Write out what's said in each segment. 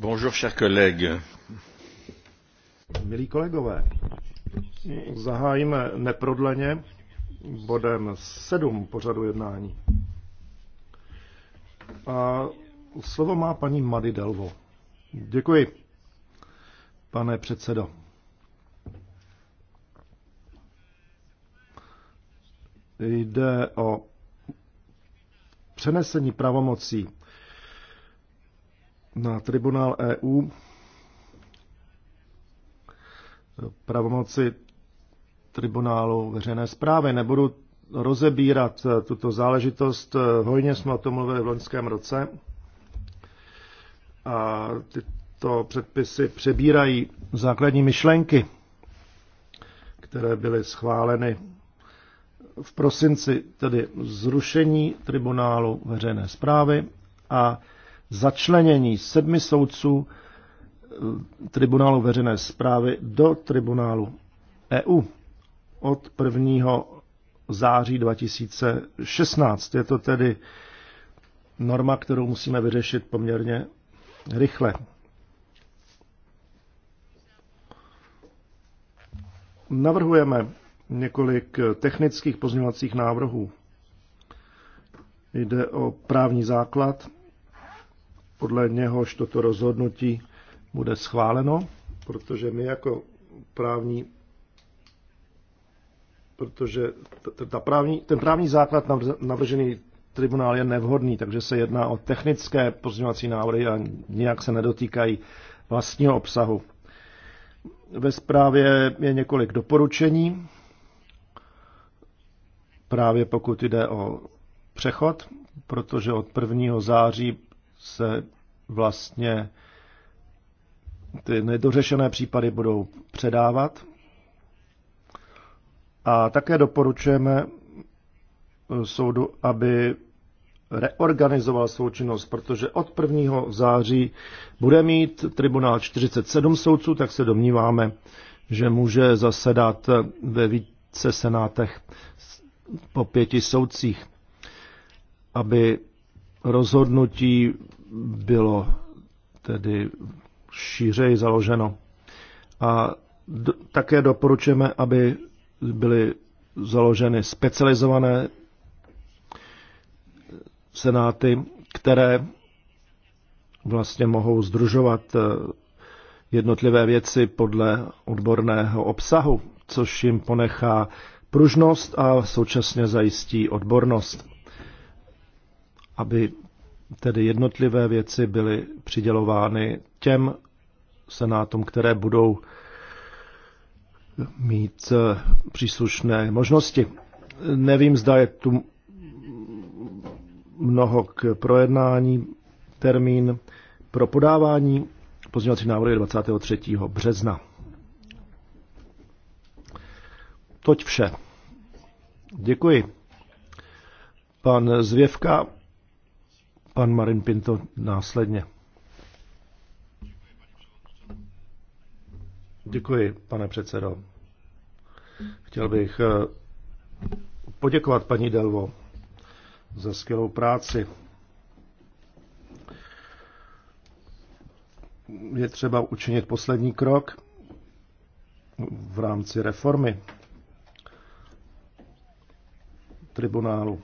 Bonjour, chers collègues. Milí kolegové, zahájíme neprodleně bodem 7 pořadu jednání. A slovo má paní Mady Delvo. Děkuji, pane předsedo. Jde o přenesení pravomocí na tribunál EU pravomoci tribunálu veřejné zprávy. Nebudu rozebírat tuto záležitost. Hojně jsme o tom mluvili v loňském roce. A tyto předpisy přebírají základní myšlenky, které byly schváleny v prosinci, tedy zrušení tribunálu veřejné zprávy a začlenění sedmi soudců eh, tribunálu veřejné zprávy do tribunálu EU od 1. září 2016. Je to tedy norma, kterou musíme vyřešit poměrně rychle. Navrhujeme několik technických pozměňovacích návrhů. Jde o právní základ, podle něhož toto rozhodnutí bude schváleno, protože my jako právní protože ta právní, ten právní základ navržený tribunál je nevhodný, takže se jedná o technické pozměňovací návrhy a nijak se nedotýkají vlastního obsahu. Ve zprávě je několik doporučení, právě pokud jde o přechod, protože od 1. září se vlastně ty nedořešené případy budou předávat. A také doporučujeme soudu, aby reorganizoval svou činnost, protože od 1. září bude mít tribunál 47 soudců, tak se domníváme, že může zasedat ve více senátech po pěti soudcích, aby rozhodnutí bylo tedy šířeji založeno. A do, také doporučujeme, aby byly založeny specializované senáty, které vlastně mohou združovat eh, jednotlivé věci podle odborného obsahu, což jim ponechá pružnost a současně zajistí odbornost aby tedy jednotlivé věci byly přidělovány těm senátům, které budou mít eh, příslušné možnosti. Nevím, zda je tu mnoho k projednání. Termín pro podávání pozměňovacích návrhy 23. března. Toť vše. Děkuji. Pan Zvěvka Pan Marin Pinto následně. Děkuji, pane předsedo. Chtěl bych eh, poděkovat paní Delvo za skvělou práci. Je třeba učinit poslední krok v rámci reformy tribunálu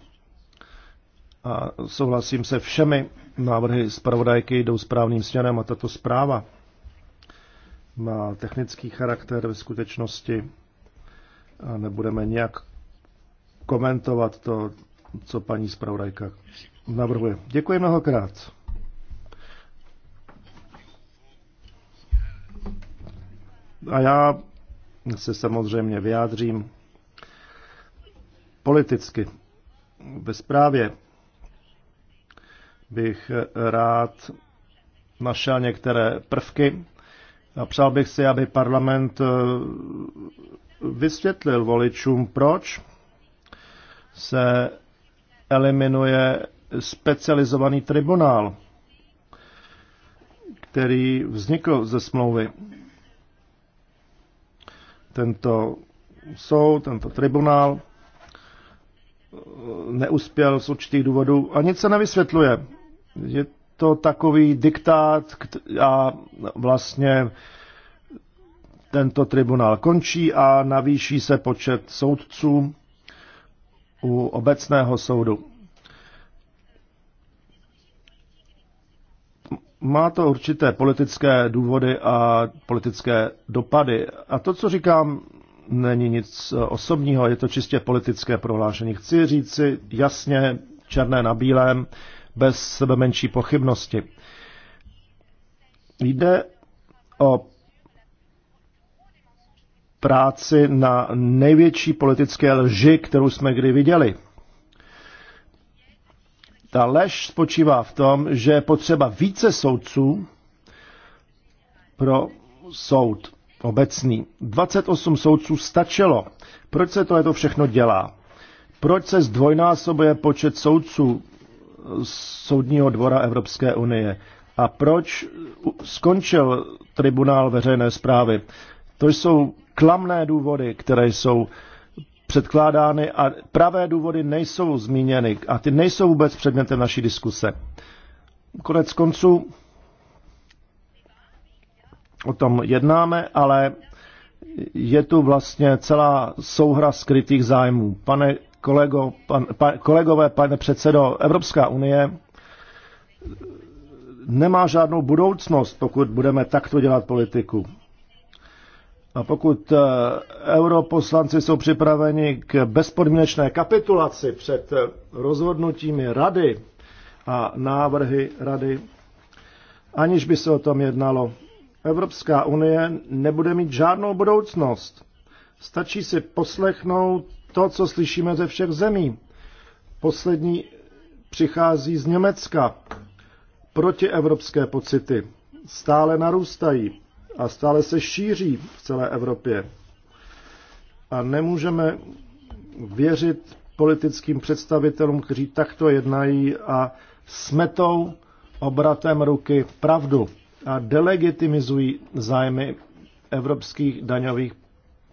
a souhlasím se všemi návrhy zpravodajky, jdou správným směrem a tato zpráva má technický charakter ve skutečnosti a nebudeme nějak komentovat to, co paní zpravodajka navrhuje. Děkuji mnohokrát. A já se samozřejmě vyjádřím politicky ve zprávě bych rád našel některé prvky a přál bych si, aby parlament eh, vysvětlil voličům, proč se eliminuje specializovaný tribunál, který vznikl ze smlouvy. Tento soud, tento tribunál eh, neuspěl z určitých důvodů a nic se nevysvětluje. Je to takový diktát a vlastně tento tribunál končí a navýší se počet soudců u obecného soudu. Má to určité politické důvody a politické dopady. A to, co říkám, není nic osobního, je to čistě politické prohlášení. Chci říci jasně, černé na bílém, bez sebe menší pochybnosti. Jde o práci na největší politické lži, kterou jsme kdy viděli. Ta lež spočívá v tom, že je potřeba více soudců pro soud obecný. 28 soudců stačilo. Proč se to, to všechno dělá? Proč se zdvojnásobuje počet soudců Soudního dvora Evropské unie. A proč skončil tribunál veřejné zprávy? To jsou klamné důvody, které jsou předkládány a pravé důvody nejsou zmíněny a ty nejsou vůbec předmětem naší diskuse. Konec konců o tom jednáme, ale je tu vlastně celá souhra skrytých zájmů. Pane kolego, pan, pa, kolegové, pane předsedo, Evropská unie nemá žádnou budoucnost, pokud budeme takto dělat politiku. A pokud eh, europoslanci jsou připraveni k bezpodmínečné kapitulaci před eh, rozhodnutími rady a návrhy rady, aniž by se o tom jednalo, Evropská unie nebude mít žádnou budoucnost. Stačí si poslechnout to, co slyšíme ze všech zemí. Poslední přichází z Německa. Protievropské pocity stále narůstají a stále se šíří v celé Evropě. A nemůžeme věřit politickým představitelům, kteří takto jednají a smetou obratem ruky pravdu a delegitimizují zájmy evropských daňových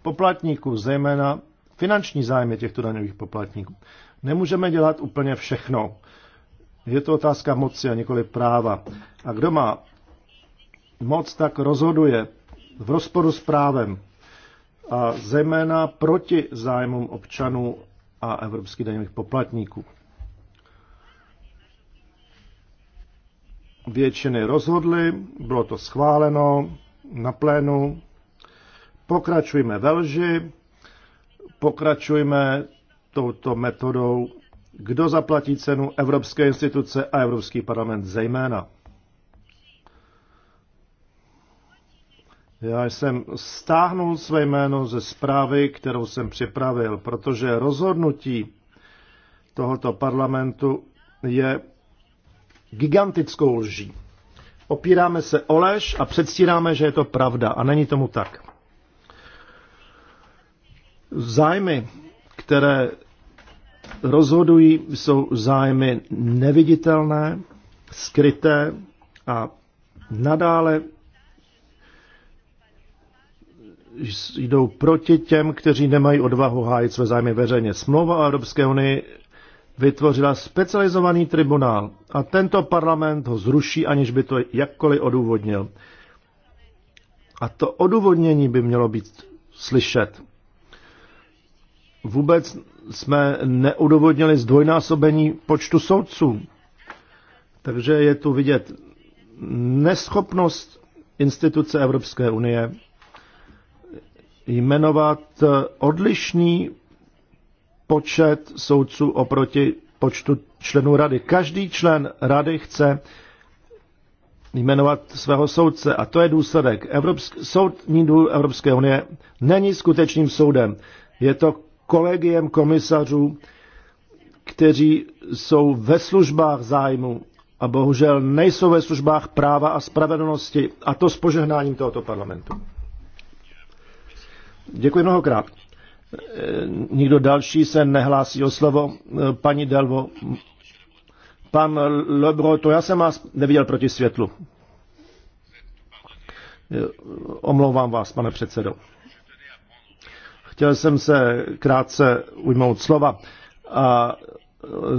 poplatníků, zejména finanční zájmy těchto daňových poplatníků. Nemůžeme dělat úplně všechno. Je to otázka moci a nikoli práva. A kdo má moc, tak rozhoduje v rozporu s právem a zejména proti zájmům občanů a evropských daňových poplatníků. Většiny rozhodly, bylo to schváleno na plénu. Pokračujeme ve lži, pokračujme touto metodou, kdo zaplatí cenu Evropské instituce a Evropský parlament zejména. Já jsem stáhnul své jméno ze zprávy, kterou jsem připravil, protože rozhodnutí tohoto parlamentu je gigantickou lží. Opíráme se o lež a předstíráme, že je to pravda. A není tomu tak. Zájmy, které rozhodují, jsou zájmy neviditelné, skryté a nadále jdou proti těm, kteří nemají odvahu hájit své zájmy veřejně. Smlouva o Evropské unii vytvořila specializovaný tribunál a tento parlament ho zruší, aniž by to jakkoliv odůvodnil. A to odůvodnění by mělo být slyšet vůbec jsme neudovodnili zdvojnásobení počtu soudců. Takže je tu vidět neschopnost instituce Evropské unie jmenovat odlišný počet soudců oproti počtu členů rady. Každý člen rady chce jmenovat svého soudce a to je důsledek. Evropsk, soudní důl Evropské unie není skutečným soudem. Je to kolegiem komisařů, kteří jsou ve službách zájmu a bohužel nejsou ve službách práva a spravedlnosti, a to s požehnáním tohoto parlamentu. Děkuji mnohokrát. E, nikdo další se nehlásí o slovo. E, paní Delvo, pan Lebro, to já jsem vás neviděl proti světlu. E, omlouvám vás, pane předsedo. Chtěl jsem se krátce ujmout slova a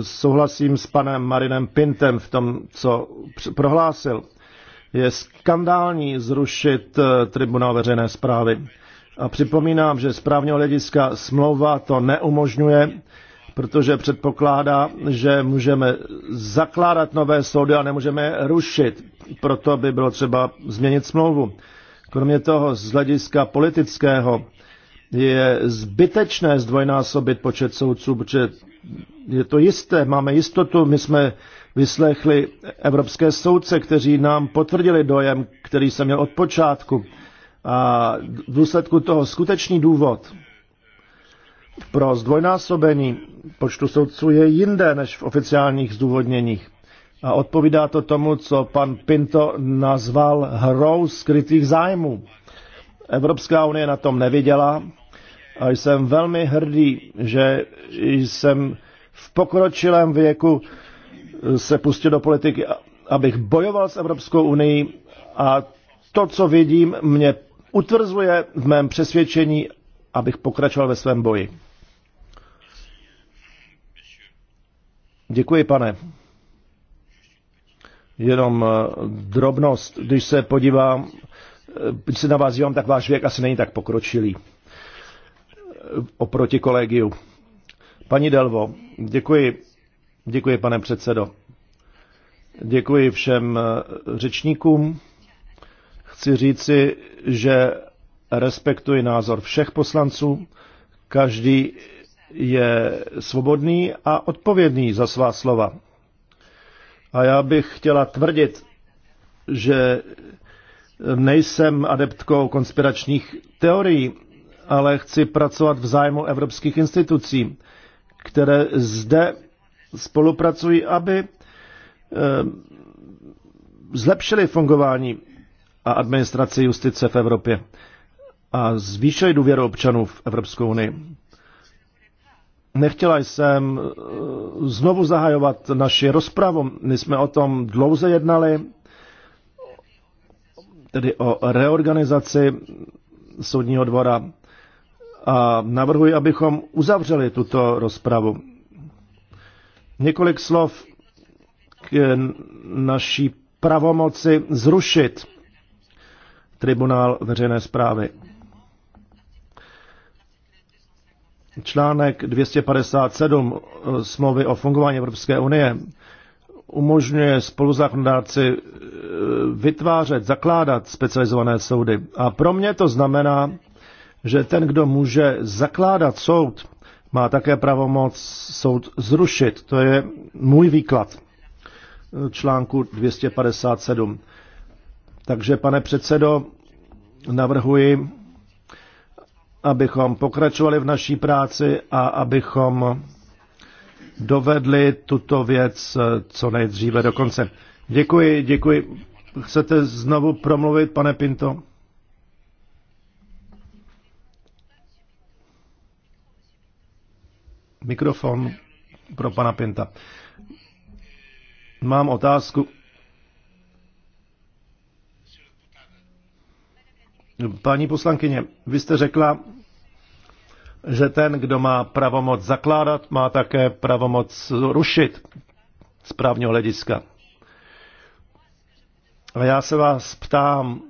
souhlasím s panem Marinem Pintem v tom, co prohlásil. Je skandální zrušit eh, tribunál veřejné zprávy. A připomínám, že z právního hlediska smlouva to neumožňuje, protože předpokládá, že můžeme zakládat nové soudy a nemůžeme je rušit. Proto by bylo třeba změnit smlouvu. Kromě toho, z hlediska politického, je zbytečné zdvojnásobit počet soudců, protože je to jisté, máme jistotu, my jsme vyslechli evropské soudce, kteří nám potvrdili dojem, který jsem měl od počátku. A v důsledku toho skutečný důvod pro zdvojnásobení počtu soudců je jinde než v oficiálních zdůvodněních. A odpovídá to tomu, co pan Pinto nazval hrou skrytých zájmů. Evropská unie na tom neviděla a jsem velmi hrdý, že jsem v pokročilém věku se pustil do politiky, abych bojoval s Evropskou unii a to, co vidím, mě utvrzuje v mém přesvědčení, abych pokračoval ve svém boji. Děkuji, pane. Jenom eh, drobnost, když se podívám když eh, se na vás dívám, tak váš věk asi není tak pokročilý eh, oproti kolegiu. Paní Delvo, děkuji, děkuji pane předsedo. Děkuji všem eh, řečníkům. Chci říci, že respektuji názor všech poslanců. Každý je svobodný a odpovědný za svá slova. A já bych chtěla tvrdit, že nejsem adeptkou konspiračních teorií, ale chci pracovat v zájmu evropských institucí, které zde spolupracují, aby eh, zlepšili fungování a administraci justice v Evropě a zvýšili důvěru občanů v Evropskou unii. Nechtěla jsem eh, znovu zahajovat naši rozpravu. My jsme o tom dlouze jednali tedy o reorganizaci soudního dvora. A navrhuji, abychom uzavřeli tuto rozpravu. Několik slov k naší pravomoci zrušit tribunál veřejné zprávy. Článek 257 smlouvy o fungování Evropské unie umožňuje spoluzákonodáci e, vytvářet, zakládat specializované soudy. A pro mě to znamená, že ten, kdo může zakládat soud, má také pravomoc soud zrušit. To je můj výklad článku 257. Takže, pane předsedo, navrhuji, abychom pokračovali v naší práci a abychom dovedli tuto věc eh, co nejdříve do konce. Děkuji, děkuji. Chcete znovu promluvit, pane Pinto? Mikrofon pro pana Pinta. Mám otázku. Paní poslankyně, vy jste řekla, že ten, kdo má pravomoc zakládat, má také pravomoc rušit z právního hlediska. A já se vás ptám,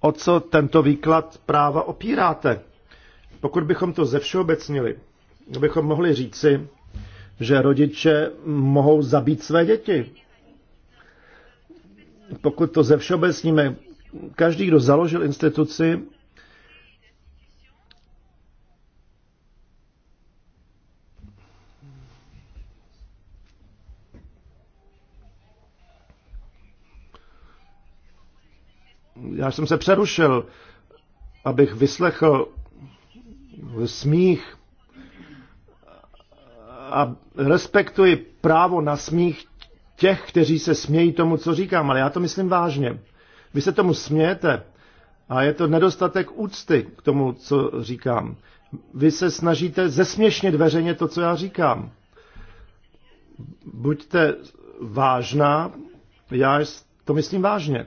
o co tento výklad práva opíráte? Pokud bychom to ze všeobecnili, bychom mohli říci, že rodiče mohou zabít své děti. Pokud to ze všeobecníme, každý, kdo založil instituci, Já jsem se přerušil, abych vyslechl smích a respektuji právo na smích těch, kteří se smějí tomu, co říkám, ale já to myslím vážně. Vy se tomu smějete a je to nedostatek úcty k tomu, co říkám. Vy se snažíte zesměšnit veřejně to, co já říkám. Buďte vážná, já to myslím vážně.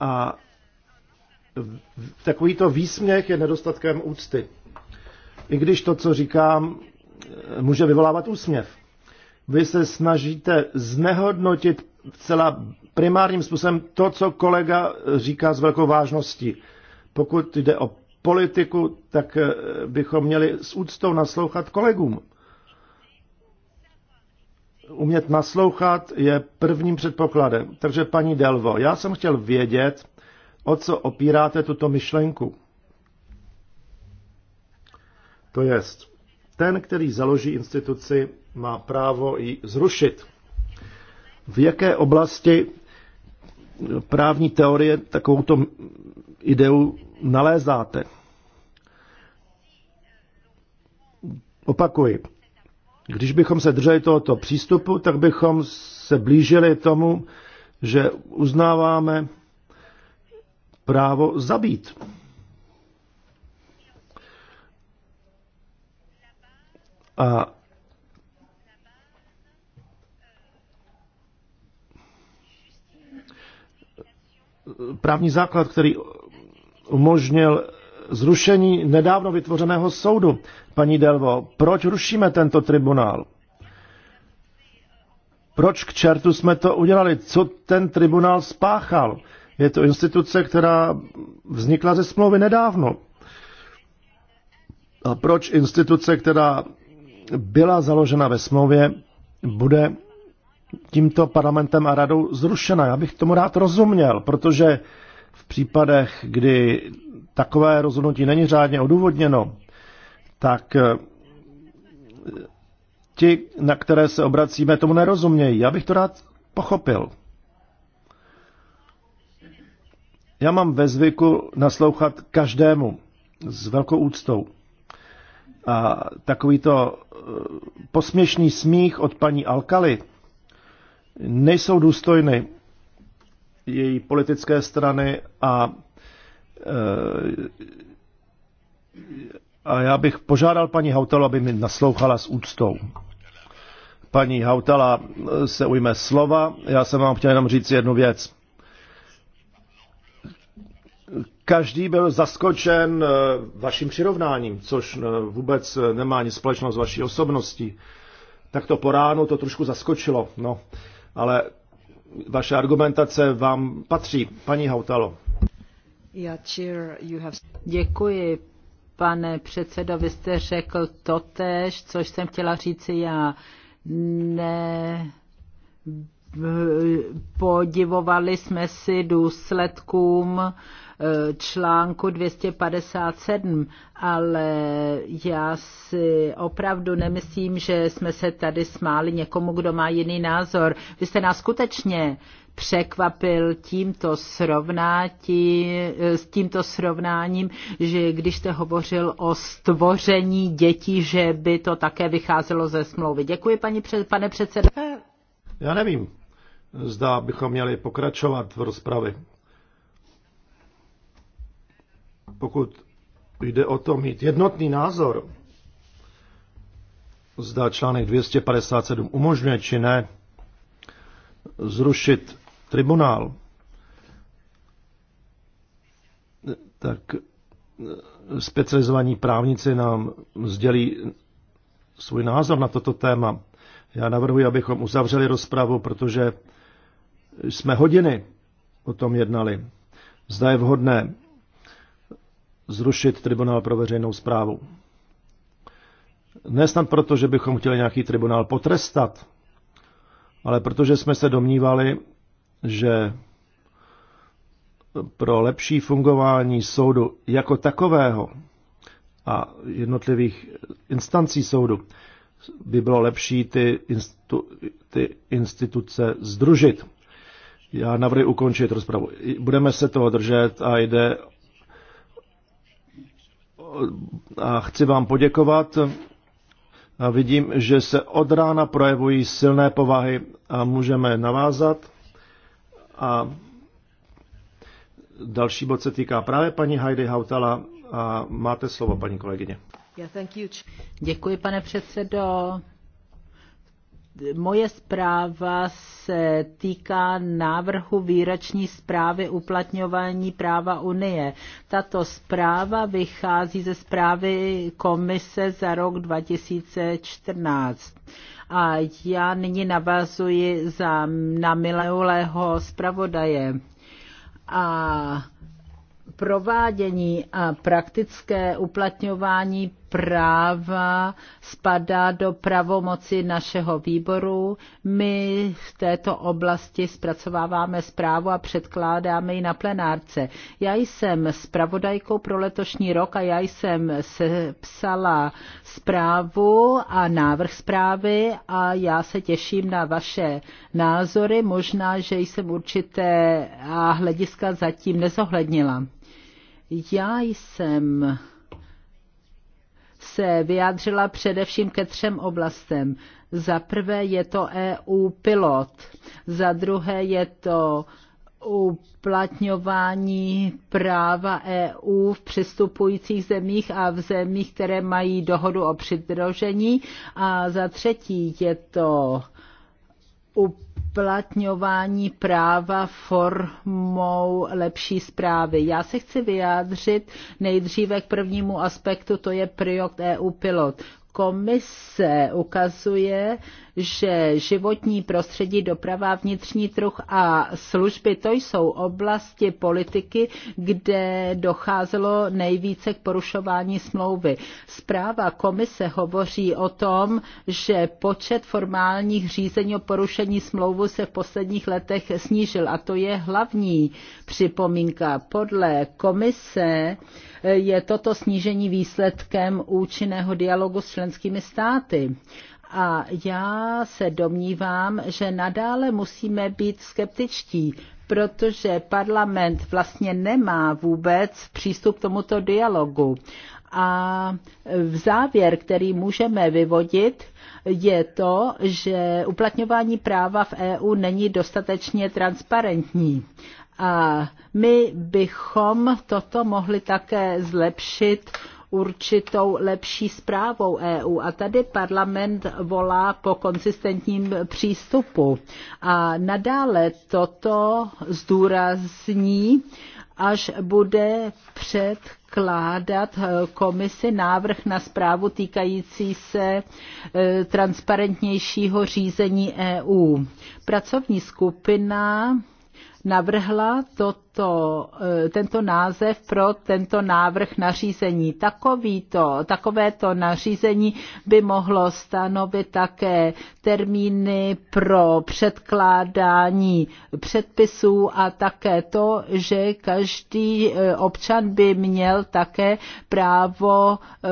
A takovýto výsměch je nedostatkem úcty. I když to, co říkám, může vyvolávat úsměv. Vy se snažíte znehodnotit celá primárním způsobem to, co kolega říká s velkou vážností. Pokud jde o politiku, tak bychom měli s úctou naslouchat kolegům umět naslouchat je prvním předpokladem. Takže paní Delvo, já jsem chtěl vědět, o co opíráte tuto myšlenku. To jest, ten, který založí instituci, má právo ji zrušit. V jaké oblasti právní teorie takovouto ideu nalézáte? Opakuji, když bychom se drželi tohoto přístupu, tak bychom se blížili tomu, že uznáváme právo zabít. A právní základ, který umožnil zrušení nedávno vytvořeného soudu. Paní Delvo, proč rušíme tento tribunál? Proč k čertu jsme to udělali? Co ten tribunál spáchal? Je to instituce, která vznikla ze smlouvy nedávno. A proč instituce, která byla založena ve smlouvě, bude tímto parlamentem a radou zrušena? Já bych tomu rád rozuměl, protože v případech, kdy takové rozhodnutí není řádně odůvodněno, tak eh, ti, na které se obracíme, tomu nerozumějí. Já bych to rád pochopil. Já mám ve zvyku naslouchat každému s velkou úctou. A takovýto eh, posměšný smích od paní Alkali nejsou důstojny její politické strany a Eh, a já bych požádal paní Hautala, aby mi naslouchala s úctou. Paní Hautala eh, se ujme slova. Já jsem vám chtěl jenom říct jednu věc. Každý byl zaskočen eh, vaším přirovnáním, což vůbec nemá nic společného s vaší osobností. Tak to po ránu to trošku zaskočilo, no. Ale vaše argumentace vám patří, paní Hautalo. Děkuji, pane předsedo, vy jste řekl totéž, což jsem chtěla říci já. Ne, podivovali jsme si důsledkům eh, článku 257, ale já si opravdu nemyslím, že jsme se tady smáli někomu, kdo má jiný názor. Vy jste nás skutečně překvapil tímto srovnátí, s tímto srovnáním, že když jste hovořil o stvoření dětí, že by to také vycházelo ze smlouvy. Děkuji, paní, pane předsedo. Já nevím, zda bychom měli pokračovat v rozpravě. Pokud jde o to mít jednotný názor, zda článek 257 umožňuje či ne, zrušit tribunál, tak specializovaní právníci nám sdělí svůj názor na toto téma. Já navrhuji, abychom uzavřeli rozpravu, protože jsme hodiny o tom jednali. Zda je vhodné zrušit tribunál pro veřejnou zprávu. Ne snad proto, že bychom chtěli nějaký tribunál potrestat, ale protože jsme se domnívali, že pro lepší fungování soudu jako takového a jednotlivých instancí soudu by bylo lepší ty, institu, ty instituce združit. Já navrhuji ukončit rozpravu. Budeme se toho držet a jde a chci vám poděkovat a vidím, že se od rána projevují silné povahy a můžeme navázat. A další bod se týká právě paní Heidi Hautala a máte slovo, paní kolegyně. Děkuji, pane předsedo moje zpráva se týká návrhu výrační zprávy uplatňování práva Unie. Tato zpráva vychází ze zprávy komise za rok 2014. A já nyní navazuji za, na milého zpravodaje. A provádění a praktické uplatňování práva spadá do pravomoci našeho výboru. My v této oblasti zpracováváme zprávu a předkládáme ji na plenárce. Já jsem zpravodajkou pro letošní rok a já jsem psala zprávu a návrh zprávy a já se těším na vaše názory. Možná, že jsem určité a hlediska zatím nezohlednila. Já jsem se vyjádřila především ke třem oblastem. Za prvé je to EU pilot, za druhé je to uplatňování práva EU v přistupujících zemích a v zemích, které mají dohodu o přidružení. A za třetí je to uplatňování uplatňování práva formou lepší zprávy. Já se chci vyjádřit nejdříve k prvnímu aspektu, to je projekt EU Pilot. Komise ukazuje, že životní prostředí, doprava, vnitřní trh a služby, to jsou oblasti politiky, kde docházelo nejvíce k porušování smlouvy. Zpráva komise hovoří o tom, že počet formálních řízení o porušení smlouvu se v posledních letech snížil a to je hlavní připomínka. Podle komise je toto snížení výsledkem účinného dialogu s členskými státy. A já se domnívám, že nadále musíme být skeptičtí, protože parlament vlastně nemá vůbec přístup k tomuto dialogu. A v závěr, který můžeme vyvodit, je to, že uplatňování práva v EU není dostatečně transparentní. A my bychom toto mohli také zlepšit určitou lepší zprávou EU. A tady parlament volá po konsistentním přístupu. A nadále toto zdůrazní, až bude předkládat eh, komisi návrh na zprávu týkající se eh, transparentnějšího řízení EU. Pracovní skupina navrhla toto toto, eh, tento název pro tento návrh nařízení. takové takovéto nařízení by mohlo stanovit také termíny pro předkládání předpisů a také to, že každý eh, občan by měl také právo eh,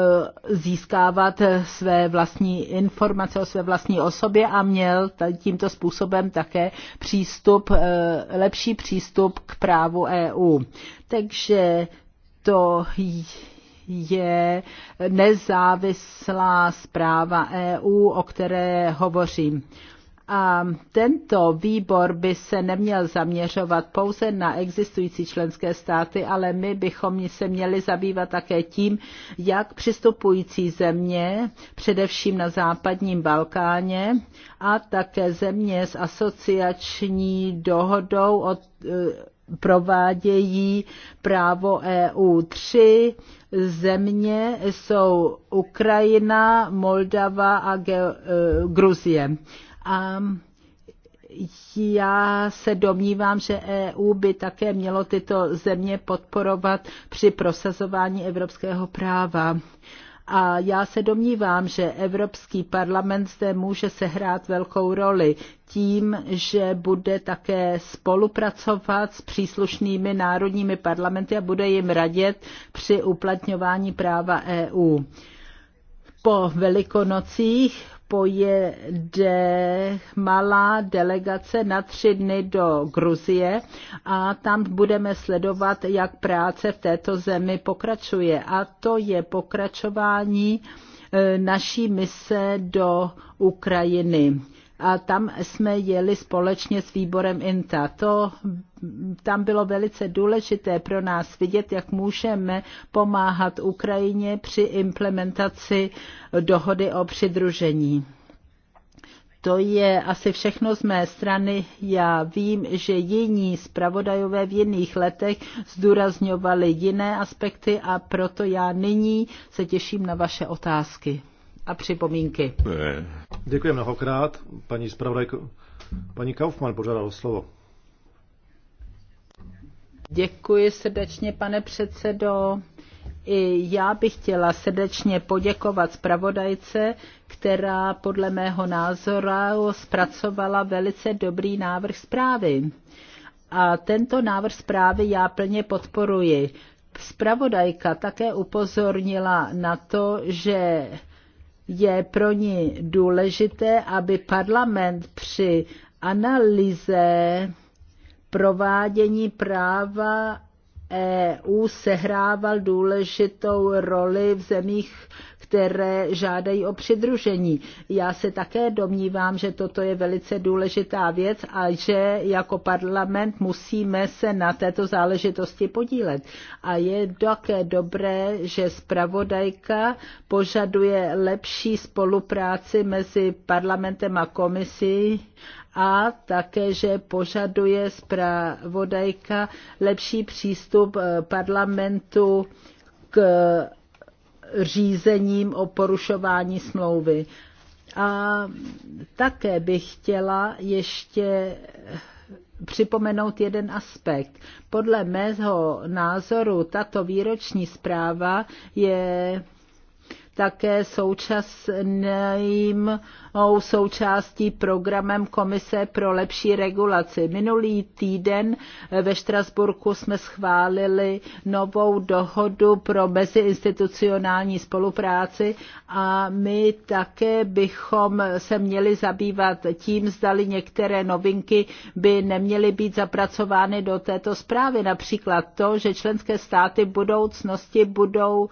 získávat své vlastní informace o své vlastní osobě a měl tímto způsobem také přístup, lepší přístup k právu právu EU. Takže to je nezávislá zpráva EU, o které hovořím. A tento výbor by se neměl zaměřovat pouze na existující členské státy, ale my bychom se měli zabývat také tím, jak přistupující země, především na západním Balkáně a také země s asociační dohodou od e, provádějí právo EU. Tři země jsou Ukrajina, Moldava a Ge- eh, Gruzie. A já se domnívám, že EU by také mělo tyto země podporovat při prosazování evropského práva. A já se domnívám, že Evropský parlament zde může sehrát velkou roli tím, že bude také spolupracovat s příslušnými národními parlamenty a bude jim radit při uplatňování práva EU. Po velikonocích pojede malá delegace na tři dny do Gruzie a tam budeme sledovat, jak práce v této zemi pokračuje. A to je pokračování e, naší mise do Ukrajiny a tam jsme jeli společně s výborem INTA. To tam bylo velice důležité pro nás vidět, jak můžeme pomáhat Ukrajině při implementaci dohody o přidružení. To je asi všechno z mé strany. Já vím, že jiní zpravodajové v jiných letech zdůrazňovali jiné aspekty a proto já nyní se těším na vaše otázky a připomínky. Děkuji mnohokrát. Paní zpravodajko, paní Kaufmann požádala o slovo. Děkuji srdečně, pane předsedo. I já bych chtěla srdečně poděkovat zpravodajce, která podle mého názoru zpracovala velice dobrý návrh zprávy. A tento návrh zprávy já plně podporuji. Spravodajka také upozornila na to, že je pro ní důležité, aby parlament při analýze provádění práva EU sehrával důležitou roli v zemích které žádají o přidružení. Já se také domnívám, že toto je velice důležitá věc a že jako parlament musíme se na této záležitosti podílet. A je také dobré, že zpravodajka požaduje lepší spolupráci mezi parlamentem a komisí a také, že požaduje zpravodajka lepší přístup eh, parlamentu k řízením o porušování smlouvy. A také bych chtěla ještě připomenout jeden aspekt. Podle mého názoru tato výroční zpráva je také současným součástí programem Komise pro lepší regulaci. Minulý týden ve Štrasburku jsme schválili novou dohodu pro meziinstitucionální spolupráci a my také bychom se měli zabývat tím, zdali některé novinky by neměly být zapracovány do této zprávy. Například to, že členské státy v budoucnosti budou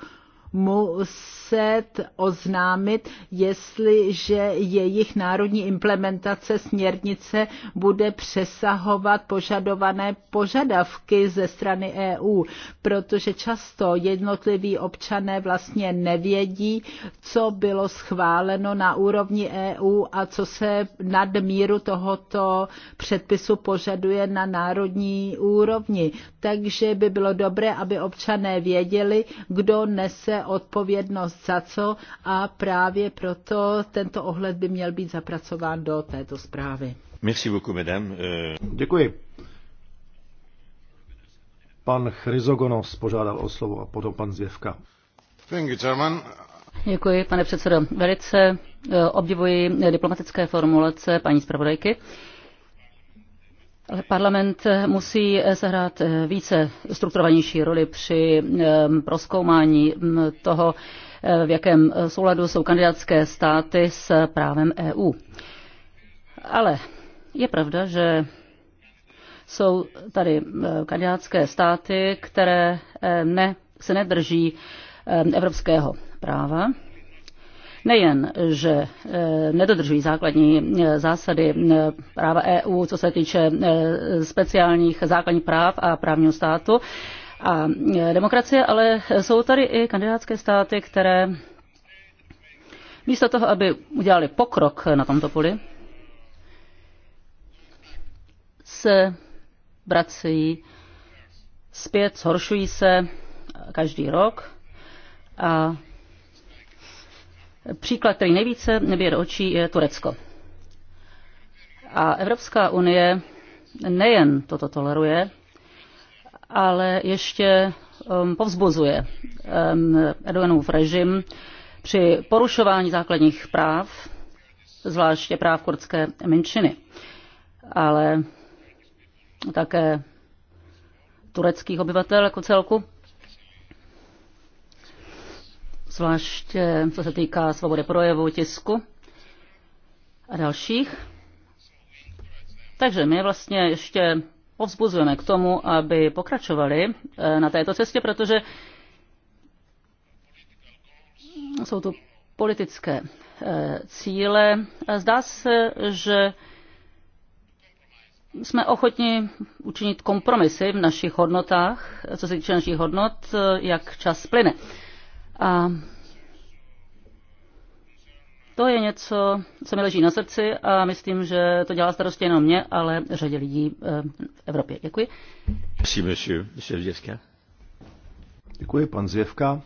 muset oznámit, jestliže jejich národní implementace směrnice bude přesahovat požadované požadavky ze strany EU, protože často jednotliví občané vlastně nevědí, co bylo schváleno na úrovni EU a co se nad míru tohoto předpisu požaduje na národní úrovni. Takže by bylo dobré, aby občané věděli, kdo nese odpovědnost za co a právě proto tento ohled by měl být zapracován do této zprávy. Merci beaucoup, madame. Euh, Děkuji. Pan Chryzogonos požádal o slovo a potom pan Zvěvka. Thank you, Děkuji, pane předsedo. Velice eh, obdivuji diplomatické formulace paní zpravodajky. Parlament musí sehrát více strukturovanější roli při proskoumání toho, v jakém souladu jsou kandidátské státy s právem EU. Ale je pravda, že jsou tady kandidátské státy, které ne, se nedrží evropského práva nejen, že e, nedodržují základní e, zásady e, práva EU, co se týče speciálních základních práv a právního státu a demokracie, ale jsou tady i kandidátské státy, které místo toho, aby udělali pokrok na tomto poli, se vrací zpět, zhoršují se každý rok a Příklad, který nejvíce nebije do očí, je Turecko. A Evropská unie nejen toto toleruje, ale ještě um, povzbuzuje um, Erdoganův režim při porušování základních práv, zvláště práv kurdské menšiny, ale také tureckých obyvatel jako celku zvláště eh, co se týká svobody projevu, tisku a dalších. Takže my vlastně ještě povzbuzujeme k tomu, aby pokračovali eh, na této cestě, protože jsou tu politické eh, cíle. Zdá se, že jsme ochotni učinit kompromisy v našich hodnotách, co se týče našich hodnot, jak čas plyne. A to je něco, co mi leží na srdci a myslím, že to dělá starosti jenom mě, ale řadě lidí eh, v Evropě. Děkuji. Děkuji, pan Zjevka.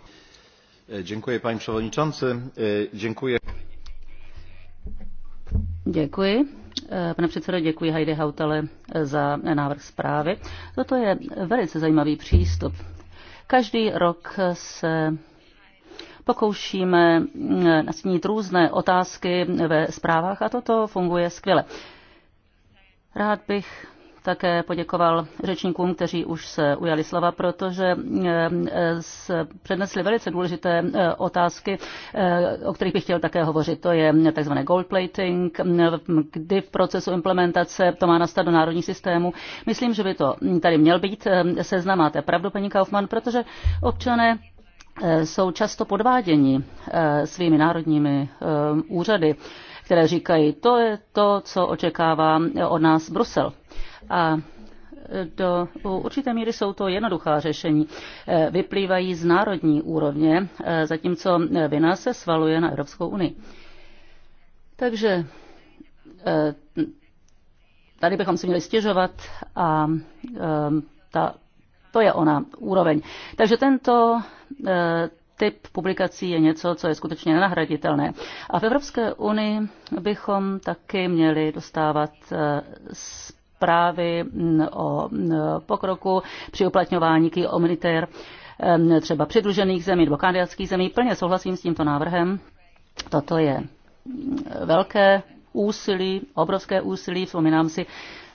Eh, děkuji, paní předsedající. Eh, děkuji. Děkuji. Pane předsedo, děkuji Heidi Hautale za návrh zprávy. Toto je velice zajímavý přístup. Každý rok se pokoušíme mm, nasnít různé otázky ve zprávách a toto funguje skvěle. Rád bych také poděkoval řečníkům, kteří už se ujali slova, protože mm, eh, přednesli velice důležité eh, otázky, eh, o kterých bych chtěl také hovořit. To je mm, tzv. gold plating, kdy v procesu implementace to má nastat do národních systémů. Myslím, že by to tady měl být seznam. Máte pravdu, paní Kaufmann, protože občané Eh, jsou často podváděni eh, svými národními eh, úřady, které říkají, to je to, co očekává od nás Brusel. A do určité míry jsou to jednoduchá řešení. Vyplývají z národní úrovně, zatímco vina se svaluje na Evropskou unii. Takže tady bychom si měli stěžovat a ta to je ona úroveň. Takže tento eh, typ publikací je něco, co je skutečně nenahraditelné. A v Evropské unii bychom taky měli dostávat eh, zprávy mm, o mm, pokroku při uplatňování key omnitér mm, třeba přidružených zemí nebo kandidátských zemí. Plně souhlasím s tímto návrhem. Toto je velké úsilí, obrovské úsilí. Vzpomínám si,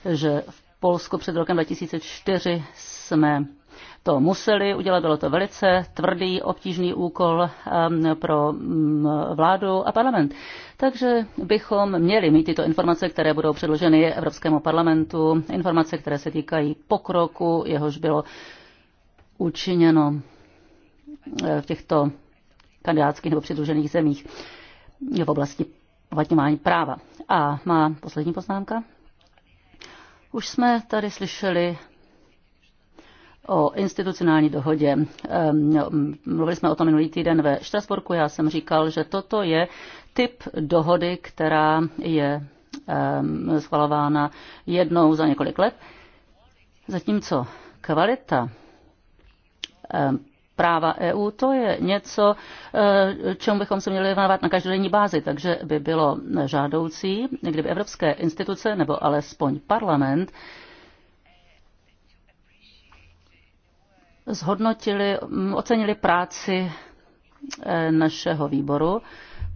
že v Polsku před rokem 2004 jsme to museli udělat, bylo to velice tvrdý, obtížný úkol um, pro mm, vládu a parlament. Takže bychom měli mít tyto informace, které budou předloženy Evropskému parlamentu, informace, které se týkají pokroku, jehož bylo učiněno eh, v těchto kandidátských nebo přidružených zemích v oblasti uplatňování práva. A má poslední poznámka. Už jsme tady slyšeli o institucionální dohodě. No, mluvili jsme o tom minulý týden ve Štrasburku. Já jsem říkal, že toto je typ dohody, která je schvalována jednou za několik let. Zatímco kvalita práva EU, to je něco, e, čemu bychom se měli věnovat na každodenní bázi, takže by bylo žádoucí, kdyby evropské instituce nebo alespoň parlament zhodnotili, mm, ocenili práci eh, našeho výboru,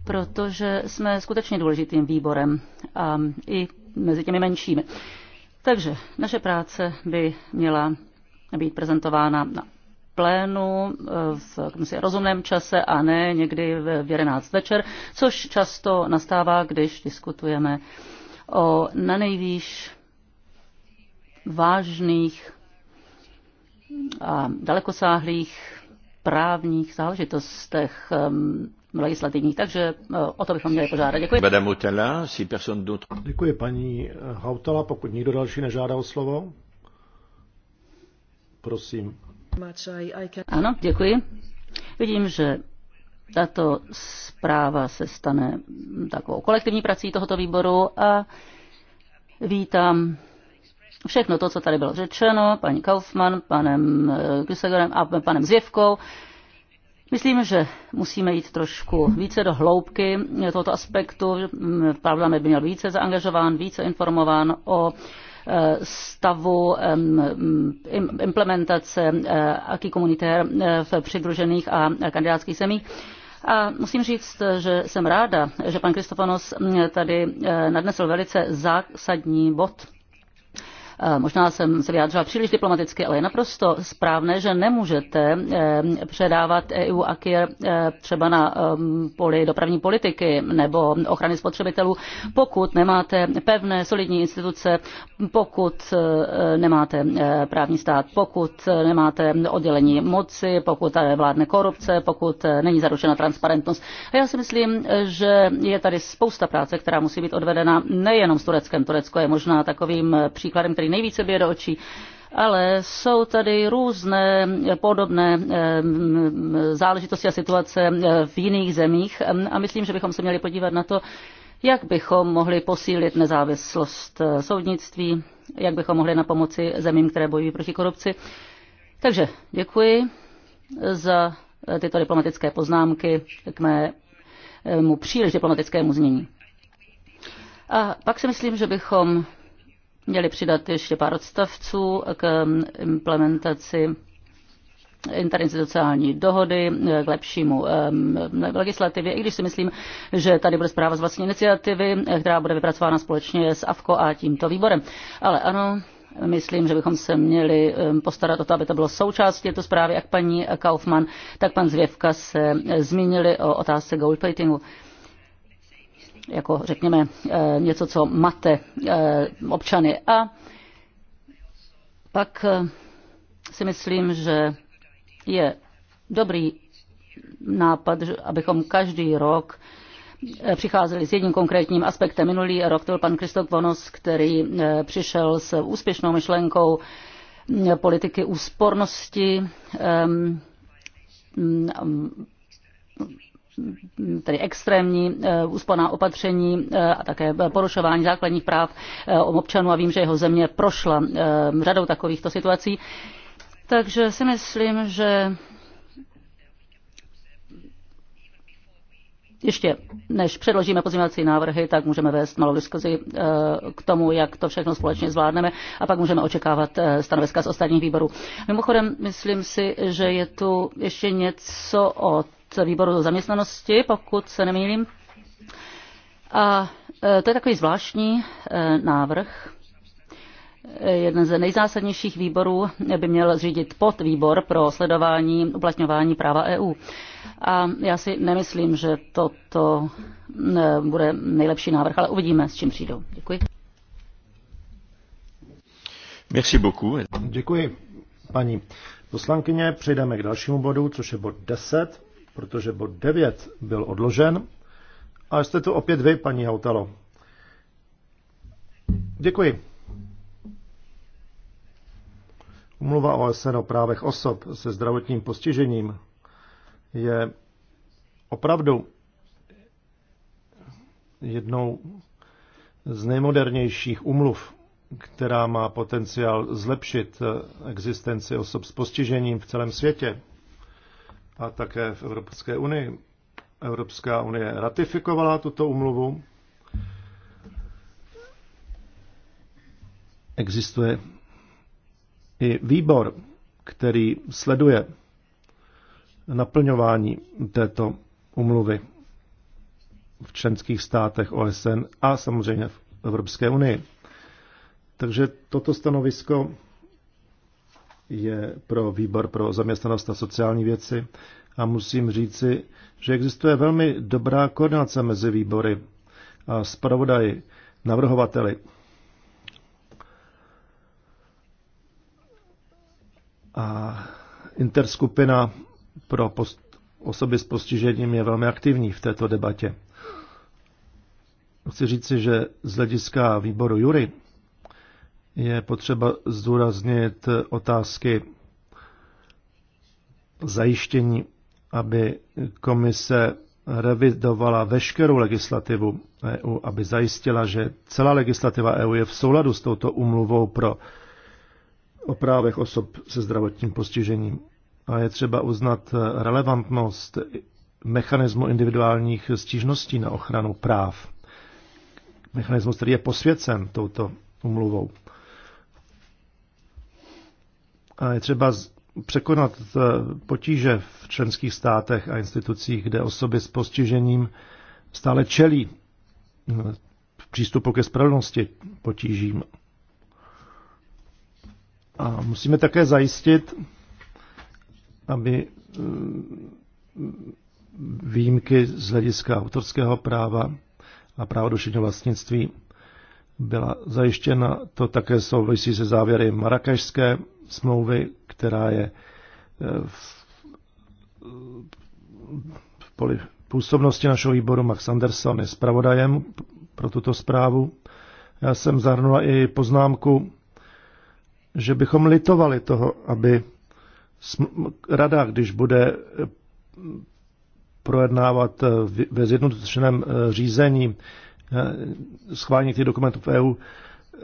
protože jsme skutečně důležitým výborem a i mezi těmi menšími. Takže naše práce by měla být prezentována na plénu eh, v si, rozumném čase a ne někdy v 11 večer, což často nastává, když diskutujeme o na nejvýš vážných a dalekosáhlých právních záležitostech um, legislativních, takže uh, o to bychom měli požádat. Děkuji. Madame si Děkuji paní eh, Hautala, pokud nikdo další nežádá o slovo. Prosím. Ano, děkuji. Vidím, že tato zpráva se stane takovou kolektivní prací tohoto výboru a vítám Všechno to, co tady bylo řečeno, paní Kaufmann, panem Grisegerem eh, a panem Zjevkou, Myslím, že musíme jít trošku více do hloubky tohoto aspektu. Parlament by měl více zaangažován, více informován o eh, stavu implementace eh, aký komunitér v přidružených a kandidátských zemích. A musím říct, že jsem ráda, že pan Kristofanos tady nadnesl velice zásadní bod Eh, možná jsem se vyjádřila příliš diplomaticky, ale je naprosto správné, že nemůžete eh, předávat EU a KIR eh, třeba na ehm, poli dopravní politiky nebo ochrany spotřebitelů, pokud nemáte pevné, solidní instituce, pokud nemáte právní stát, pokud nemáte oddělení moci, pokud vládne korupce, pokud není zaručena transparentnost. A já si myslím, že je tady spousta práce, která musí být odvedena nejenom s Tureckem. Turecko je možná takovým příkladem, který nejvíce bije do očí ale jsou tady různé podobné eh, mm, záležitosti a situace eh, v jiných zemích a myslím, že bychom se měli podívat na to, jak bychom mohli posílit nezávislost eh, soudnictví, jak bychom mohli na pomoci zemím, které bojují proti korupci. Takže děkuji za tyto diplomatické poznámky k mému příliš diplomatickému znění. A pak si myslím, že bychom měli přidat ještě pár odstavců k implementaci interinstitucionální dohody k lepšímu legislativě, i když si myslím, že tady bude zpráva z vlastní iniciativy, která bude vypracována společně s AFKO a tímto výborem. Ale ano, myslím, že bychom se měli postarat o to, aby to bylo součástí této zprávy, jak paní Kaufmann, tak pan Zvěvka se zmínili o otázce gold platingu jako řekněme eh, něco, co mate eh, občany. A pak eh, si myslím, že je dobrý nápad, abychom každý rok přicházeli s jedním konkrétním aspektem. Minulý rok to byl pan Kristof Vonos, který přišel s úspěšnou myšlenkou mm, politiky úspornosti ehm, mm, tedy extrémní eh, úsporná opatření eh, a také eh, porušování základních práv občanů a vím, že jeho země prošla řadou takovýchto situací. Takže si myslím, že ještě než předložíme pozměňovací návrhy, tak můžeme vést malou diskuzi k tomu, jak to všechno společně zvládneme a pak můžeme očekávat stanoviska z ostatních výborů. Mimochodem, myslím si, že je tu ještě něco o výboru zaměstnanosti, pokud se nemýlím. A e, to je takový zvláštní e, návrh. E, jeden z nejzásadnějších výborů by měl zřídit podvýbor pro sledování uplatňování práva EU. A já si nemyslím, že toto bude nejlepší návrh, ale uvidíme, s čím přijdou. Děkuji. Merci beaucoup. Děkuji, paní poslankyně. Přejdeme k dalšímu bodu, což je bod 10 protože bod 9 byl odložen. A jste tu opět vy, paní Hautalo. Děkuji. Umluva OSN o právech osob se zdravotním postižením je opravdu jednou z nejmodernějších umluv, která má potenciál zlepšit existenci osob s postižením v celém světě a také v Evropské unii. Evropská unie ratifikovala tuto umluvu. Existuje i výbor, který sleduje naplňování této umluvy v členských státech OSN a samozřejmě v Evropské unii. Takže toto stanovisko je pro výbor pro zaměstnanost a sociální věci a musím říci, že existuje velmi dobrá koordinace mezi výbory a zpravodaji, navrhovateli. A interskupina pro post, osoby s postižením je velmi aktivní v této debatě. Chci říci, že z hlediska výboru Jury je potřeba zdůraznit otázky zajištění, aby komise revidovala veškerou legislativu EU, aby zajistila, že celá legislativa EU je v souladu s touto umluvou pro o právech osob se zdravotním postižením. A je třeba uznat relevantnost mechanismu individuálních stížností na ochranu práv. Mechanismus, který je posvěcen touto umluvou je třeba překonat eh, potíže v členských státech a institucích, kde osoby s postižením stále čelí v eh, přístupu ke spravedlnosti potížím. A musíme také zajistit, aby eh, výjimky z hlediska autorského práva a práva duševního vlastnictví byla zajištěna. To také souvisí se závěry marakešské smlouvy, která je eh, v, v poli působnosti našeho výboru. Max Anderson je zpravodajem pro tuto zprávu. Já jsem zahrnula i poznámku, že bychom litovali toho, aby rada, když bude eh, projednávat eh, ve zjednodušeném řízení schválení těch dokumentů v EU,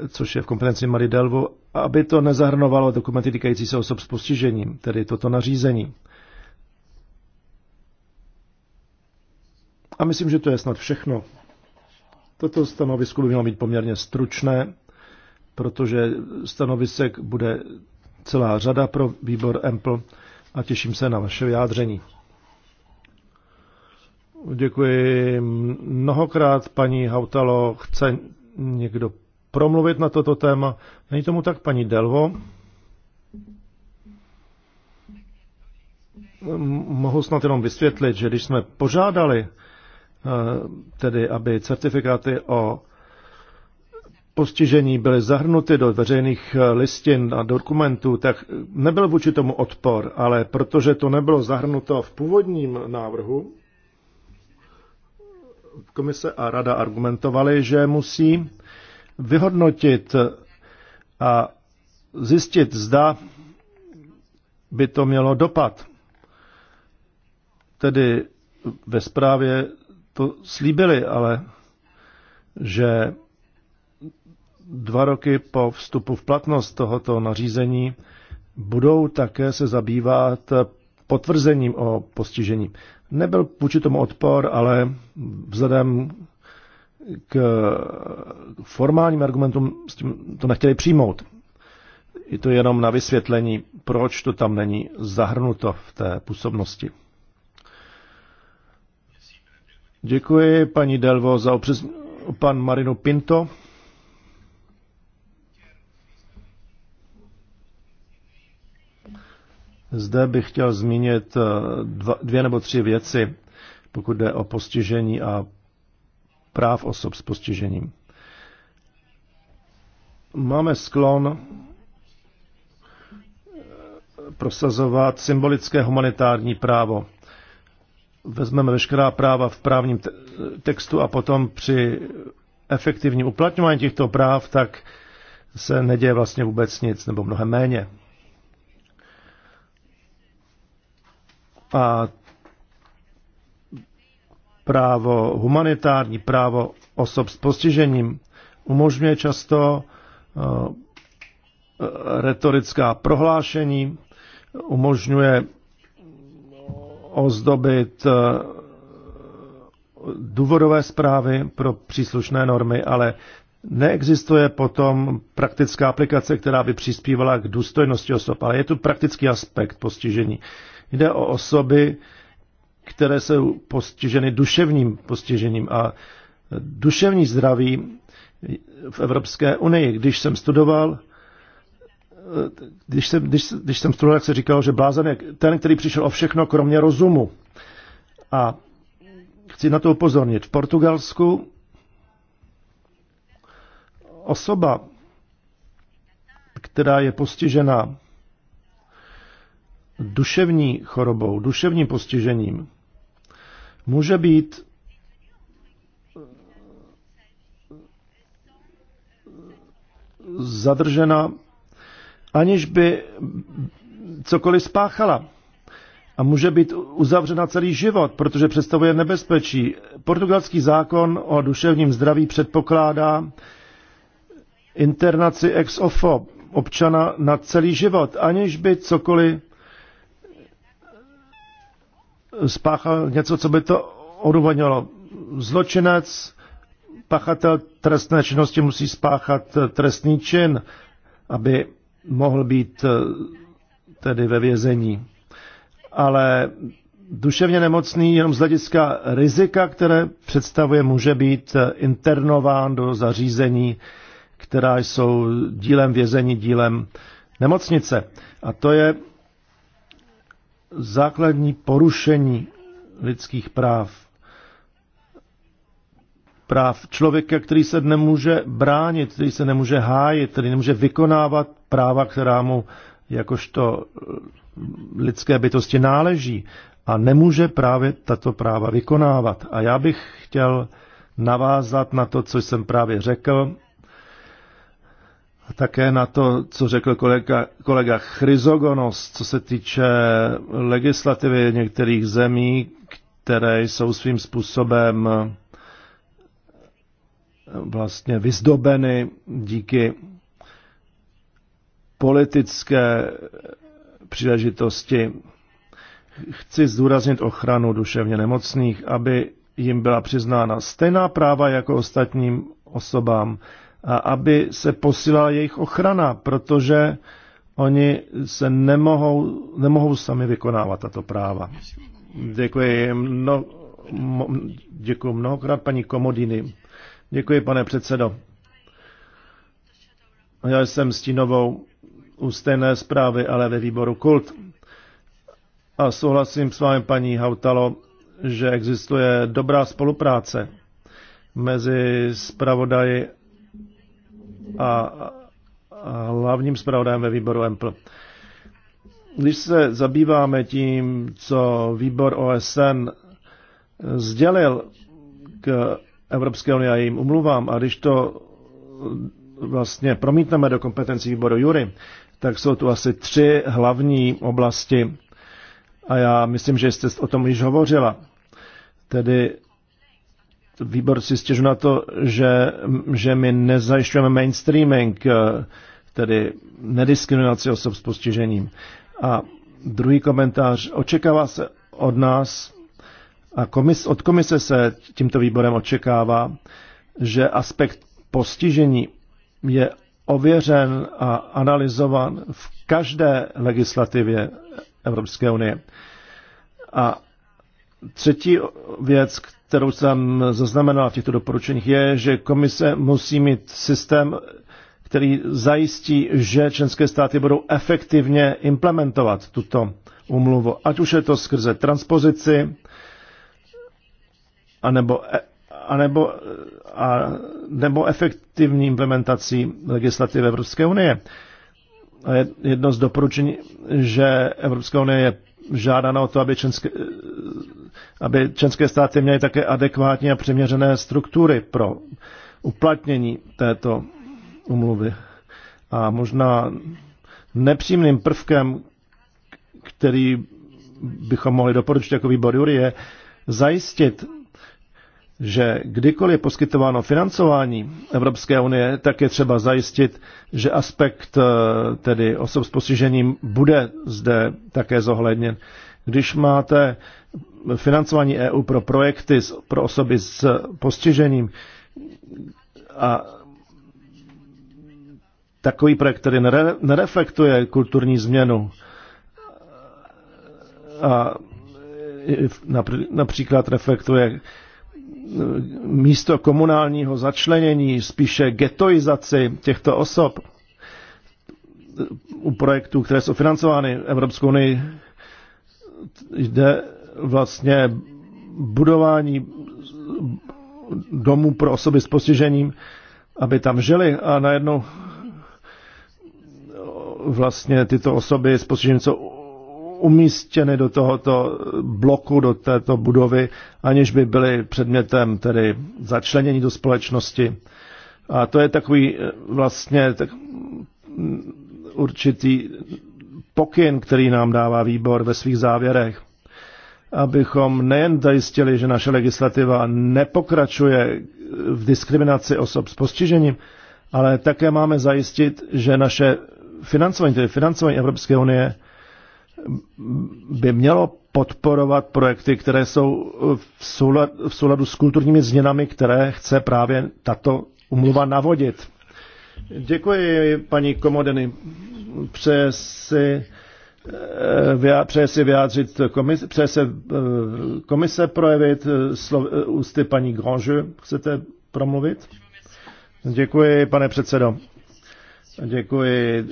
což je v kompetenci Marie Delvo, aby to nezahrnovalo dokumenty týkající se osob s postižením, tedy toto nařízení. A myslím, že to je snad všechno. Toto stanovisko by mělo být poměrně stručné, protože stanovisek bude celá řada pro výbor EMPL a těším se na vaše vyjádření. Děkuji mnohokrát, paní Hautalo. Chce někdo promluvit na toto téma. Není tomu tak, paní Delvo? Mohu snad jenom vysvětlit, že když jsme požádali, eh, tedy aby certifikáty o postižení byly zahrnuty do veřejných eh, listin a dokumentů, tak nebyl vůči tomu odpor, ale protože to nebylo zahrnuto v původním návrhu, komise a rada argumentovali, že musí vyhodnotit a zjistit, zda by to mělo dopad. Tedy ve zprávě to slíbili, ale že dva roky po vstupu v platnost tohoto nařízení budou také se zabývat potvrzením o postižení. Nebyl vůči tomu odpor, ale vzhledem k formálním argumentům s tím to nechtěli přijmout. Je to jenom na vysvětlení, proč to tam není zahrnuto v té působnosti. Děkuji paní Delvo za opřes... pan Marino Pinto. Zde bych chtěl zmínit eh, dva, dvě nebo tři věci, pokud jde o postižení a práv osob s postižením. Máme sklon eh, prosazovat symbolické humanitární právo. Vezmeme veškerá práva v právním te- textu a potom při efektivním uplatňování těchto práv, tak se neděje vlastně vůbec nic, nebo mnohem méně. A právo humanitární, právo osob s postižením, umožňuje často eh, retorická prohlášení, umožňuje ozdobit eh, důvodové zprávy pro příslušné normy, ale neexistuje potom praktická aplikace, která by přispívala k důstojnosti osob, ale je tu praktický aspekt postižení. Jde o osoby, které jsou postiženy duševním postižením a duševní zdraví v Evropské unii. Když jsem studoval, když jsem, když, když jsem studoval, jak se říkalo, že blázen je ten, který přišel o všechno, kromě rozumu. A chci na to upozornit. V Portugalsku osoba, která je postižena duševní chorobou, duševním postižením, může být eh, zadržena, aniž by cokoliv spáchala. A může být uzavřena celý život, protože představuje nebezpečí. Portugalský zákon o duševním zdraví předpokládá internaci ex ofo, občana na celý život, aniž by cokoliv spáchal něco, co by to odůvodnilo. Zločinec, pachatel trestné činnosti musí spáchat trestný čin, aby mohl být eh, tedy ve vězení. Ale duševně nemocný jenom z hlediska rizika, které představuje, může být eh, internován do zařízení, která jsou dílem vězení, dílem nemocnice. A to je základní porušení lidských práv. Práv člověka, který se nemůže bránit, který se nemůže hájit, který nemůže vykonávat práva, která mu jakožto eh, lidské bytosti náleží a nemůže právě tato práva vykonávat. A já bych chtěl navázat na to, co jsem právě řekl a také na to, co řekl kolega, kolega Chryzogonos, co se týče legislativy některých zemí, které jsou svým způsobem eh, vlastně vyzdobeny díky politické příležitosti. Chci zdůraznit ochranu duševně nemocných, aby jim byla přiznána stejná práva jako ostatním osobám a aby se posílala jejich ochrana, protože oni se nemohou, nemohou sami vykonávat tato práva. Děkuji, mno, děkuji mnohokrát paní Komodiny. Děkuji, pane předsedo. Já jsem stínovou u stejné zprávy, ale ve výboru Kult. A souhlasím s vámi, paní Hautalo, že existuje dobrá spolupráce mezi zpravodaji a, hlavním zpravodajem ve výboru EMPL. Když se zabýváme tím, co výbor OSN sdělil k Evropské unii a jejím umluvám, a když to vlastně promítneme do kompetencí výboru Jury, tak jsou tu asi tři hlavní oblasti. A já myslím, že jste o tom již hovořila. Tedy Výbor si stěžu na to, že, že my nezajišťujeme mainstreaming, eh, tedy nediskriminaci osob s postižením. A druhý komentář. Očekává se od nás, a komis, od komise se tímto výborem očekává, že aspekt postižení je ověřen a analyzovan v každé legislativě Evropské unie. A třetí věc, kterou jsem zaznamenal v těchto doporučeních, je, že komise musí mít systém, který zajistí, že členské státy budou efektivně implementovat tuto umluvu. Ať už je to skrze transpozici, anebo, e, anebo, a, nebo efektivní implementací legislativy Evropské unie. A jedno z doporučení, že Evropská unie je žádána o to, aby české aby členské státy měly také adekvátní a přiměřené struktury pro uplatnění této umluvy. A možná nepřímným prvkem, který bychom mohli doporučit jako výbor Jury, je zajistit že kdykoliv je poskytováno financování Evropské unie, tak je třeba zajistit, že aspekt eh, tedy osob s postižením bude zde také zohledněn. Když máte financování EU pro projekty pro osoby s postižením a takový projekt, který nereflektuje kulturní změnu a například reflektuje místo komunálního začlenění, spíše getoizaci těchto osob u projektů, které jsou financovány Evropskou unii, jde vlastně budování domů pro osoby s postižením, aby tam žili a najednou vlastně tyto osoby s postižením jsou umístěny do tohoto bloku, do této budovy, aniž by byly předmětem tedy začlenění do společnosti. A to je takový eh, vlastně tak, mm, určitý pokyn, který nám dává výbor ve svých závěrech. Abychom nejen zajistili, že naše legislativa nepokračuje v diskriminaci osob s postižením, ale také máme zajistit, že naše financování, tedy financování Evropské unie, by mělo podporovat projekty, které jsou v souladu, v souladu s kulturními změnami, které chce právě tato umluva navodit. Děkuji, paní Komodeny. Přeje si, eh, přeje si vyjádřit komise, přeje se eh, komise projevit eh, slov, ústy paní Grange. Chcete promluvit? Děkuji, pane předsedo. Děkuji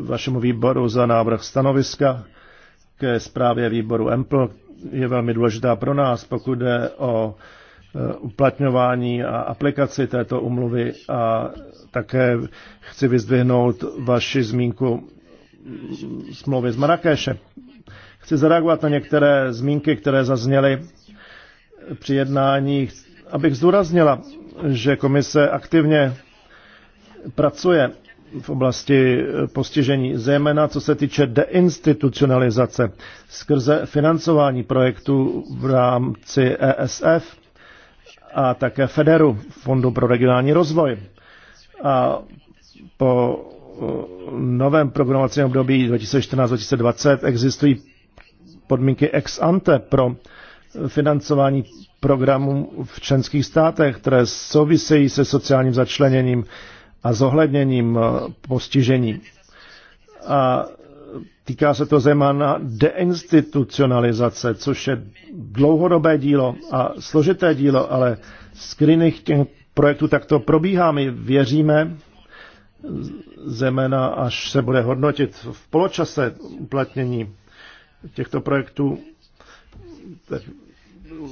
vašemu výboru za návrh stanoviska ke zprávě výboru EMPL je velmi důležitá pro nás, pokud jde o e, uplatňování a aplikaci této umluvy a také chci vyzdvihnout vaši zmínku smlouvy z Marrakeše. Chci zareagovat na některé zmínky, které zazněly při jednání, abych zdůraznila, že komise aktivně pracuje v oblasti eh, postižení, zejména co se týče deinstitucionalizace skrze financování projektů v rámci ESF a také Federu, Fondu pro regionální rozvoj. A po eh, novém programovacím období 2014-2020 existují podmínky ex ante pro financování programů v členských státech, které souvisejí se sociálním začleněním a zohledněním eh, postižení. A týká se to zejména deinstitucionalizace, což je dlouhodobé dílo a složité dílo, ale z těch projektů takto probíhá. My věříme, zemena, až se bude hodnotit v poločase uplatnění těchto projektů, tak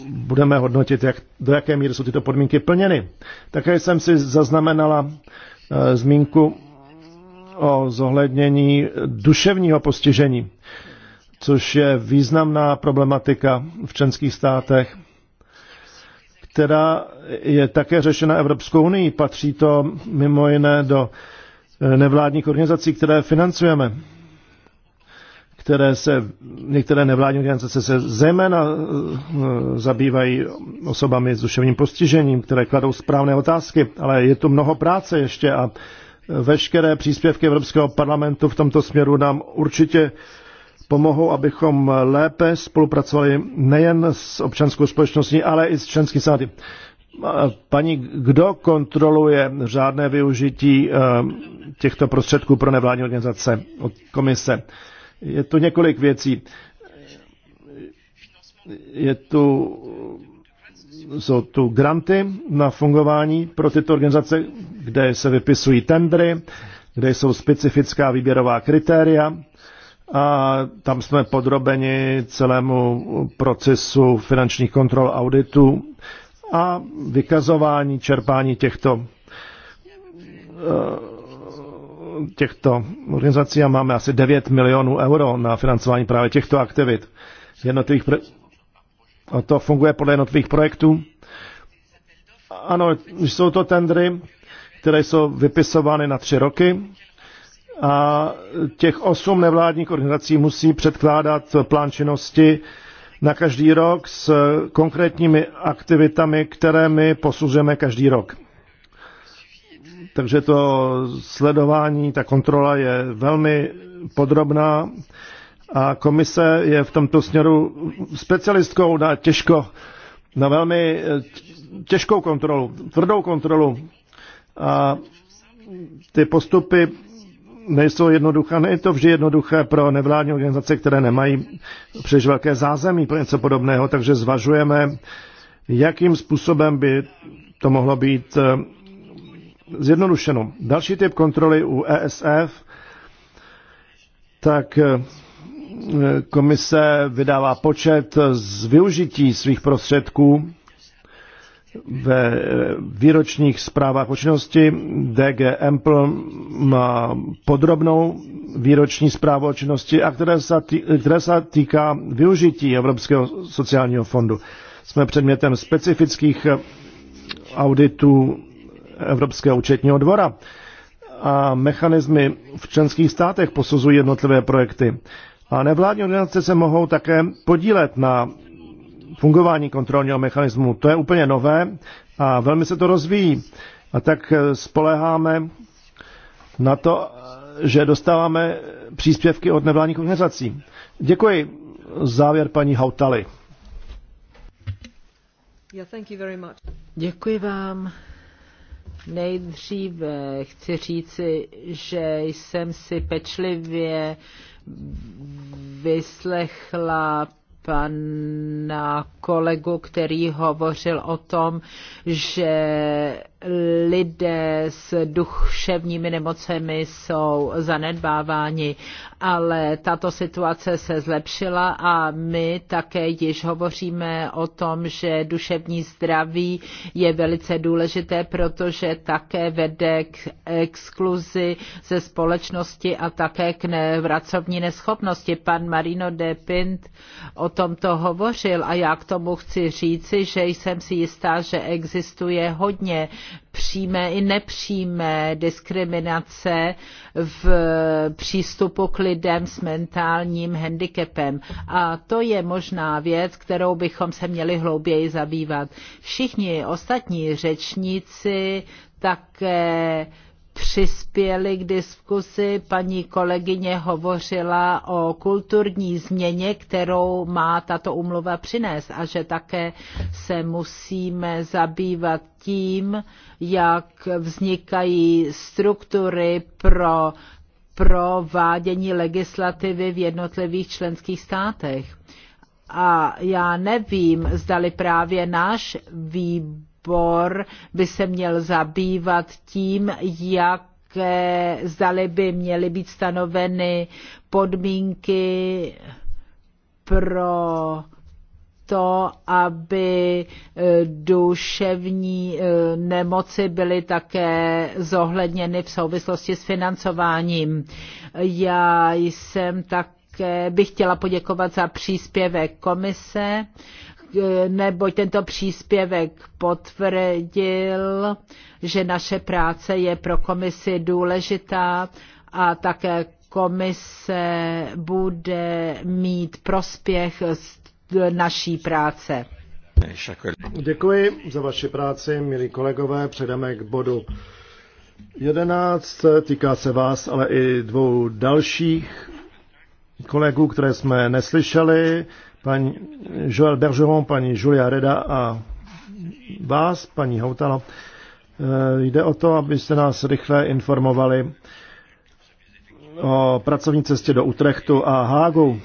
budeme hodnotit, jak, do jaké míry jsou tyto podmínky plněny. Také jsem si zaznamenala Eh, zmínku o zohlednění duševního postižení, což je významná problematika v členských státech, která je také řešena Evropskou unii. Patří to mimo jiné do eh, nevládních organizací, které financujeme které se, některé nevládní organizace se zejména eh, zabývají osobami s duševním postižením, které kladou správné otázky, ale je tu mnoho práce ještě a veškeré příspěvky Evropského parlamentu v tomto směru nám určitě pomohou, abychom lépe spolupracovali nejen s občanskou společností, ale i s členskými státy. Paní, kdo kontroluje řádné využití eh, těchto prostředků pro nevládní organizace od komise? Je to několik věcí. Je tu, jsou tu granty na fungování pro tyto organizace, kde se vypisují tendry, kde jsou specifická výběrová kritéria a tam jsme podrobeni celému procesu finančních kontrol auditu a vykazování čerpání těchto těchto organizací a máme asi 9 milionů euro na financování právě těchto aktivit. Jednotlivých pro... A to funguje podle jednotlivých projektů? Ano, jsou to tendry, které jsou vypisovány na tři roky a těch osm nevládních organizací musí předkládat plán činnosti na každý rok s konkrétními aktivitami, které my posuzujeme každý rok. Takže to sledování, ta kontrola je velmi podrobná a komise je v tomto směru specialistkou na těžko, na velmi eh, těžkou kontrolu, tvrdou kontrolu. A ty postupy nejsou jednoduché, nejsou to vždy jednoduché pro nevládní organizace, které nemají příliš velké zázemí pro něco podobného, takže zvažujeme, jakým způsobem by to mohlo být eh, zjednodušeno. Další typ kontroly u ESF, tak eh, komise vydává počet z využití svých prostředků ve eh, výročních zprávách o činnosti. DG Empl má podrobnou výroční zprávu o činnosti, a které se, tý, které se týká využití Evropského sociálního fondu. Jsme předmětem specifických eh, auditů Evropského účetního dvora a mechanismy v členských státech posuzují jednotlivé projekty. A nevládní organizace se mohou také podílet na fungování kontrolního mechanismu. To je úplně nové a velmi se to rozvíjí. A tak spoleháme na to, že dostáváme příspěvky od nevládních organizací. Děkuji. Závěr paní Hautali. Děkuji vám. Nejdříve chci říci, že jsem si pečlivě vyslechla pana kolegu, který hovořil o tom, že lidé s duševními nemocemi jsou zanedbáváni, ale tato situace se zlepšila a my také již hovoříme o tom, že duševní zdraví je velice důležité, protože také vede k exkluzi ze společnosti a také k nevracovní neschopnosti. Pan Marino de Pint o tomto hovořil a já k tomu chci říci, že jsem si jistá, že existuje hodně přímé i nepřímé diskriminace v přístupu k lidem s mentálním handicapem. A to je možná věc, kterou bychom se měli hlouběji zabývat. Všichni ostatní řečníci také přispěli k diskusi. Paní kolegyně hovořila o kulturní změně, kterou má tato umluva přinést a že také se musíme zabývat tím, jak vznikají struktury pro provádění legislativy v jednotlivých členských státech. A já nevím, zdali právě náš výbor výbor by se měl zabývat tím, jak zdali by měly být stanoveny podmínky pro to, aby eh, duševní eh, nemoci byly také zohledněny v souvislosti s financováním. Já jsem také bych chtěla poděkovat za příspěvek komise. Eh, neboť tento příspěvek potvrdil, že naše práce je pro komisi důležitá a také komise bude mít prospěch z naší práce. Děkuji za vaši práci, milí kolegové. Předáme k bodu 11. Týká se vás, ale i dvou dalších kolegů, které jsme neslyšeli paní Joel Bergeron, paní Julia Reda a vás, paní Houtala. Eh, jde o to, abyste nás rychle informovali o pracovní cestě do Utrechtu a Hágu.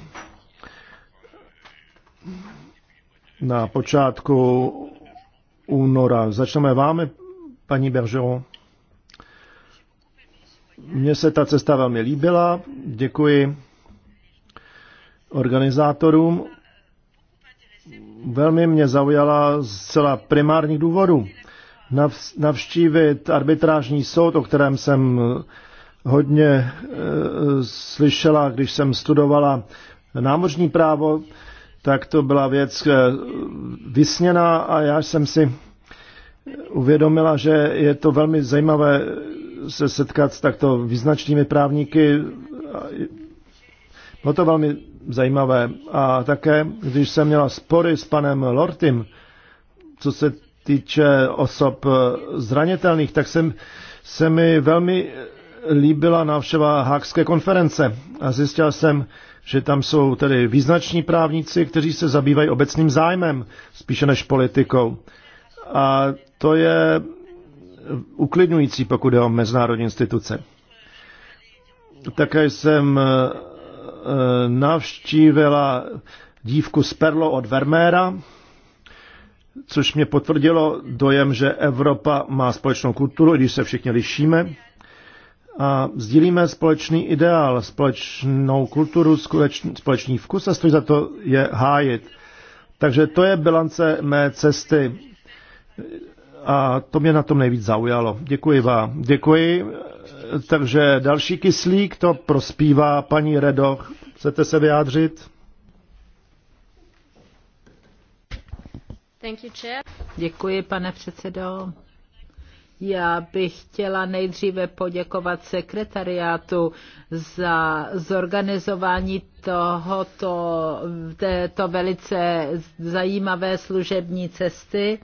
Na počátku února. Začneme vámi, paní Bergeron. Mně se ta cesta velmi líbila. Děkuji organizátorům velmi mě zaujala z celá primárních důvodů. Navštívit arbitrážní soud, o kterém jsem eh, hodně e, slyšela, když jsem studovala námořní právo, tak to byla věc eh, vysněná a já jsem si uvědomila, že je to velmi zajímavé se setkat s takto význačnými právníky. Bylo to velmi zajímavé. A také, když jsem měla spory s panem Lortym, co se týče osob eh, zranitelných, tak jsem, se mi velmi líbila návštěva Hákské konference a zjistil jsem, že tam jsou tedy význační právníci, kteří se zabývají obecným zájmem, spíše než politikou. A to je uklidňující, pokud je o mezinárodní instituce. Také jsem eh, Eh, navštívila dívku z Perlo od Vermeera, což mě potvrdilo dojem, že Evropa má společnou kulturu, i když se všichni lišíme. A sdílíme společný ideál, společnou kulturu, společný vkus a stojí za to je hájit. Takže to je bilance mé cesty. A to mě na tom nejvíc zaujalo. Děkuji vám. Děkuji. Takže další kyslík, to prospívá paní Redo. Chcete se vyjádřit? You, Děkuji, pane předsedo. Já bych chtěla nejdříve poděkovat sekretariátu za zorganizování tohoto, této velice zajímavé služební cesty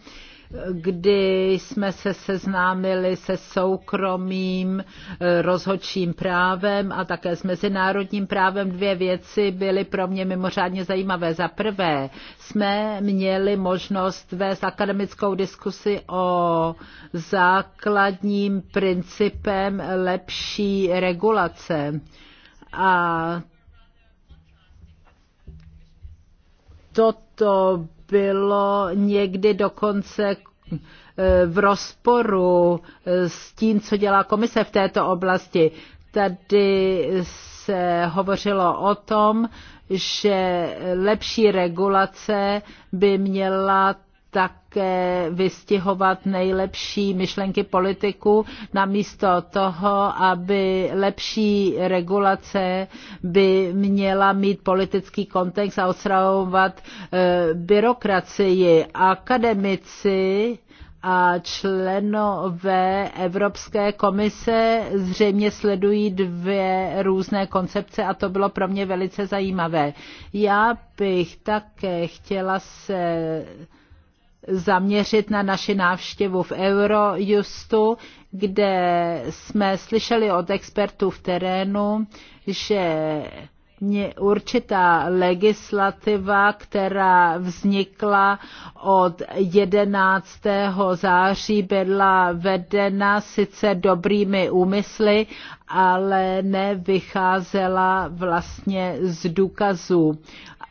kdy jsme se seznámili se soukromým eh, rozhodčím právem a také s mezinárodním právem. Dvě věci byly pro mě mimořádně zajímavé. Za prvé jsme měli možnost vést akademickou diskusi o základním principem lepší regulace. A toto bylo někdy dokonce eh, v rozporu eh, s tím, co dělá komise v této oblasti. Tady se hovořilo o tom, že lepší regulace by měla také vystihovat nejlepší myšlenky politiku, namísto toho, aby lepší regulace by měla mít politický kontext a odstravovat e, byrokracii. Akademici a členové Evropské komise zřejmě sledují dvě různé koncepce a to bylo pro mě velice zajímavé. Já bych také chtěla se zaměřit na naši návštěvu v Eurojustu, kde jsme slyšeli od expertů v terénu, že určitá legislativa, která vznikla od 11. září, byla vedena sice dobrými úmysly, ale nevycházela vlastně z důkazů.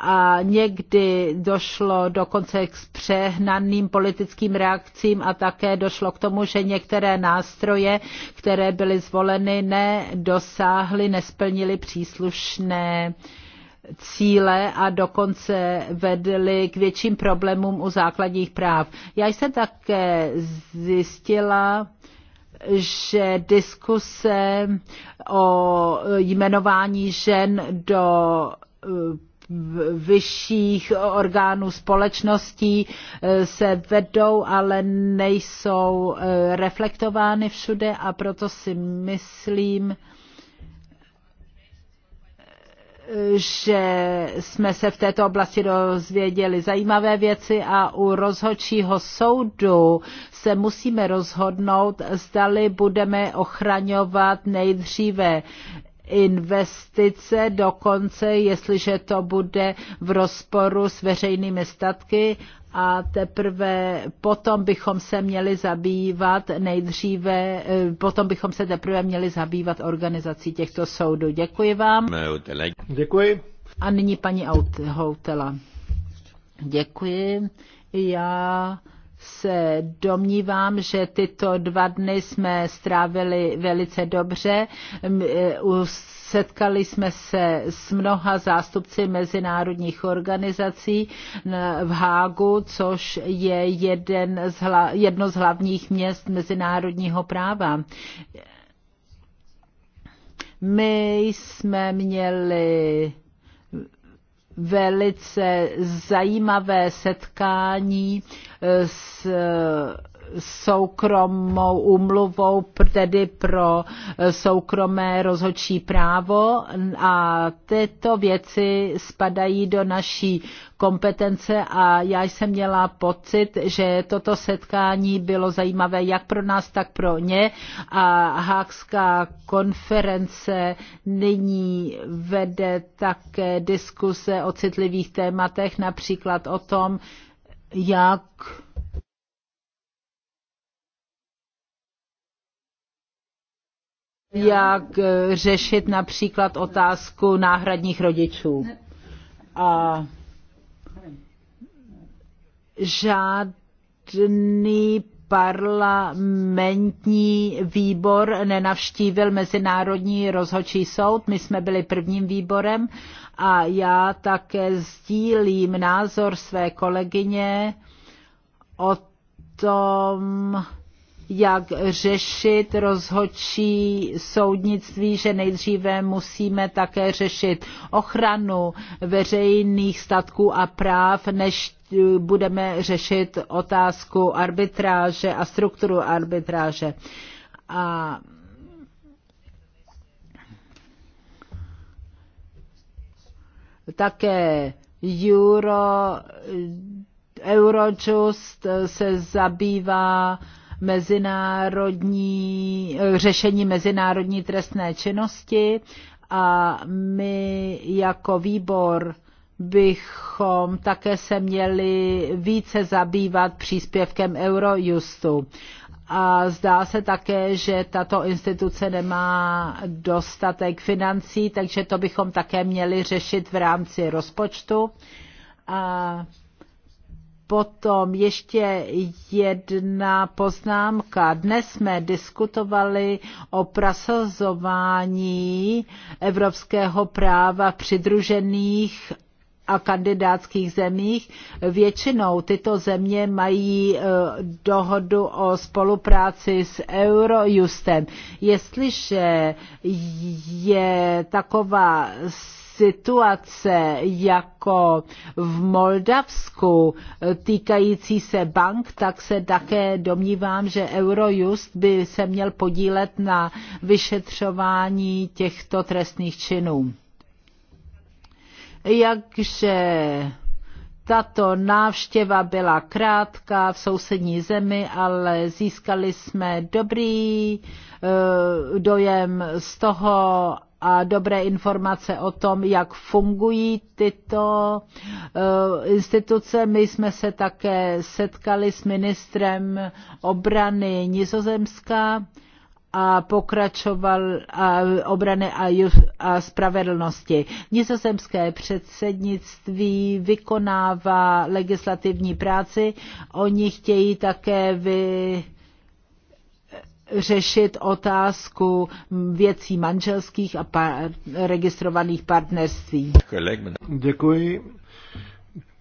A někdy došlo dokonce k přehnaným politickým reakcím a také došlo k tomu, že některé nástroje, které byly zvoleny, nedosáhly, nesplnily příslušné cíle a dokonce vedly k větším problémům u základních práv. Já jsem také zjistila, že diskuse o jmenování žen do eh, vyšších orgánů společností eh, se vedou, ale nejsou eh, reflektovány všude a proto si myslím, že jsme se v této oblasti dozvěděli zajímavé věci a u rozhodčího soudu se musíme rozhodnout, zdali budeme ochraňovat nejdříve investice, dokonce jestliže to bude v rozporu s veřejnými statky, a teprve potom bychom se měli zabývat nejdříve, e, potom bychom se teprve měli zabývat organizací těchto soudů. Děkuji vám. Děkuji. A nyní paní Houtela. Děkuji. Já se domnívám, že tyto dva dny jsme strávili velice dobře. E, Setkali jsme se s mnoha zástupci mezinárodních organizací v Hágu, což je jeden z hla, jedno z hlavních měst mezinárodního práva. My jsme měli velice zajímavé setkání s soukromou úmluvou, tedy pro eh, soukromé rozhodčí právo a tyto věci spadají do naší kompetence a já jsem měla pocit, že toto setkání bylo zajímavé jak pro nás, tak pro ně a Hákská konference nyní vede také diskuse o citlivých tématech, například o tom, jak jak eh, řešit například otázku náhradních rodičů. A žádný parlamentní výbor nenavštívil Mezinárodní rozhodčí soud. My jsme byli prvním výborem a já také sdílím názor své kolegyně o tom, jak řešit rozhodčí soudnictví, že nejdříve musíme také řešit ochranu veřejných statků a práv, než eh, budeme řešit otázku arbitráže a strukturu arbitráže. A také Euro, Eurojust se zabývá uh, mezinárodní, eh, řešení mezinárodní trestné činnosti a my jako výbor bychom také se měli více zabývat příspěvkem Eurojustu. A zdá se také, že tato instituce nemá dostatek financí, takže to bychom také měli řešit v rámci rozpočtu. A Potom ještě jedna poznámka. Dnes jsme diskutovali o prasazování evropského práva přidružených a kandidátských zemích. Většinou tyto země mají e, dohodu o spolupráci s Eurojustem. Jestliže je taková situace jako v Moldavsku eh, týkající se bank, tak se také domnívám, že Eurojust by se měl podílet na vyšetřování těchto trestných činů. Jakže tato návštěva byla krátká v sousední zemi, ale získali jsme dobrý eh, dojem z toho a dobré informace o tom, jak fungují tyto eh, instituce. My jsme se také setkali s ministrem obrany Nizozemska a pokračoval a obrany a, ju, a spravedlnosti. Nizozemské předsednictví vykonává legislativní práci, oni chtějí také vy, řešit otázku věcí manželských a par- registrovaných partnerství. Děkuji,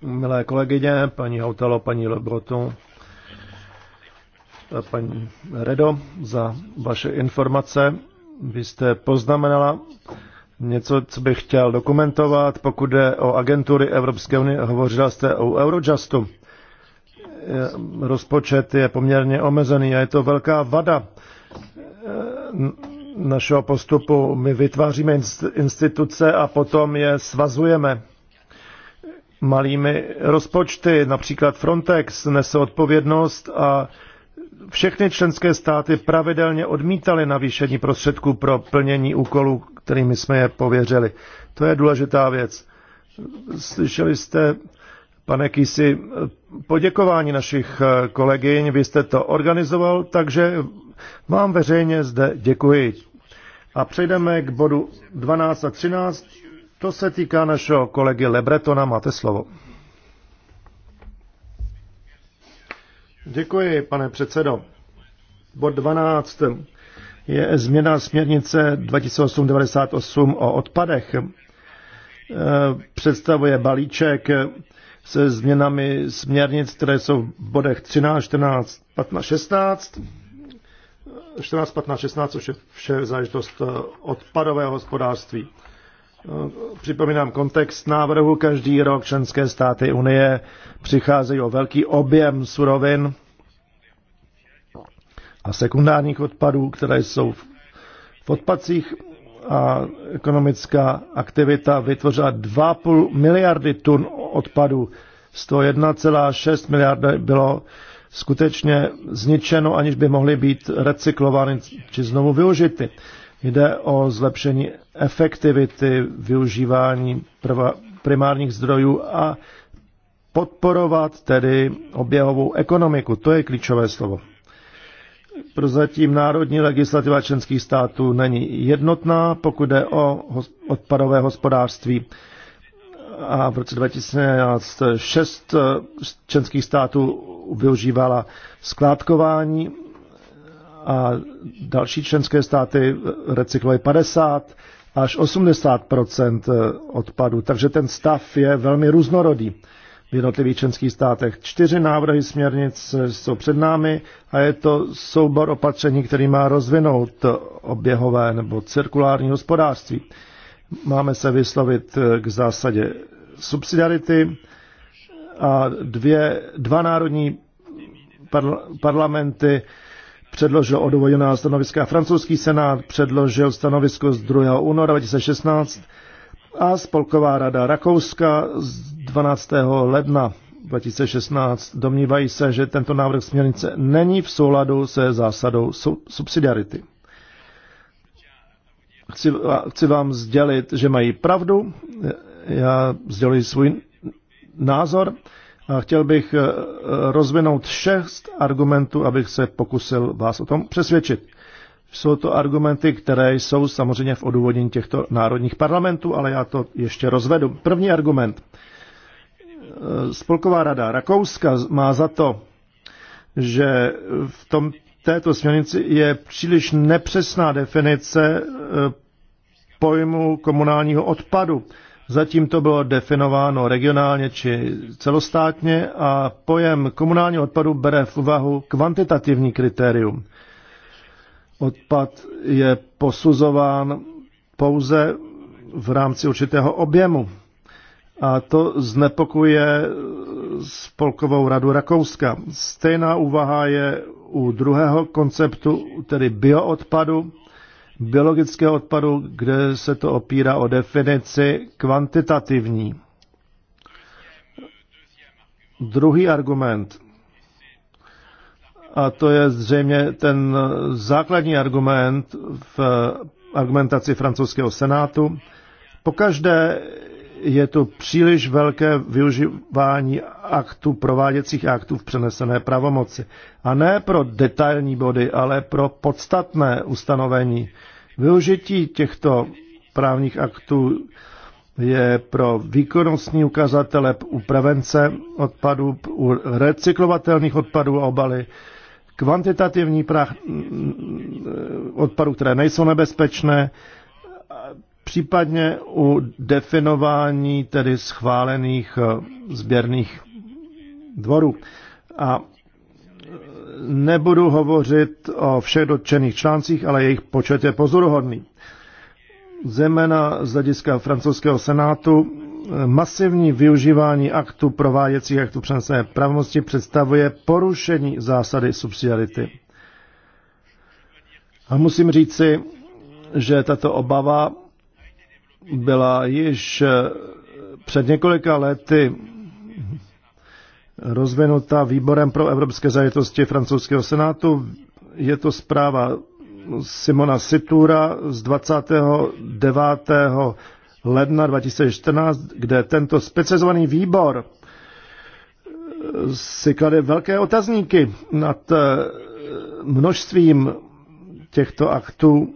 milé kolegyně, paní Hautalo, paní Lebrotu, paní Redo, za vaše informace. Vy jste poznamenala něco, co bych chtěl dokumentovat, pokud jde o agentury Evropské unie. Hovořila jste o Eurojustu rozpočet je poměrně omezený a je to velká vada eh, našeho postupu. My vytváříme instituce a potom je svazujeme malými rozpočty. Například Frontex nese odpovědnost a všechny členské státy pravidelně odmítaly navýšení prostředků pro plnění úkolů, kterými jsme je pověřili. To je důležitá věc. Slyšeli jste Pane Kisi, poděkování našich eh, kolegyň, vy jste to organizoval, takže vám veřejně zde děkuji. A přejdeme k bodu 12 a 13. To se týká našeho kolegy Lebretona. Máte slovo. Děkuji, pane předsedo. Bod 12 je změna směrnice 2898 o odpadech. Eh, představuje balíček se změnami směrnic, které jsou v bodech 13, 14, 15, 16. 14, 15, 16, což je vše záležitost eh, odpadového hospodářství. Eh, připomínám kontext návrhu. Každý rok členské státy Unie přicházejí o velký objem surovin a sekundárních odpadů, které jsou v odpadcích a ekonomická aktivita vytvořila 2,5 miliardy tun odpadu. Z toho 1,6 miliardy bylo skutečně zničeno, aniž by mohly být recyklovány či znovu využity. Jde o zlepšení efektivity využívání primárních zdrojů a podporovat tedy oběhovou ekonomiku. To je klíčové slovo prozatím národní legislativa členských států není jednotná, pokud jde o odpadové hospodářství. A v roce 2011 šest eh, členských států využívala skládkování a další členské státy recyklovaly 50 až 80 eh, odpadů. Takže ten stav je velmi různorodý v jednotlivých členských státech. Čtyři návrhy směrnic eh, jsou před námi a je to soubor opatření, který má rozvinout oběhové nebo cirkulární hospodářství. Máme se vyslovit eh, k zásadě subsidiarity a dvě, dva národní parl- parlamenty předložil odůvodněná stanoviska. Francouzský senát předložil stanovisko z 2. února 2016 a Spolková rada Rakouska z 12. ledna 2016 domnívají se, že tento návrh směrnice není v souladu se zásadou subsidiarity. Chci, chci vám sdělit, že mají pravdu, já sděluji svůj názor a chtěl bych eh, rozvinout šest argumentů, abych se pokusil vás o tom přesvědčit. Jsou to argumenty, které jsou samozřejmě v odůvodnění těchto národních parlamentů, ale já to ještě rozvedu. První argument Eh, Spolková rada Rakouska má za to, že v tom, této směrnici je příliš nepřesná definice eh, pojmu komunálního odpadu. Zatím to bylo definováno regionálně či celostátně a pojem komunálního odpadu bere v úvahu kvantitativní kritérium. Odpad je posuzován pouze v rámci určitého objemu a to znepokuje Spolkovou radu Rakouska. Stejná úvaha je u druhého konceptu, tedy bioodpadu, biologického odpadu, kde se to opírá o definici kvantitativní. Druhý argument, a to je zřejmě ten základní argument v argumentaci francouzského senátu, pokaždé je to příliš velké využívání aktů, prováděcích aktů v přenesené pravomoci. A ne pro detailní body, ale pro podstatné ustanovení. Využití těchto právních aktů je pro výkonnostní ukazatele u prevence odpadů, u recyklovatelných odpadů a obaly, kvantitativní prach odpadů, které nejsou nebezpečné, případně u definování tedy schválených eh, sběrných dvorů. A eh, nebudu hovořit o všech dotčených článcích, ale jejich počet je pozoruhodný. Zemena z hlediska francouzského senátu eh, masivní využívání aktu prováděcích aktů přenesené pravomosti představuje porušení zásady subsidiarity. A musím říci, že tato obava byla již eh, před několika lety rozvinuta výborem pro evropské záležitosti francouzského senátu. Je to zpráva Simona Situra z 29. ledna 2014, kde tento specializovaný výbor eh, si klade velké otazníky nad eh, množstvím těchto aktů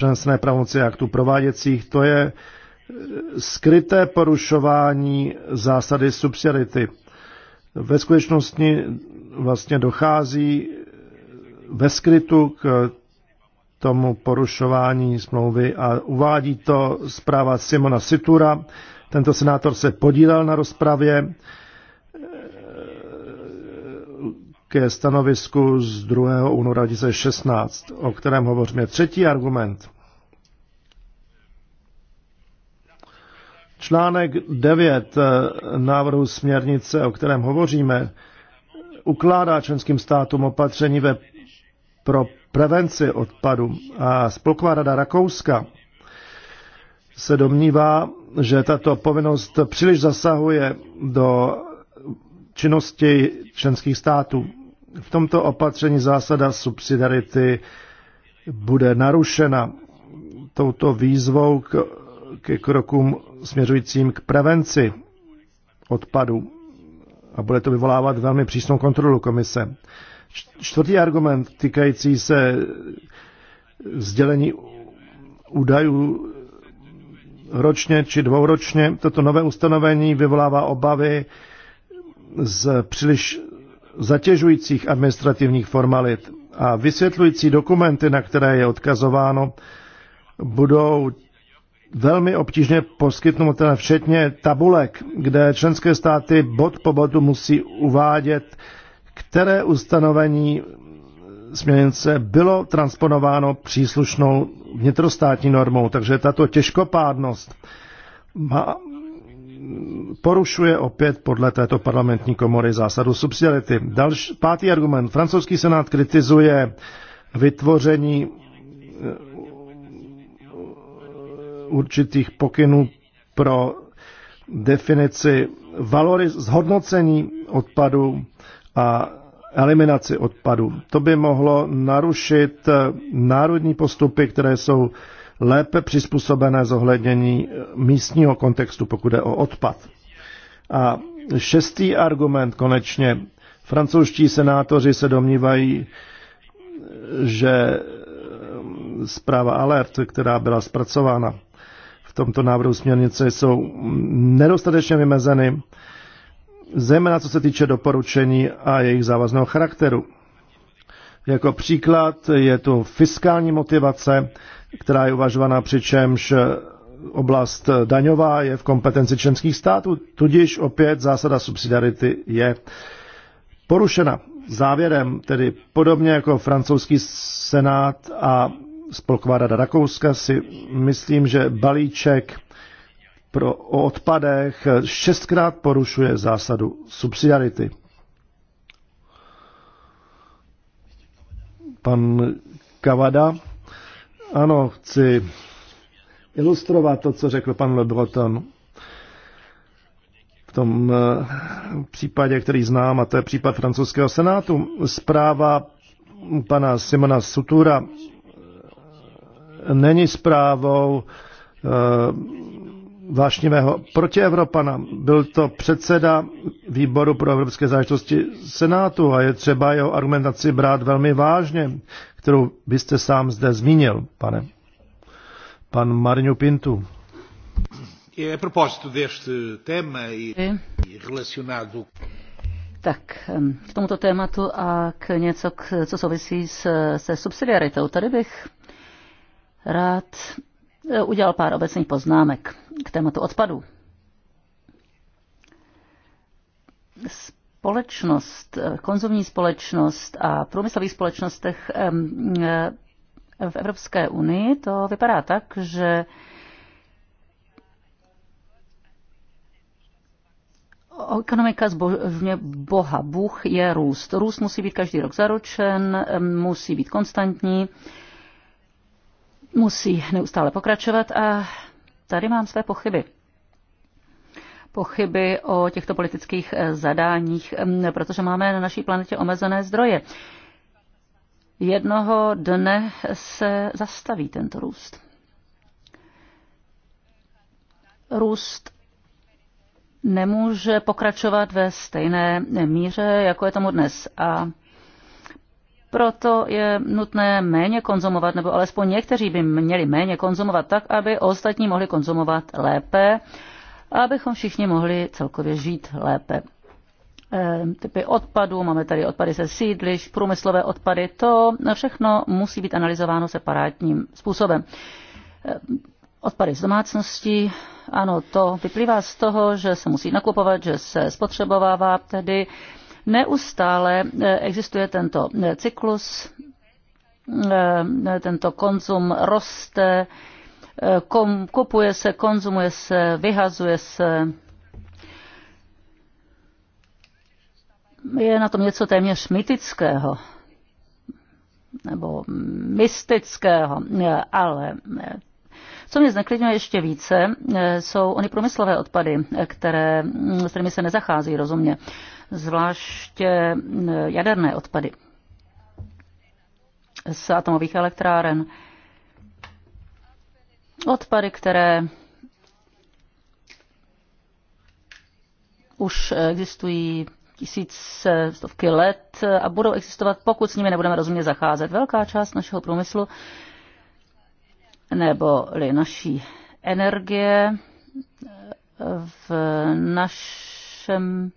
přenesené pravomoci aktů prováděcích, to je eh, skryté porušování zásady subsidiarity. Ve skutečnosti vlastně dochází eh, ve skrytu k tomu porušování smlouvy a uvádí to zpráva Simona Situra. Tento senátor se podílel na rozpravě ke stanovisku z 2. února 2016, o kterém hovoříme. Třetí argument. Článek 9 eh, návrhu směrnice, o kterém hovoříme, ukládá členským státům opatření ve, pro prevenci odpadu a Spolková rada Rakouska se domnívá, že tato povinnost příliš zasahuje do činnosti členských států v tomto opatření zásada subsidiarity bude narušena touto výzvou k, k krokům směřujícím k prevenci odpadu a bude to vyvolávat velmi přísnou kontrolu komise. Čtvrtý argument týkající se sdělení údajů ročně či dvouročně. Toto nové ustanovení vyvolává obavy z příliš zatěžujících administrativních formalit a vysvětlující dokumenty, na které je odkazováno, budou velmi obtížně poskytnuté včetně tabulek, kde členské státy bod po bodu musí uvádět, které ustanovení směrnice bylo transponováno příslušnou vnitrostátní normou. Takže tato těžkopádnost má porušuje opět podle této parlamentní komory zásadu subsidiarity. Další, pátý argument. Francouzský senát kritizuje vytvoření eh, určitých pokynů pro definici valoriz, zhodnocení odpadu a eliminaci odpadu. To by mohlo narušit eh, národní postupy, které jsou lépe přizpůsobené zohlednění eh, místního kontextu, pokud je o odpad. A šestý argument konečně. Francouzští senátoři se domnívají, eh, že eh, zpráva Alert, která byla zpracována v tomto návrhu směrnice, jsou nedostatečně vymezeny, zejména co se týče doporučení a jejich závazného charakteru. Jako příklad je tu fiskální motivace která je uvažována, přičemž eh, oblast daňová je v kompetenci členských států, tudíž opět zásada subsidiarity je porušena. Závěrem, tedy podobně jako francouzský senát a Spolková rada Rakouska, si myslím, že balíček pro, o odpadech šestkrát porušuje zásadu subsidiarity. Pan Kavada. Ano, chci ilustrovat to, co řekl pan Lebroton v tom eh, případě, který znám, a to je případ francouzského senátu. Zpráva pana Simona Sutura eh, není zprávou eh, vášnivého protievropana. Byl to předseda výboru pro evropské záležitosti Senátu a je třeba jeho argumentaci brát velmi vážně kterou byste sám zde zmínil, pane. Pan Marňu Pintu. E a propósito deste tema e, e. e relacionado tak k tomuto tématu a k něco, co souvisí s, se subsidiaritou. Tady bych rád udělal pár obecných poznámek k tématu odpadů společnost, eh, konzumní společnost a průmyslových společnostech eh, v Evropské unii to vypadá tak, že ekonomika zbožňuje Boha. Bůh je růst. Růst musí být každý rok zaručen, musí být konstantní, musí neustále pokračovat a tady mám své pochyby pochyby o těchto politických eh, zadáních, mm, protože máme na naší planetě omezené zdroje. Jednoho dne se zastaví tento růst. Růst nemůže pokračovat ve stejné míře, jako je tomu dnes. A proto je nutné méně konzumovat, nebo alespoň někteří by měli méně konzumovat tak, aby ostatní mohli konzumovat lépe a abychom všichni mohli celkově žít lépe. Eh, typy odpadů, máme tady odpady ze sídliš, průmyslové odpady, to všechno musí být analyzováno separátním způsobem. Eh, odpady z domácnosti, ano, to vyplývá z toho, že se musí nakupovat, že se spotřebovává, tedy neustále eh, existuje tento cyklus, tento konzum roste, kom, kupuje se, konzumuje se, vyhazuje se. Je na tom něco téměř mytického nebo mystického, ale co mě zneklidňuje ještě více, jsou ony průmyslové odpady, které, s kterými se nezachází rozumně, zvláště jaderné odpady z atomových elektráren. Odpady, které už existují tisíce, stovky let a budou existovat, pokud s nimi nebudeme rozumně zacházet. Velká část našeho průmyslu nebo-li naší energie v našem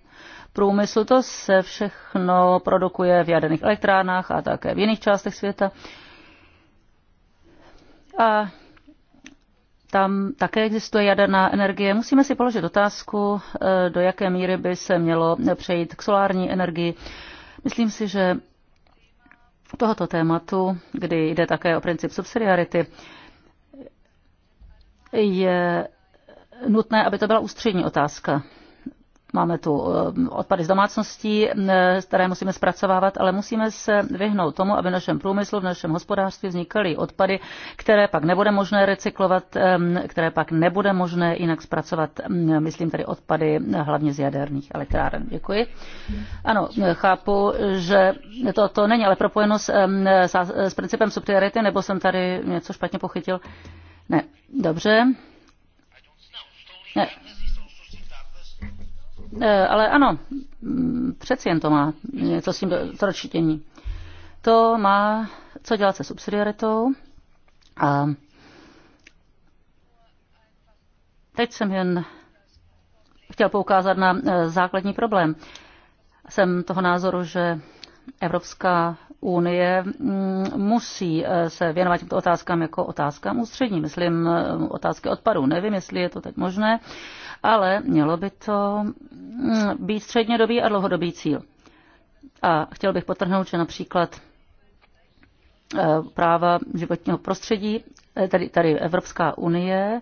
průmyslu, to se všechno produkuje v jaderných elektrárnách a také v jiných částech světa. A tam také existuje jaderná energie. Musíme si položit otázku, eh, do jaké míry by se mělo přejít k solární energii. Myslím si, že tohoto tématu, kdy jde také o princip subsidiarity, je nutné, aby to byla ústřední otázka Máme tu eh, odpady z domácností, eh, které musíme zpracovávat, ale musíme se vyhnout tomu, aby v našem průmyslu, v našem hospodářství vznikaly odpady, které pak nebude možné recyklovat, které pak nebude možné jinak zpracovat, myslím tady odpady eh, hlavně z jaderných elektráren. Děkuji. Ano, chápu, že to, to není ale propojeno s, s, s principem subsidiarity, nebo jsem tady něco špatně pochytil? Ne, dobře. Ne, Eh, ale ano, mm, přeci jen to má něco s tím zročitění. To má co dělat se subsidiaritou. A teď jsem jen chtěl poukázat na eh, základní problém. Jsem toho názoru, že Evropská unie mm, musí eh, se věnovat těmto otázkám jako otázkám ústřední. Myslím eh, otázky odpadů. Nevím, jestli je to teď možné, ale mělo by to mm, být střednědobý a dlouhodobý cíl. A chtěl bych potrhnout, že například eh, práva životního prostředí, tady, tady Evropská unie,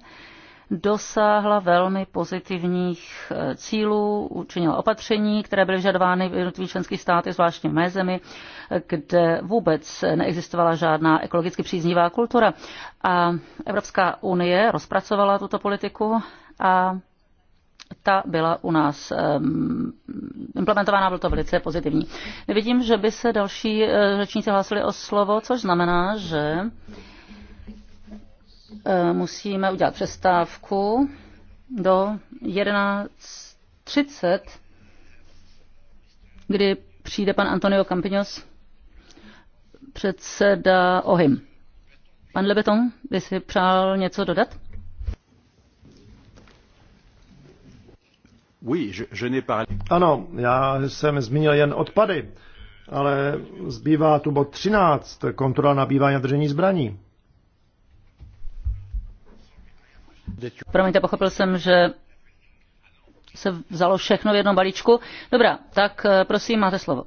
dosáhla velmi pozitivních eh, cílů, učinila opatření, které byly vyžadovány v jednotlivých členských státy, zvláště v mé zemi, kde vůbec neexistovala žádná ekologicky příznivá kultura. A Evropská unie rozpracovala tuto politiku a ta byla u nás ehm, implementována, bylo to velice pozitivní. Vidím, že by se další eh, řečníci hlásili o slovo, což znamená, že Eh, musíme udělat přestávku do 11.30, kdy přijde pan Antonio Campinos, předseda OHIM. Pan Lebeton, by si přál něco dodat? Oui, je, je Ano, já jsem zmínil jen odpady, ale zbývá tu bod 13, kontrola nabývání a držení zbraní. Promiňte, pochopil jsem, že se vzalo všechno v jednom balíčku. Dobrá, tak eh, prosím, máte slovo.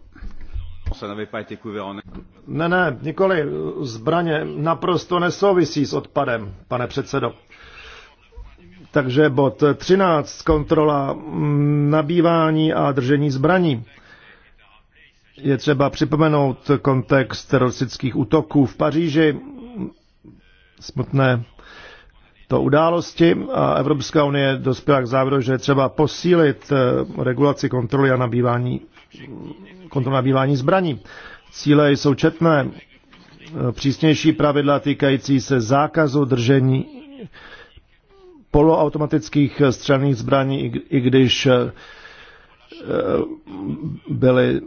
Ne, ne, nikoli. Zbraně naprosto nesouvisí s odpadem, pane předsedo. Takže bod 13, kontrola mm, nabývání a držení zbraní. Je třeba připomenout kontext teroristických útoků v Paříži, smutné této události a Evropská unie dospěla k závěru, že je třeba posílit eh, regulaci kontroly a nabývání, kontroly nabývání zbraní. Cíle jsou četné, eh, přísnější pravidla týkající se zákazu držení poloautomatických střelných zbraní, i když eh, byly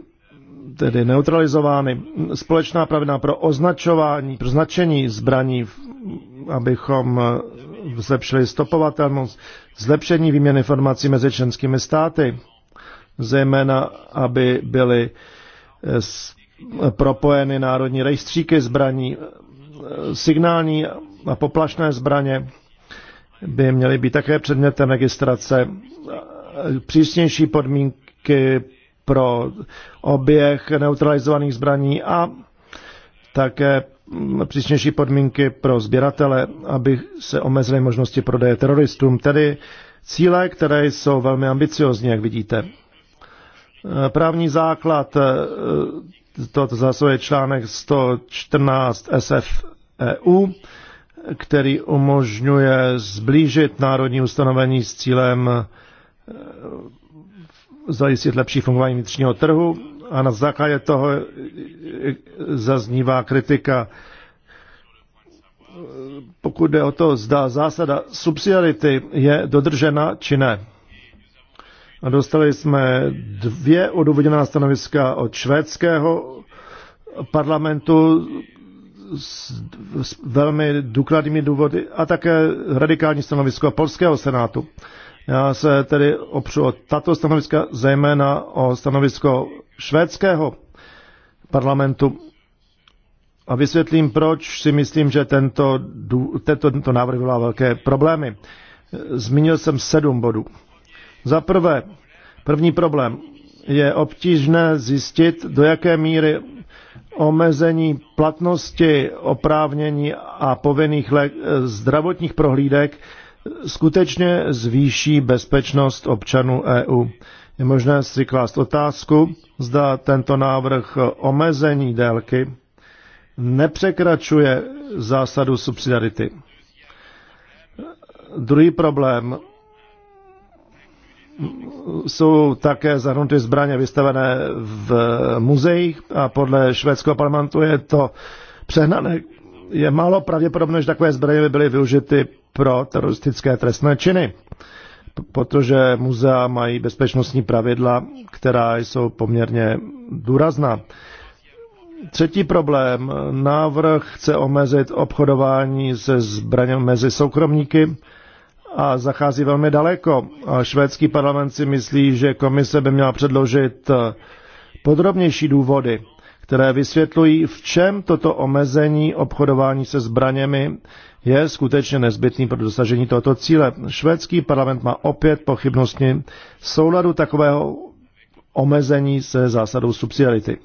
tedy neutralizovány. Společná pravidla pro označování, pro značení zbraní, abychom zlepšili stopovatelnost, zlepšení výměny informací mezi členskými státy, zejména aby byly eh, propojeny národní rejstříky zbraní, eh, signální a poplašné zbraně by měly být také předmětem registrace, přísnější podmínky pro oběh neutralizovaných zbraní a také přísnější podmínky pro sběratele, aby se omezily možnosti prodeje teroristům. Tedy cíle, které jsou velmi ambiciozní, jak vidíte. Eh, právní základ eh, to zase je článek 114 SFEU, který umožňuje zblížit národní ustanovení s cílem eh, zajistit lepší fungování vnitřního trhu a na základě toho eh, eh, zaznívá kritika. Pokud jde o to, zda zásada subsidiarity je dodržena či ne. A dostali jsme dvě odůvodněná stanoviska od švédského parlamentu s, s velmi důkladnými důvody a také radikální stanovisko polského senátu. Já se tedy opřu o tato stanoviska, zejména o stanovisko švédského parlamentu a vysvětlím, proč si myslím, že tento, tento, tento návrh volá velké problémy. Zmínil jsem sedm bodů. Za prvé, první problém je obtížné zjistit, do jaké míry omezení platnosti oprávnění a povinných zdravotních prohlídek skutečně zvýší bezpečnost občanů EU je možné si klást otázku, zda tento návrh eh, omezení délky nepřekračuje zásadu subsidiarity. Druhý problém jsou také zahrnuty zbraně vystavené v muzeích a podle švédského parlamentu je to přehnané. Je málo pravděpodobné, že takové zbraně by byly využity pro teroristické trestné činy protože muzea mají bezpečnostní pravidla, která jsou poměrně důrazná. Třetí problém. Návrh chce omezit obchodování se zbraněmi mezi soukromníky a zachází velmi daleko. A švédský parlament si myslí, že komise by měla předložit podrobnější důvody, které vysvětlují, v čem toto omezení obchodování se zbraněmi je skutečně nezbytný pro dosažení tohoto cíle. Švédský parlament má opět pochybnosti souladu takového omezení se zásadou subsidiarity.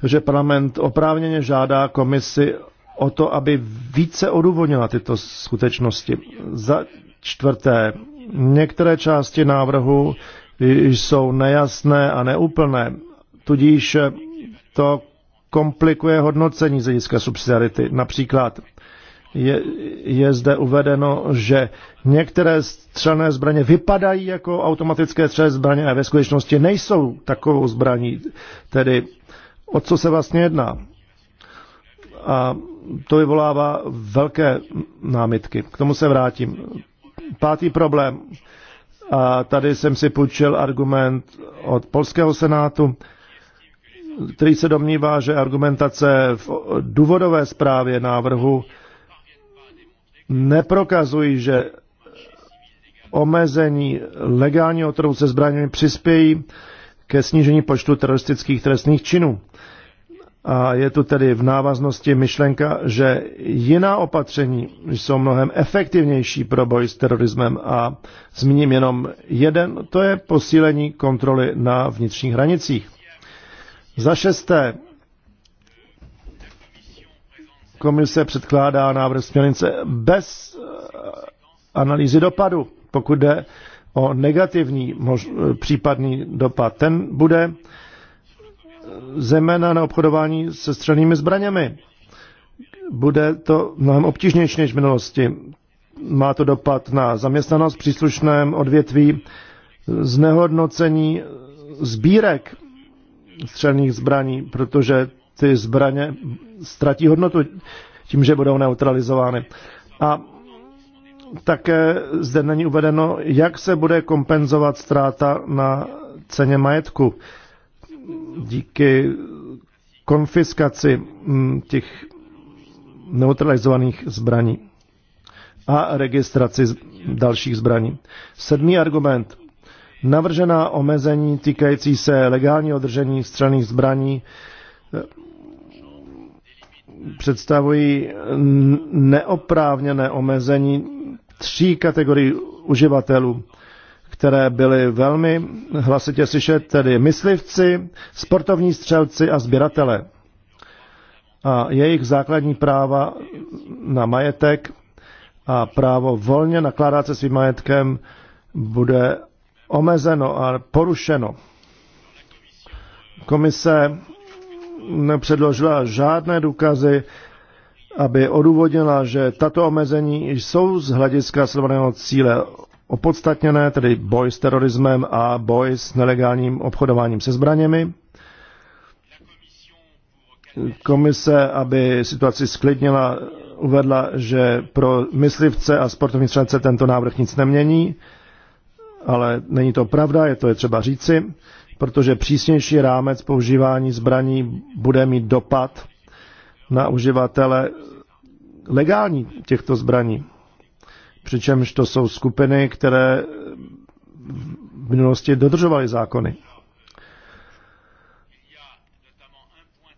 Takže parlament oprávněně žádá komisi o to, aby více odůvodnila tyto skutečnosti. Za čtvrté, některé části návrhu jsou nejasné a neúplné, tudíž to komplikuje hodnocení z hlediska subsidiarity. Například je, je zde uvedeno, že některé střelné zbraně vypadají jako automatické střelné zbraně a ve skutečnosti nejsou takovou zbraní. Tedy o co se vlastně jedná? A to vyvolává velké námitky. K tomu se vrátím. Pátý problém. A tady jsem si půjčil argument od polského senátu který se domnívá, že argumentace v důvodové zprávě návrhu neprokazují, že omezení legálního trhu se zbraněmi přispějí ke snížení počtu teroristických trestných činů. A je tu tedy v návaznosti myšlenka, že jiná opatření jsou mnohem efektivnější pro boj s terorismem a zmíním jenom jeden, to je posílení kontroly na vnitřních hranicích. Za šesté, komise předkládá návrh směrnice bez eh, analýzy dopadu, pokud jde o negativní mož- eh, případný dopad. Ten bude eh, zejména na obchodování se střelnými zbraněmi. Bude to mnohem obtížnější než v minulosti. Má to dopad na zaměstnanost v příslušném odvětví, znehodnocení sbírek střelných zbraní, protože ty zbraně ztratí hodnotu tím, že budou neutralizovány. A také zde není uvedeno, jak se bude kompenzovat ztráta na ceně majetku díky konfiskaci mm, těch neutralizovaných zbraní a registraci dalších zbraní. Sedmý argument navržená omezení týkající se legálního držení střelných zbraní eh, představují neoprávněné omezení tří kategorií uživatelů, které byly velmi hlasitě slyšet, tedy myslivci, sportovní střelci a sběratele. A jejich základní práva na majetek a právo volně nakládat se svým majetkem bude omezeno a porušeno. Komise nepředložila žádné důkazy, aby odůvodnila, že tato omezení jsou z hlediska sledovaného cíle opodstatněné, tedy boj s terorismem a boj s nelegálním obchodováním se zbraněmi. Komise, aby situaci sklidnila, uvedla, že pro myslivce a sportovní střelce tento návrh nic nemění ale není to pravda, je to je třeba říci, protože přísnější rámec používání zbraní bude mít dopad na uživatele legální těchto zbraní. Přičemž to jsou skupiny, které v minulosti dodržovaly zákony.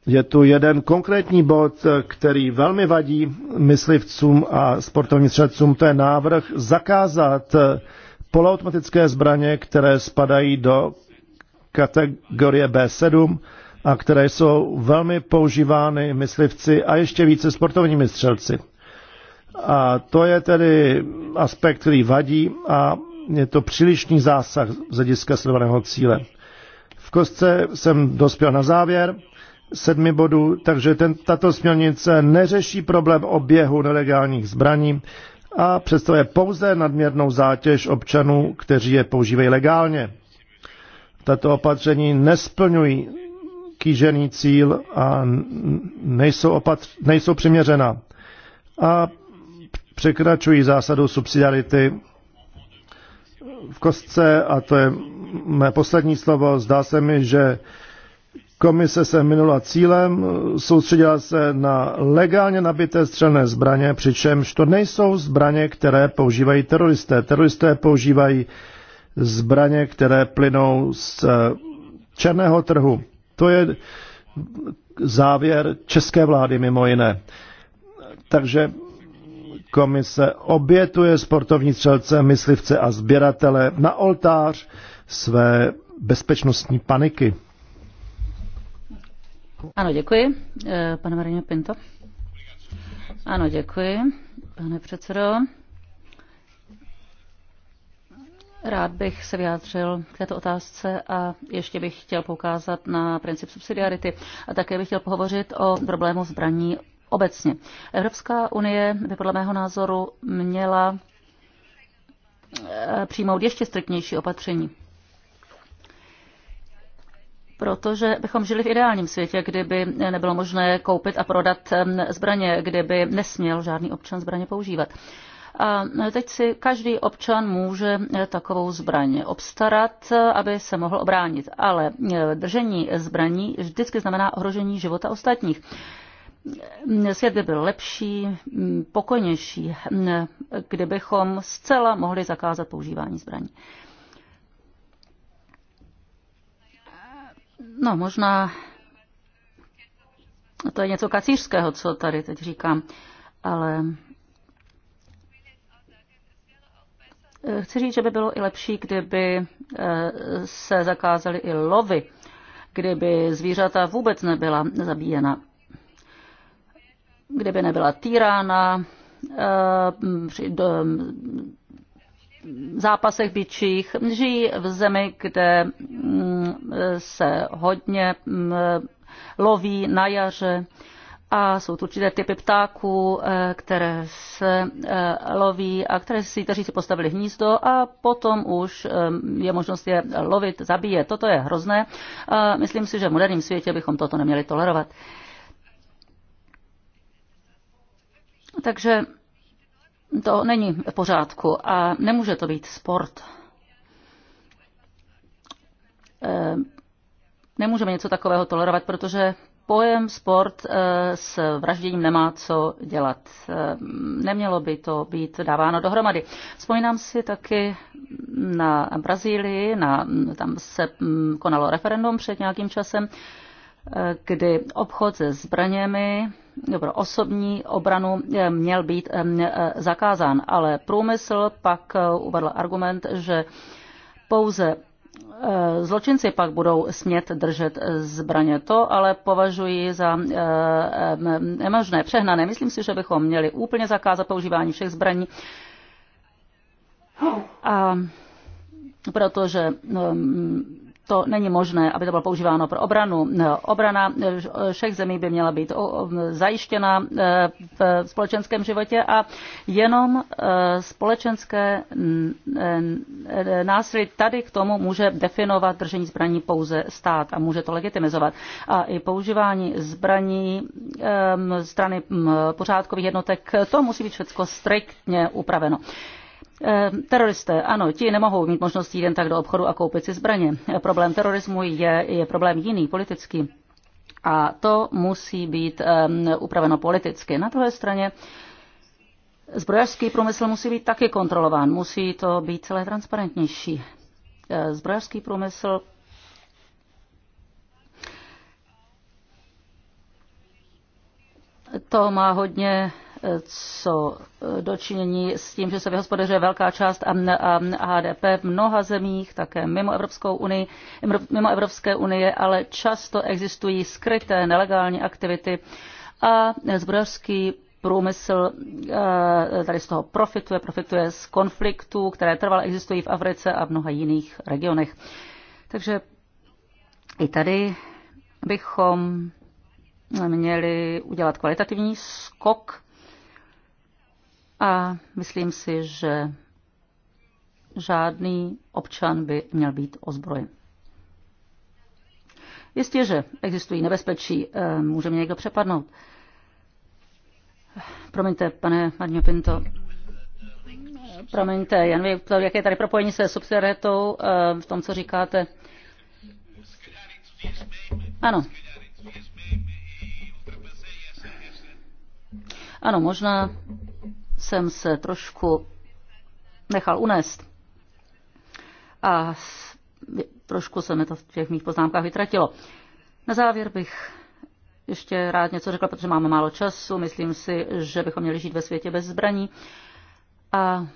Je tu jeden konkrétní bod, který velmi vadí myslivcům a sportovním střelcům, to je návrh zakázat poloautomatické zbraně, které spadají do kategorie B7 a které jsou velmi používány myslivci a ještě více sportovními střelci. A to je tedy aspekt, který vadí a je to přílišný zásah z hlediska sledovaného cíle. V kostce jsem dospěl na závěr sedmi bodů, takže ten, tato směrnice neřeší problém oběhu nelegálních zbraní, a představuje pouze nadměrnou zátěž občanů, kteří je používají legálně. Tato opatření nesplňují kýžený cíl a nejsou, opatř- nejsou přiměřená a překračují zásadu subsidiarity v kostce a to je mé poslední slovo. Zdá se mi, že Komise se minula cílem, soustředila se na legálně nabité střelné zbraně, přičemž to nejsou zbraně, které používají teroristé. Teroristé používají zbraně, které plynou z eh, černého trhu. To je závěr české vlády mimo jiné. Takže komise obětuje sportovní střelce, myslivce a sběratele na oltář své bezpečnostní paniky. Ano, děkuji. Eh, pane Marino Pinto. Ano, děkuji, pane předsedo. Rád bych se vyjádřil k této otázce a ještě bych chtěl poukázat na princip subsidiarity a také bych chtěl pohovořit o problému zbraní obecně. Evropská unie by podle mého názoru měla eh, přijmout ještě striktnější opatření protože bychom žili v ideálním světě, kdyby nebylo možné koupit a prodat zbraně, kdyby nesměl žádný občan zbraně používat. A e, teď si každý občan může e, takovou zbraň obstarat, e, aby se mohl obránit. Ale držení zbraní vždycky znamená ohrožení života ostatních. Svět by byl lepší, pokojnější, kdybychom zcela mohli zakázat používání zbraní. No, možná to je něco kacířského, co tady teď říkám, ale eh, chci říct, že by bylo i lepší, kdyby eh, se zakázaly i lovy, kdyby zvířata vůbec nebyla zabíjena, kdyby nebyla týrána, eh, zápasech bičích, žijí v zemi, kde mm, se hodně mm, loví na jaře a jsou tu určité typy ptáků, eh, které se eh, loví a které si, kteří si postavili hnízdo a potom už eh, je možnost je lovit, zabíjet. Toto je hrozné. A myslím si, že v moderním světě bychom toto neměli tolerovat. Takže to není v pořádku a nemůže to být sport. Eh, nemůžeme něco takového tolerovat, protože pojem sport eh, s vražděním nemá co dělat. Eh, nemělo by to být dáváno dohromady. Vzpomínám si taky na Brazílii, na, tam se mm, konalo referendum před nějakým časem kdy obchod se zbraněmi pro osobní obranu eh, měl být eh, eh, zakázán, ale průmysl pak uvedl argument, že pouze Zločinci pak budou smět držet zbraně. To ale považuji za nemožné, přehnané. Myslím si, že bychom měli úplně zakázat používání všech zbraní. A protože to není možné, aby to bylo používáno pro obranu. Obrana všech zemí by měla být zajištěna eh, v společenském životě a jenom eh, společenské násilí tady k tomu může definovat držení zbraní pouze stát a může to legitimizovat. A i používání zbraní eh, strany pořádkových jednotek, to musí být všechno striktně upraveno. Ehm, teroristé, ano, ti nemohou mít možnost jít jen tak do obchodu a koupit si zbraně. Eh, problém terorismu je, je problém jiný, politický. A to musí být um, upraveno politicky. Na druhé straně zbrojařský průmysl musí být taky kontrolován, musí to být celé transparentnější. Eh, zbrojařský průmysl to má hodně co e, dočinění s tím, že se vyhospodařuje velká část HDP v mnoha zemích, také mimo, Evropskou unii, mimo Evropské unie, ale často existují skryté nelegální aktivity a zbrojařský průmysl e, tady z toho profituje, profituje z konfliktů, které trvale existují v Africe a v mnoha jiných regionech. Takže i tady bychom měli udělat kvalitativní skok a myslím si, že žádný občan by měl být ozbrojen. Jistě, že existují nebezpečí, eh, může mě někdo přepadnout. Promiňte, pane Marňo Pinto, promiňte, Jan, vy, jaké je tady propojení se subsidiaritou eh, v tom, co říkáte? Ano. Ano, možná jsem se trošku nechal unést a trošku se mi to v těch mých poznámkách vytratilo. Na závěr bych ještě rád něco řekla, protože máme málo času. Myslím si, že bychom měli žít ve světě bez zbraní. A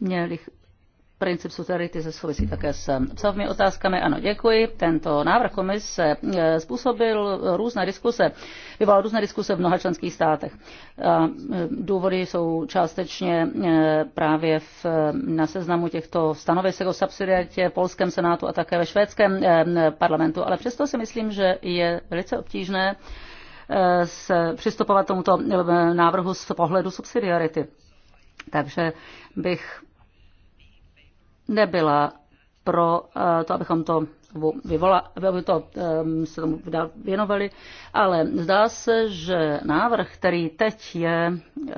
měli Princip solidarity se souvisí také s psovými otázkami. Ano, děkuji. Tento návrh komise eh, způsobil různé diskuse, vyvolal různé diskuse v mnoha členských státech. Eh, důvody jsou částečně eh, právě v, na seznamu těchto stanovisek o subsidiaritě v polském senátu a také ve švédském parlamentu, ale přesto si myslím, že je velice obtížné s, přistupovat tomuto návrhu z pohledu subsidiarity. Takže bych nebyla pro eh, to, abychom to vyvolali, aby to, ehm, se tomu věnovali, ale zdá se, že návrh, který teď je eh,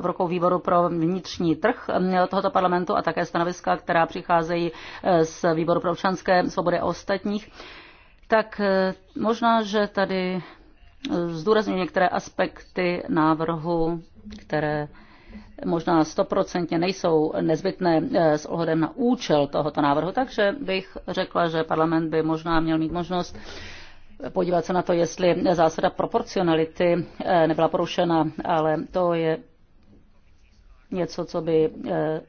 v rukou výboru pro vnitřní trh ehm, tohoto parlamentu a také stanoviska, která přicházejí eh, z výboru pro občanské svobody a ostatních, tak možná, že tady zdůrazňuji některé aspekty návrhu, které možná stoprocentně nejsou nezbytné eh, s ohledem na účel tohoto návrhu, takže bych řekla, že parlament by možná měl mít možnost podívat se na to, jestli zásada proporcionality eh, nebyla porušena, ale to je něco, co by eh,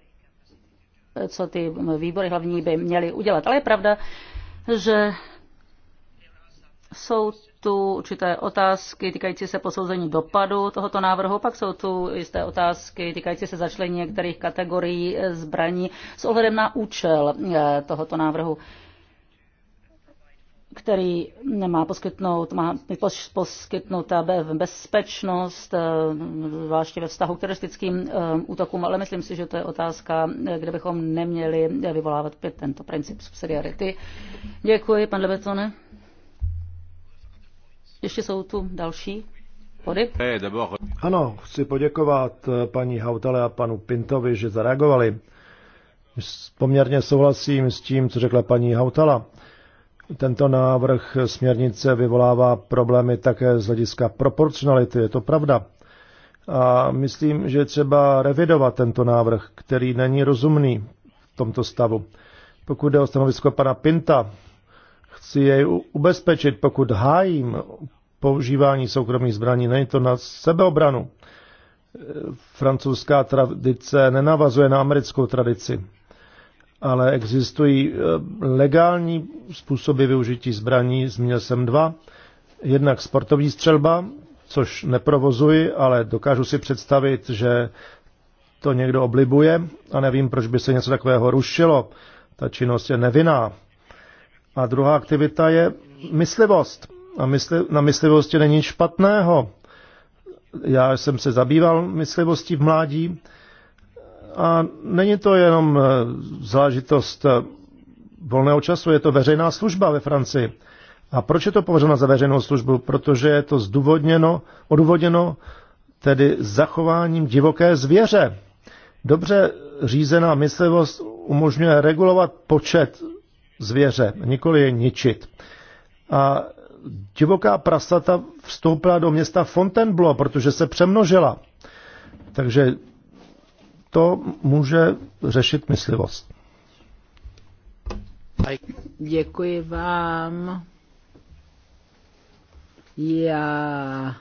co ty výbory hlavní by měly udělat. Ale je pravda, že jsou tu určité otázky týkající se posouzení dopadu tohoto návrhu, pak jsou tu jisté otázky týkající se začlení některých kategorií zbraní s ohledem na účel eh, tohoto návrhu který má poskytnout, má poskytnout eh, bezpečnost, eh, zvláště ve vztahu k teroristickým útokům, ale myslím si, že to je otázka, kde bychom neměli vyvolávat tento princip subsidiarity. Děkuji, pan Lebetone. Ještě jsou tu další body. Ano, chci poděkovat eh, paní Hautale a panu Pintovi, že zareagovali. Poměrně souhlasím s tím, co řekla paní Hautala. Tento návrh směrnice vyvolává problémy také z hlediska proporcionality, je to pravda. A myslím, že třeba revidovat tento návrh, který není rozumný v tomto stavu. Pokud jde o stanovisko pana Pinta, chci jej ubezpečit, pokud hájím používání soukromých zbraní, není to na sebeobranu. Francouzská tradice nenavazuje na americkou tradici, ale existují eh, legální způsoby využití zbraní, zmínil jsem dva. Jednak sportovní střelba, což neprovozuji, ale dokážu si představit, že to někdo oblibuje a nevím, proč by se něco takového rušilo. Ta činnost je nevinná a druhá aktivita je myslivost. A mysli, na myslivosti není nic špatného. Já jsem se zabýval myslivostí v mládí a není to jenom eh, záležitost eh, volného času, je to veřejná služba ve Francii. A proč je to považováno za veřejnou službu? Protože je to zdůvodněno, odůvodněno tedy zachováním divoké zvěře. Dobře řízená myslivost umožňuje regulovat počet zvěře, nikoli je ničit. A divoká prasata vstoupila do města Fontainebleau, protože se přemnožila. Takže to může řešit myslivost. Děkuji vám. Já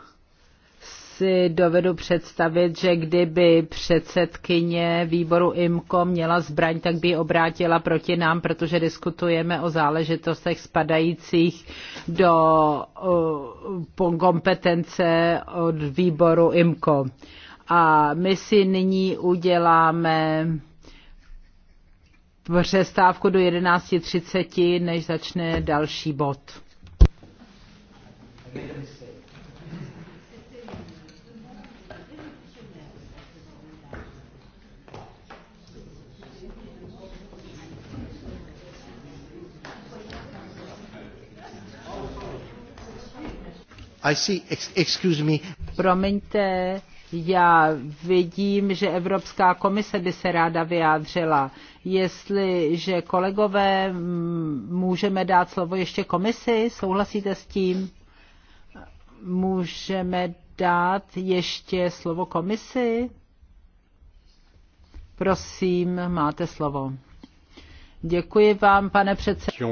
si dovedu představit, že kdyby předsedkyně výboru IMKO měla zbraň, tak by ji obrátila proti nám, protože diskutujeme o záležitostech spadajících do uh, kompetence od výboru IMKO. A my si nyní uděláme přestávku do 11.30, než začne další bod. you. I see, ex, excuse me. Promiňte, já vidím, že Evropská komise by se ráda vyjádřila. Jestliže kolegové můžeme dát slovo ještě komisi, souhlasíte s tím? Můžeme dát ještě slovo komisi? Prosím, máte slovo. Děkuji vám, pane předsedo.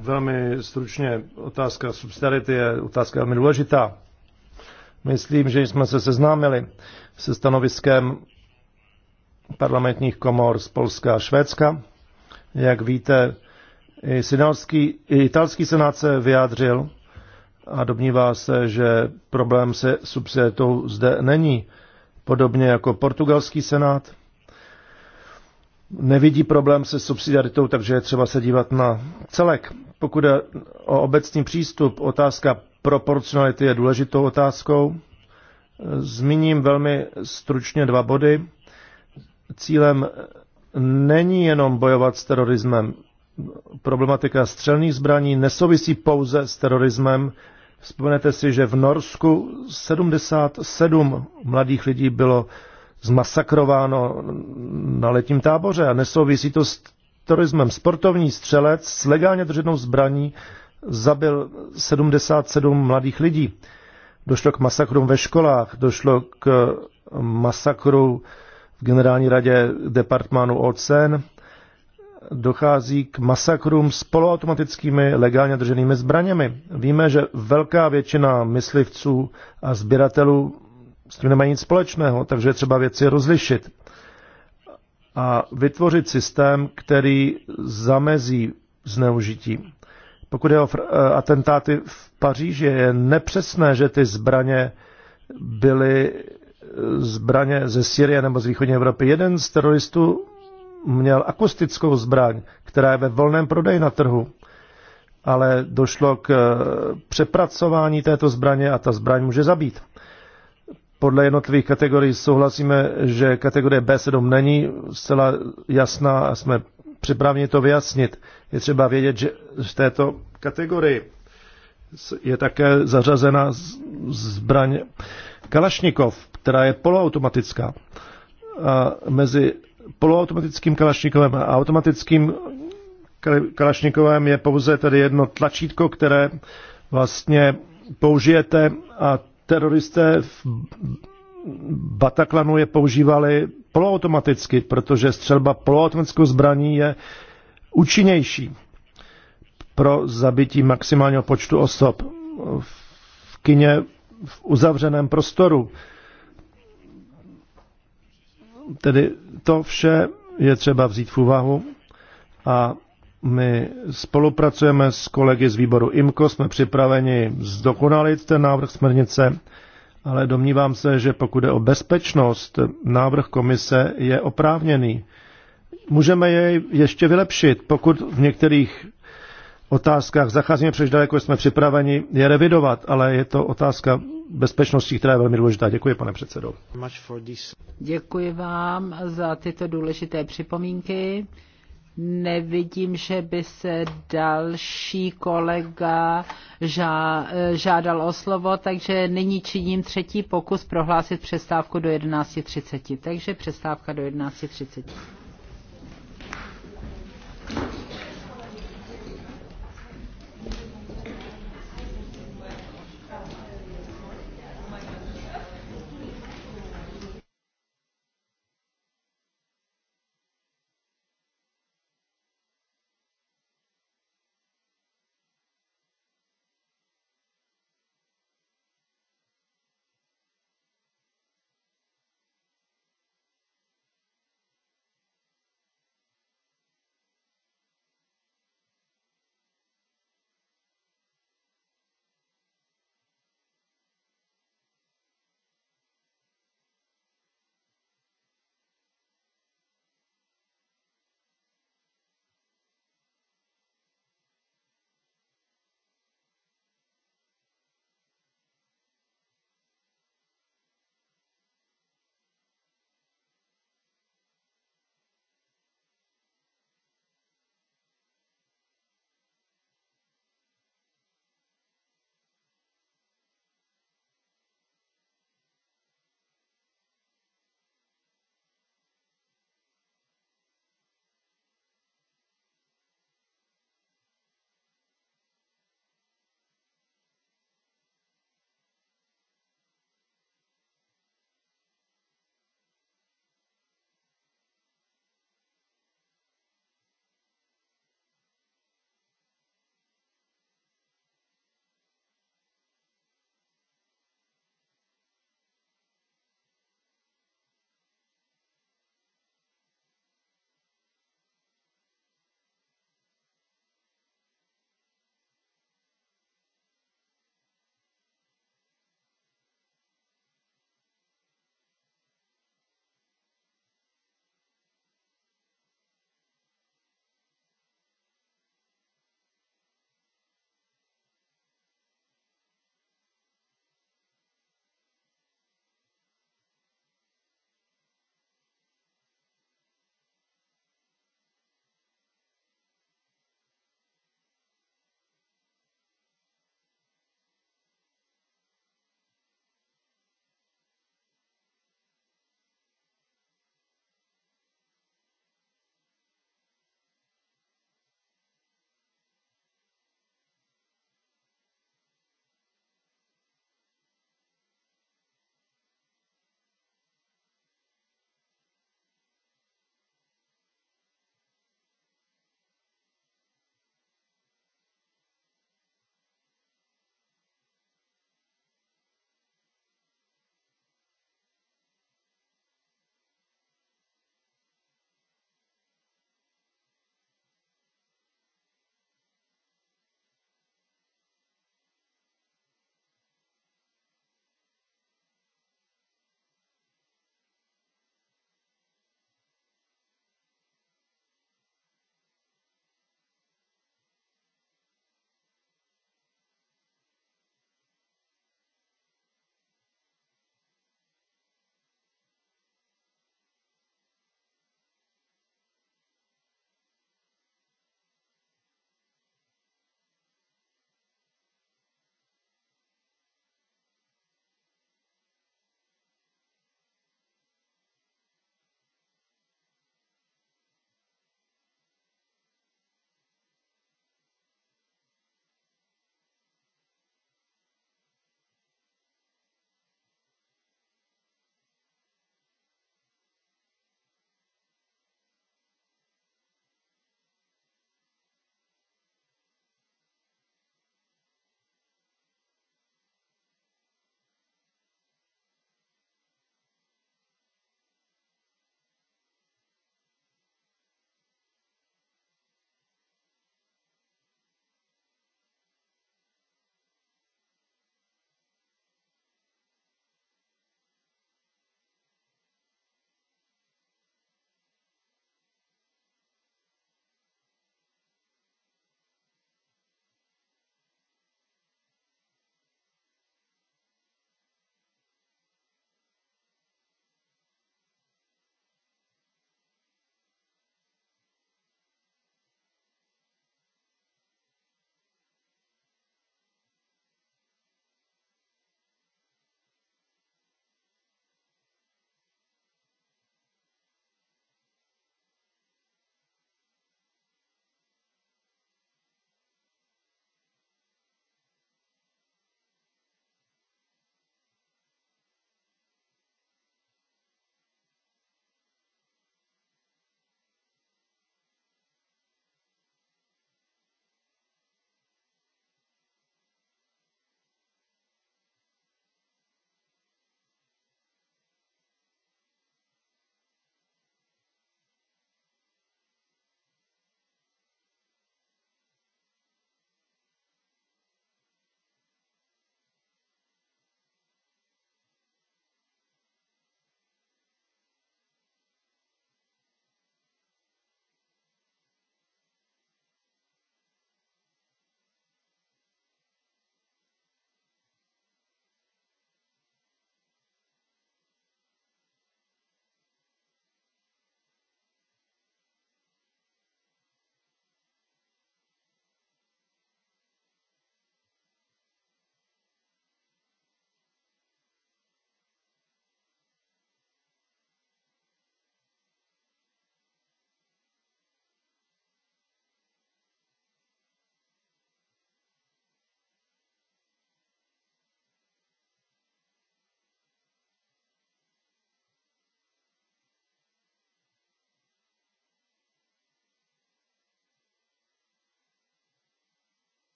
Velmi stručně, otázka subsidiarity je otázka velmi důležitá. Myslím, že jsme se seznámili se stanoviskem parlamentních komor z Polska a Švédska. Jak víte, i, synalský, i italský senát se vyjádřil a domnívá se, že problém se subsidiaritou zde není. Podobně jako portugalský senát, nevidí problém se subsidiaritou, takže je třeba se dívat na celek. Pokud je o obecný přístup, otázka proporcionality je důležitou otázkou. Zmíním velmi stručně dva body. Cílem není jenom bojovat s terorismem. Problematika střelných zbraní nesouvisí pouze s terorismem. Vzpomenete si, že v Norsku 77 mladých lidí bylo zmasakrováno na letním táboře a nesouvisí to s terorismem. Sportovní střelec s legálně drženou zbraní zabil 77 mladých lidí. Došlo k masakrům ve školách, došlo k masakru v generální radě departmánu OCEN, dochází k masakrům s poloautomatickými legálně drženými zbraněmi. Víme, že velká většina myslivců a sběratelů s tím nemají nic společného, takže je třeba věci rozlišit. A vytvořit systém, který zamezí zneužití. Pokud je o eh, atentáty v Paříži, je nepřesné, že ty zbraně byly eh, zbraně ze Syrie nebo z východní Evropy. Jeden z teroristů měl akustickou zbraň, která je ve volném prodeji na trhu. Ale došlo k eh, přepracování této zbraně a ta zbraň může zabít podle jednotlivých kategorií souhlasíme, že kategorie B7 není zcela jasná a jsme připraveni to vyjasnit. Je třeba vědět, že v této kategorii je také zařazena zbraň Kalašnikov, která je poloautomatická. A mezi poloautomatickým Kalašnikovem a automatickým Kalašnikovem je pouze tady jedno tlačítko, které vlastně použijete a teroristé v Bataklanu je používali poloautomaticky, protože střelba poloautomatickou zbraní je účinnější pro zabití maximálního počtu osob. V kině v uzavřeném prostoru. Tedy to vše je třeba vzít v úvahu a my spolupracujeme s kolegy z výboru IMCO, jsme připraveni zdokonalit ten návrh směrnice, ale domnívám se, že pokud je o bezpečnost, návrh komise je oprávněný. Můžeme jej ještě vylepšit, pokud v některých otázkách zacházíme příliš daleko, jsme připraveni je revidovat, ale je to otázka bezpečnosti, která je velmi důležitá. Děkuji, pane předsedo. Děkuji vám za tyto důležité připomínky. Nevidím, že by se další kolega žá, žádal o slovo, takže nyní činím třetí pokus prohlásit přestávku do 11.30. Takže přestávka do 11.30.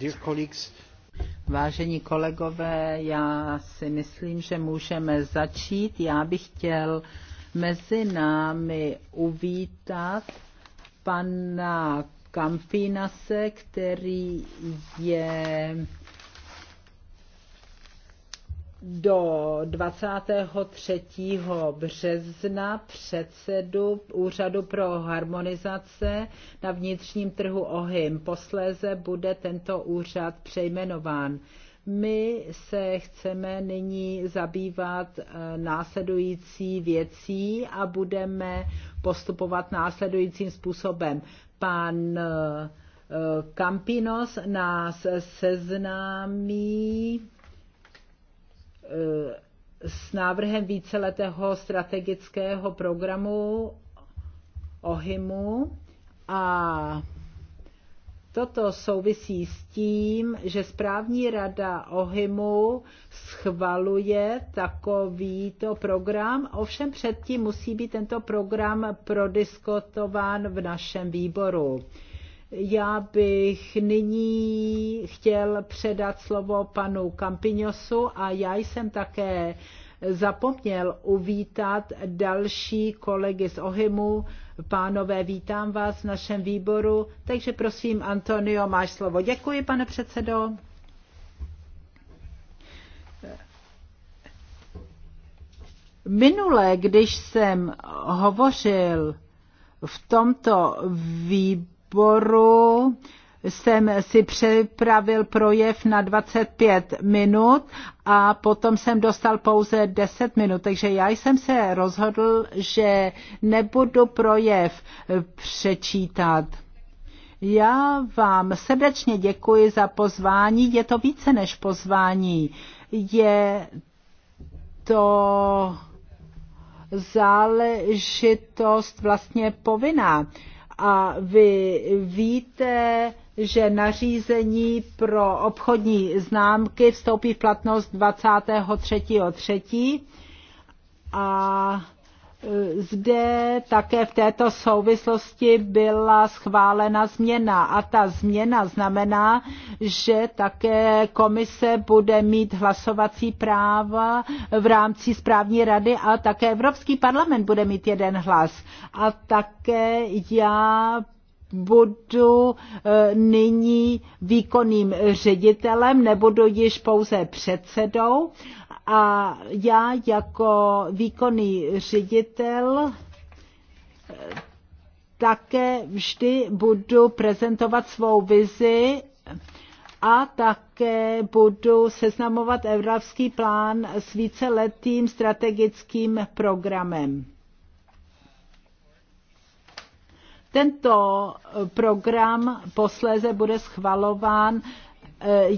Dear colleagues, Vážení kolegové, já si myslím, že můžeme začít. Já bych chtěl mezi námi uvítat pana Campinase, který je do 23. března předsedu Úřadu pro harmonizace na vnitřním trhu OHIM. Posléze bude tento úřad přejmenován. My se chceme nyní zabývat eh, následující věcí a budeme postupovat následujícím způsobem. Pan eh, Campinos nás seznámí s návrhem víceletého strategického programu OHIMu a Toto souvisí s tím, že správní rada OHIMu schvaluje takovýto program, ovšem předtím musí být tento program prodiskutován v našem výboru. Já bych nyní chtěl předat slovo panu Campinosu a já jsem také zapomněl uvítat další kolegy z Ohymu. Pánové, vítám vás v našem výboru. Takže prosím, Antonio, máš slovo. Děkuji, pane předsedo. Minule, když jsem hovořil v tomto výboru, výboru jsem si připravil projev na 25 minut a potom jsem dostal pouze 10 minut. Takže já jsem se rozhodl, že nebudu projev přečítat. Já vám srdečně děkuji za pozvání. Je to více než pozvání. Je to záležitost vlastně povinná a vy víte, že nařízení pro obchodní známky vstoupí v platnost 23.3. a zde také v této souvislosti byla schválena změna a ta změna znamená, že také komise bude mít hlasovací práva v rámci správní rady a také Evropský parlament bude mít jeden hlas. A také já budu e, nyní výkonným ředitelem, nebudu již pouze předsedou a já jako výkonný ředitel eh, také vždy budu prezentovat svou vizi a také budu seznamovat evropský plán s víceletým strategickým programem. Tento program posléze bude schvalován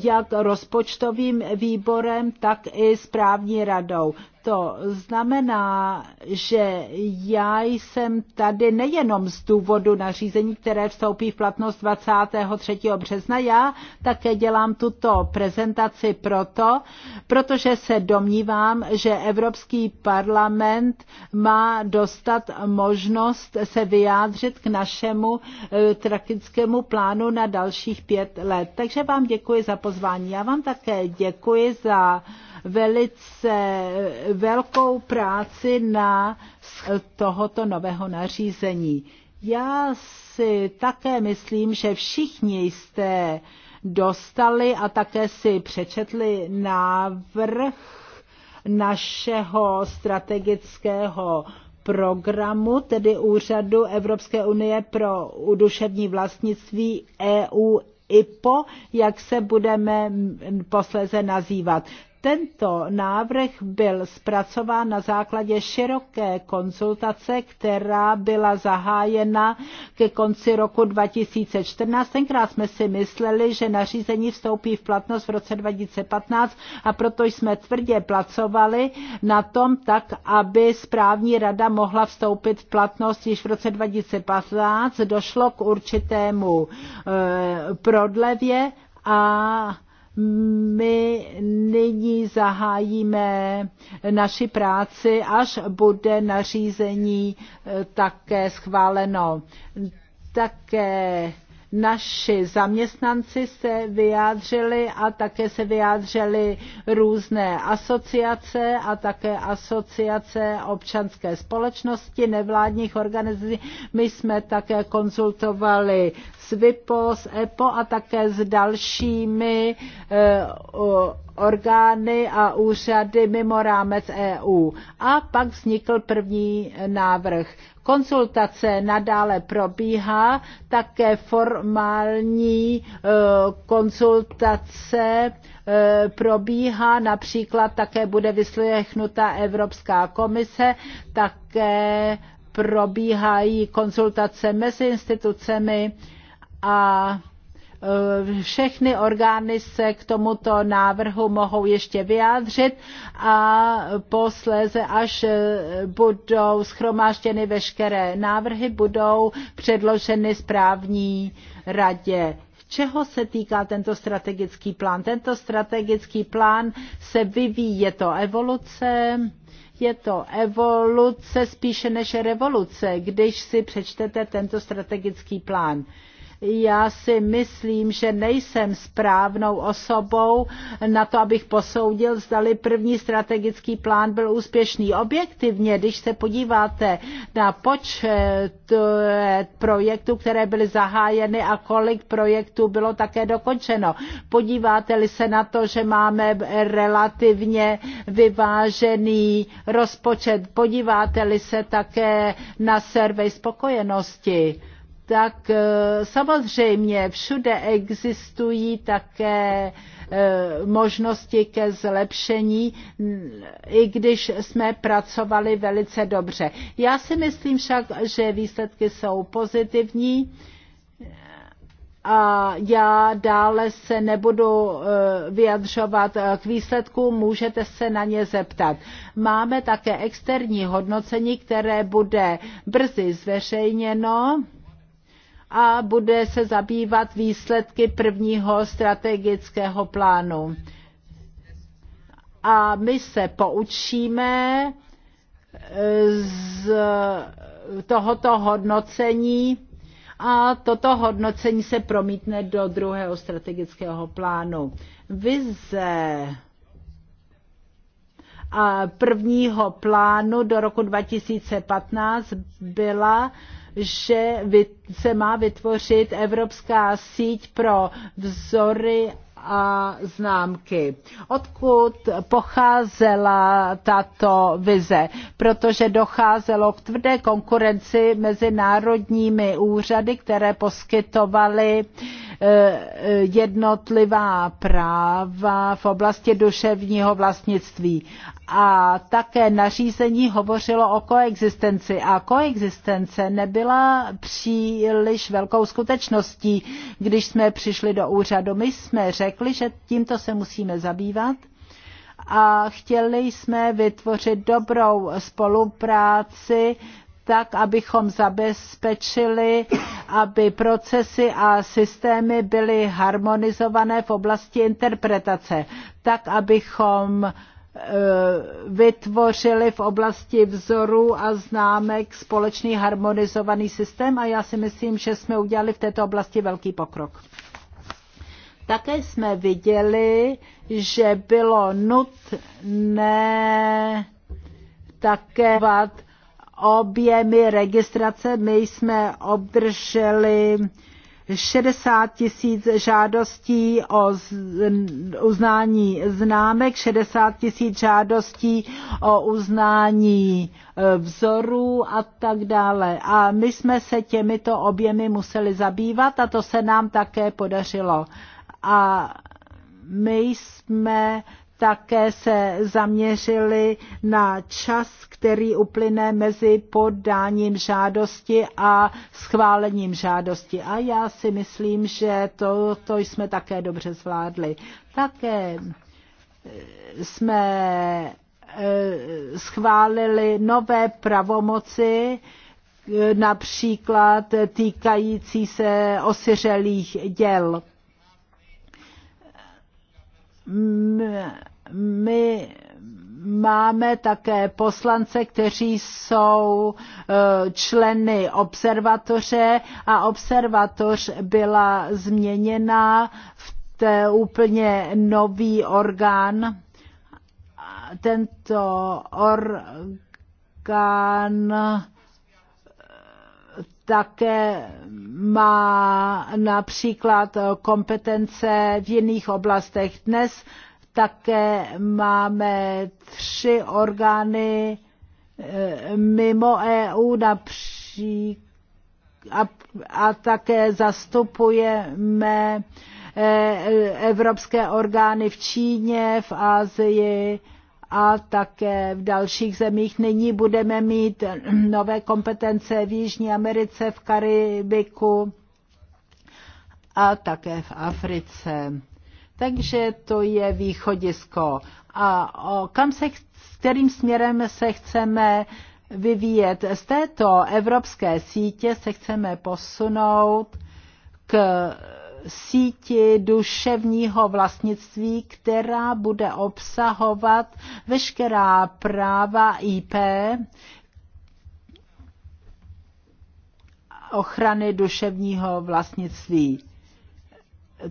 jak rozpočtovým výborem, tak i správní radou. To znamená, že já jsem tady nejenom z důvodu nařízení, které vstoupí v platnost 23. března, já také dělám tuto prezentaci proto, protože se domnívám, že Evropský parlament má dostat možnost se vyjádřit k našemu eh, trakickému plánu na dalších pět let. Takže vám děkuji za pozvání. Já vám také děkuji za velice velkou práci na tohoto nového nařízení. Já si také myslím, že všichni jste dostali a také si přečetli návrh našeho strategického programu, tedy Úřadu Evropské unie pro duševní vlastnictví EU IPO, jak se budeme posléze nazývat. Tento návrh byl zpracován na základě široké konzultace, která byla zahájena ke konci roku 2014. Tenkrát jsme si mysleli, že nařízení vstoupí v platnost v roce 2015 a proto jsme tvrdě pracovali na tom tak, aby správní rada mohla vstoupit v platnost již v roce 2015. Došlo k určitému e, prodlevě a my nyní zahájíme naši práci, až bude nařízení eh, také schváleno. Také naši zaměstnanci se vyjádřili a také se vyjádřily různé asociace a také asociace občanské společnosti, nevládních organizací. My jsme také konzultovali s VIPO, s EPO a také s dalšími eh, orgány a úřady mimo rámec EU. A pak vznikl první návrh. Konzultace nadále probíhá, také formální e, konzultace e, probíhá, například také bude vyslechnuta Evropská komise, také probíhají konzultace mezi institucemi a Eh, všechny orgány se k tomuto návrhu mohou ještě vyjádřit a posléze, až eh, budou schromážděny veškeré návrhy, budou předloženy správní radě čeho se týká tento strategický plán. Tento strategický plán se vyvíjí, je to evoluce, je to evoluce spíše než revoluce, když si přečtete tento strategický plán já si myslím, že nejsem správnou osobou na to, abych posoudil, zdali první strategický plán byl úspěšný. Objektivně, když se podíváte na počet eh, projektů, které byly zahájeny a kolik projektů bylo také dokončeno, podíváte-li se na to, že máme relativně vyvážený rozpočet, podíváte-li se také na servej spokojenosti, tak eh, samozřejmě všude existují také eh, možnosti ke zlepšení, i když jsme pracovali velice dobře. Já si myslím však, že výsledky jsou pozitivní a já dále se nebudu eh, vyjadřovat k výsledku. můžete se na ně zeptat. Máme také externí hodnocení, které bude brzy zveřejněno a bude se zabývat výsledky prvního strategického plánu. A my se poučíme eh, z tohoto hodnocení a toto hodnocení se promítne do druhého strategického plánu. Vize prvního plánu do roku 2015 byla že se má vytvořit evropská síť pro vzory a známky. Odkud pocházela tato vize? Protože docházelo k tvrdé konkurenci mezi národními úřady, které poskytovaly uh, Eh, jednotlivá práva v oblasti duševního vlastnictví. A také nařízení hovořilo o koexistenci a koexistence nebyla příliš velkou skutečností, když jsme přišli do úřadu. My jsme řekli, že tímto se musíme zabývat a chtěli jsme vytvořit dobrou spolupráci tak, abychom zabezpečili, aby procesy a systémy byly harmonizované v oblasti interpretace, tak, abychom e, vytvořili v oblasti vzorů a známek společný harmonizovaný systém a já si myslím, že jsme udělali v této oblasti velký pokrok. Také jsme viděli, že bylo nutné také objemy registrace. My jsme obdrželi 60 tisíc žádostí o uznání známek, 60 tisíc žádostí o uznání vzorů a tak dále. A my jsme se těmito objemy museli zabývat a to se nám také podařilo. A my jsme také se zaměřili na čas, který uplyne mezi podáním žádosti a schválením žádosti. A já si myslím, že to, to jsme také dobře zvládli. Také eh, jsme eh, schválili nové pravomoci, eh, například týkající se osiřelých děl my máme také poslance, kteří jsou eh, členy observatoře a observatoř byla změněna v té úplně nový orgán. Tento orgán eh, také má například kompetence v jiných oblastech. Dnes také máme tři orgány eh, mimo EU například a, a také zastupujeme eh, evropské orgány v Číně, v Asii a také v dalších zemích. Nyní budeme mít nové kompetence v Jižní Americe, v Karibiku a také v Africe. Takže to je východisko. A kam se, kterým směrem se chceme vyvíjet? Z této evropské sítě se chceme posunout k síti duševního vlastnictví, která bude obsahovat veškerá práva IP, ochrany duševního vlastnictví.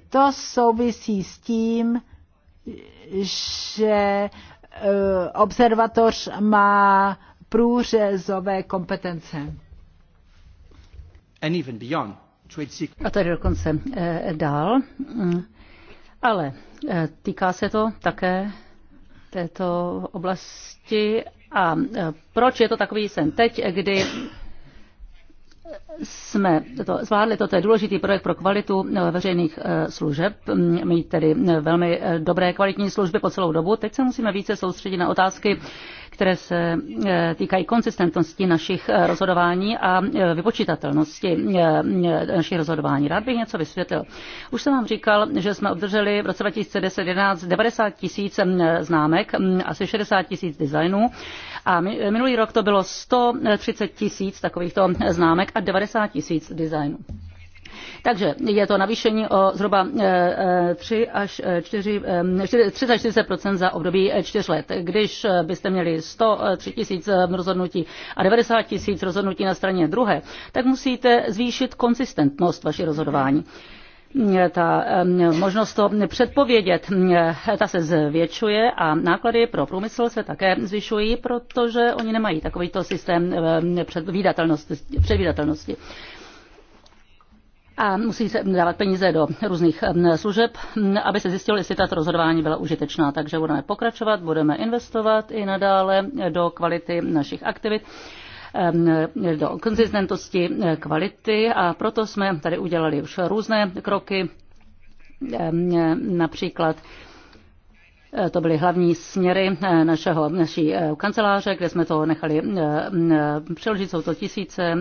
To souvisí s tím, že eh, observatoř má průřezové kompetence. And even beyond. A tady dokonce eh, dál. Mm. Ale eh, týká se to také této oblasti a proč je to takový sen teď, kdy jsme to zvládli, toto je důležitý projekt pro kvalitu eh, veřejných eh, služeb, mm, mít tedy eh, velmi dobré kvalitní služby po celou dobu. Teď se musíme více soustředit na otázky které se eh, týkají konsistentnosti našich eh, rozhodování a eh, vypočítatelnosti našich rozhodování. Rád bych něco vysvětlil. Už jsem vám říkal, že jsme obdrželi v roce 2010-2011 90 tisíc známek, hm, asi 60 tisíc designů a minulý rok to bylo 130 tisíc takovýchto známek a 90 tisíc designů. Takže je to navýšení o zhruba 3 e, e, až 4, e, 40 za období 4 let. Když byste měli 103 tisíc rozhodnutí a 90 tisíc rozhodnutí na straně druhé, tak musíte zvýšit konsistentnost vaší rozhodování ta možnost to předpovědět, ta se zvětšuje a náklady pro průmysl se také zvyšují, protože oni nemají takovýto systém předvídatelnosti. předvídatelnosti a musí se dávat peníze do různých služeb, aby se zjistilo, jestli tato rozhodování byla užitečná. Takže budeme pokračovat, budeme investovat i nadále do kvality našich aktivit do konzistentnosti kvality a proto jsme tady udělali už různé kroky, například Eh, to byly hlavní směry eh, našeho, naší eh, kanceláře, kde jsme to nechali přeložit. Jsou to tisíce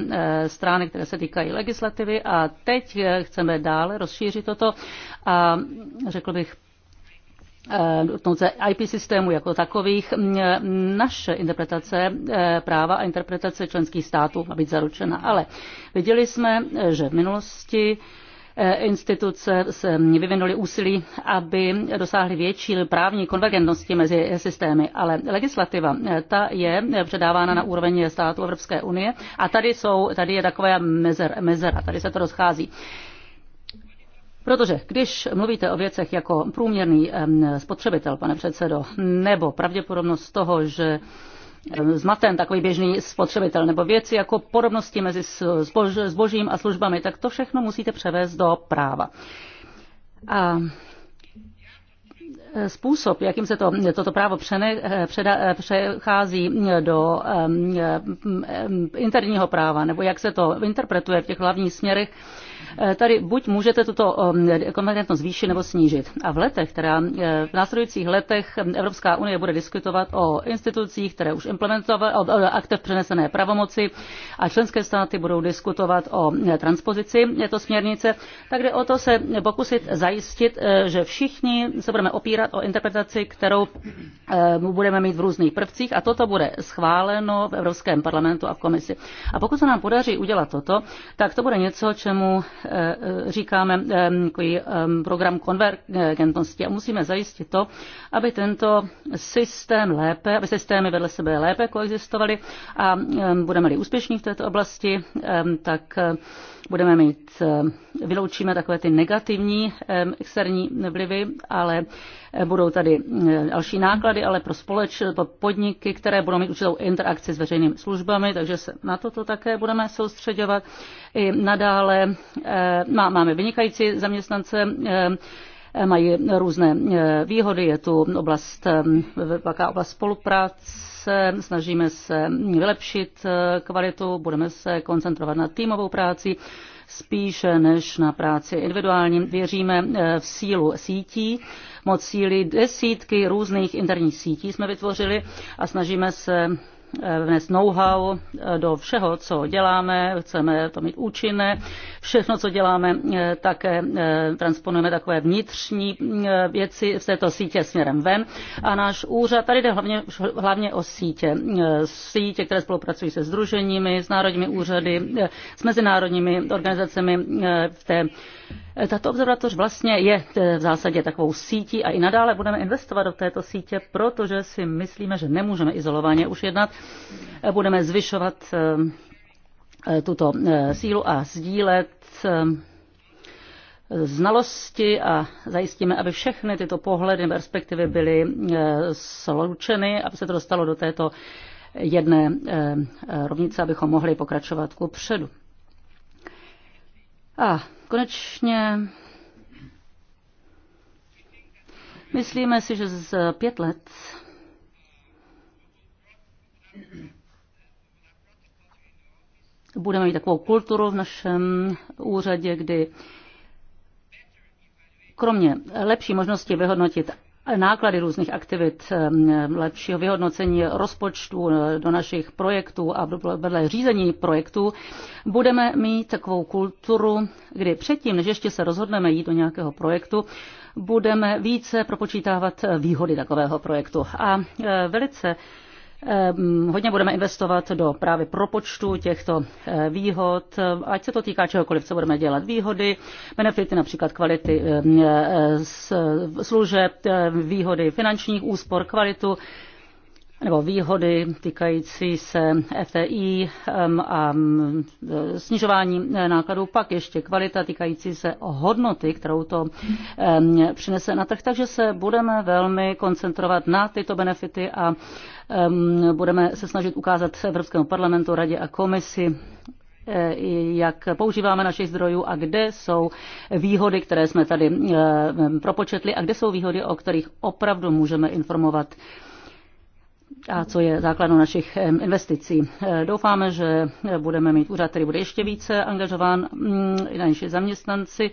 stránek, které se týkají legislativy a teď chceme dále rozšířit toto a řekl bych dotknout se IP systému jako takových. Naše interpretace práva a interpretace členských států má být zaručena. Ale viděli jsme, že v minulosti Eh, instituce vyvinuli úsilí, aby dosáhly větší právní konvergentnosti mezi systémy, ale legislativa eh, ta je předávána na úroveň států Evropské unie a tady, jsou, tady je taková mezer, mezera, tady se to rozchází. Protože když mluvíte o věcech jako průměrný spotřebitel, pane předsedo, nebo pravděpodobnost toho, že Eh, zmaten takový běžný spotřebitel, nebo věci jako podobnosti mezi zbožím a službami, tak to všechno musíte převést do práva. A eh, způsob, jakým se to, toto právo přene, eh, předa, přechází do um, interního práva, nebo jak se to interpretuje v těch hlavních směrech, Eh, tady buď můžete tuto eh, konvergentnost zvýšit nebo snížit. A v letech, která eh, v následujících letech Evropská unie bude diskutovat o institucích, které už implementovaly, o aktech přenesené pravomoci a členské státy budou diskutovat o transpozici této směrnice, tak jde o to se pokusit zajistit, že všichni se budeme opírat o interpretaci, kterou budeme mít v různých prvcích a toto bude schváleno v Evropském parlamentu a v komisi. A pokud se nám podaří udělat toto, tak to bude něco, čemu Eh, říkáme eh, eh, program konvergentnosti a musíme zajistit to, aby tento systém lépe, aby systémy vedle sebe lépe koexistovaly a budeme-li úspěšní v této oblasti, tak budeme mít, vyloučíme takové ty negativní externí vlivy, ale Eh, budou tady eh, další náklady, ale pro společ, pro podniky, které budou mít určitou interakci s veřejnými službami, takže se na toto také budeme soustředovat. I nadále eh, máme vynikající zaměstnance, mají různé výhody. Je tu oblast, velká oblast spolupráce, snažíme se vylepšit kvalitu, budeme se koncentrovat na týmovou práci spíše než na práci individuální. Věříme eh, v sílu sítí, moc síly desítky různých interních sítí jsme vytvořili a snažíme se vnést know-how eh, do všeho, co děláme, chceme to mít účinné. Všechno, co děláme, eh, také eh, transponujeme takové vnitřní věci v této sítě směrem ven. A náš úřad, tady jde hlavně, hlavně o sítě. Sítě, které spolupracují se združeními, s národními úřady, s mezinárodními organizacemi v té tato observatoř vlastně je e, v zásadě takovou sítí a i nadále budeme investovat do této sítě, protože si myslíme, že nemůžeme izolovaně už jednat. E, budeme zvyšovat e, tuto sílu a sdílet znalosti a zajistíme, aby všechny tyto pohledy perspektivy byly sloučeny, aby se to dostalo do této jedné rovnice, abychom mohli pokračovat ku předu. A Konečně myslíme si, že z pět let budeme mít takovou kulturu v našem úřadě, kdy kromě lepší možnosti vyhodnotit náklady různých aktivit, ehm, lepšího vyhodnocení rozpočtu eh, do našich projektů a vedle řízení projektů, budeme mít takovou kulturu, kdy předtím, než ještě se rozhodneme jít do nějakého projektu, budeme více propočítávat eh, výhody takového projektu. A eh, velice Ehm, hodně budeme investovat do právě propočtu těchto eh, výhod, ať se to týká čehokoliv, co budeme dělat. Výhody, benefity například kvality ehm, eh, eh, služeb, výhody finančních úspor, kvalitu nebo výhody týkající se FTI ehm, a mm, snižování nákladů, pak ještě kvalita týkající se hodnoty, kterou to přinese na trh. Takže se budeme velmi koncentrovat na tyto benefity a Budeme se snažit ukázat Evropskému parlamentu, radě a komisi, eh, jak používáme našich zdrojů a kde jsou výhody, které jsme tady eh, propočetli a kde jsou výhody, o kterých opravdu můžeme informovat a co je základnou našich investicí. Eh, doufáme, že budeme mít úřad, který bude ještě více angažován mm, na naši zaměstnanci.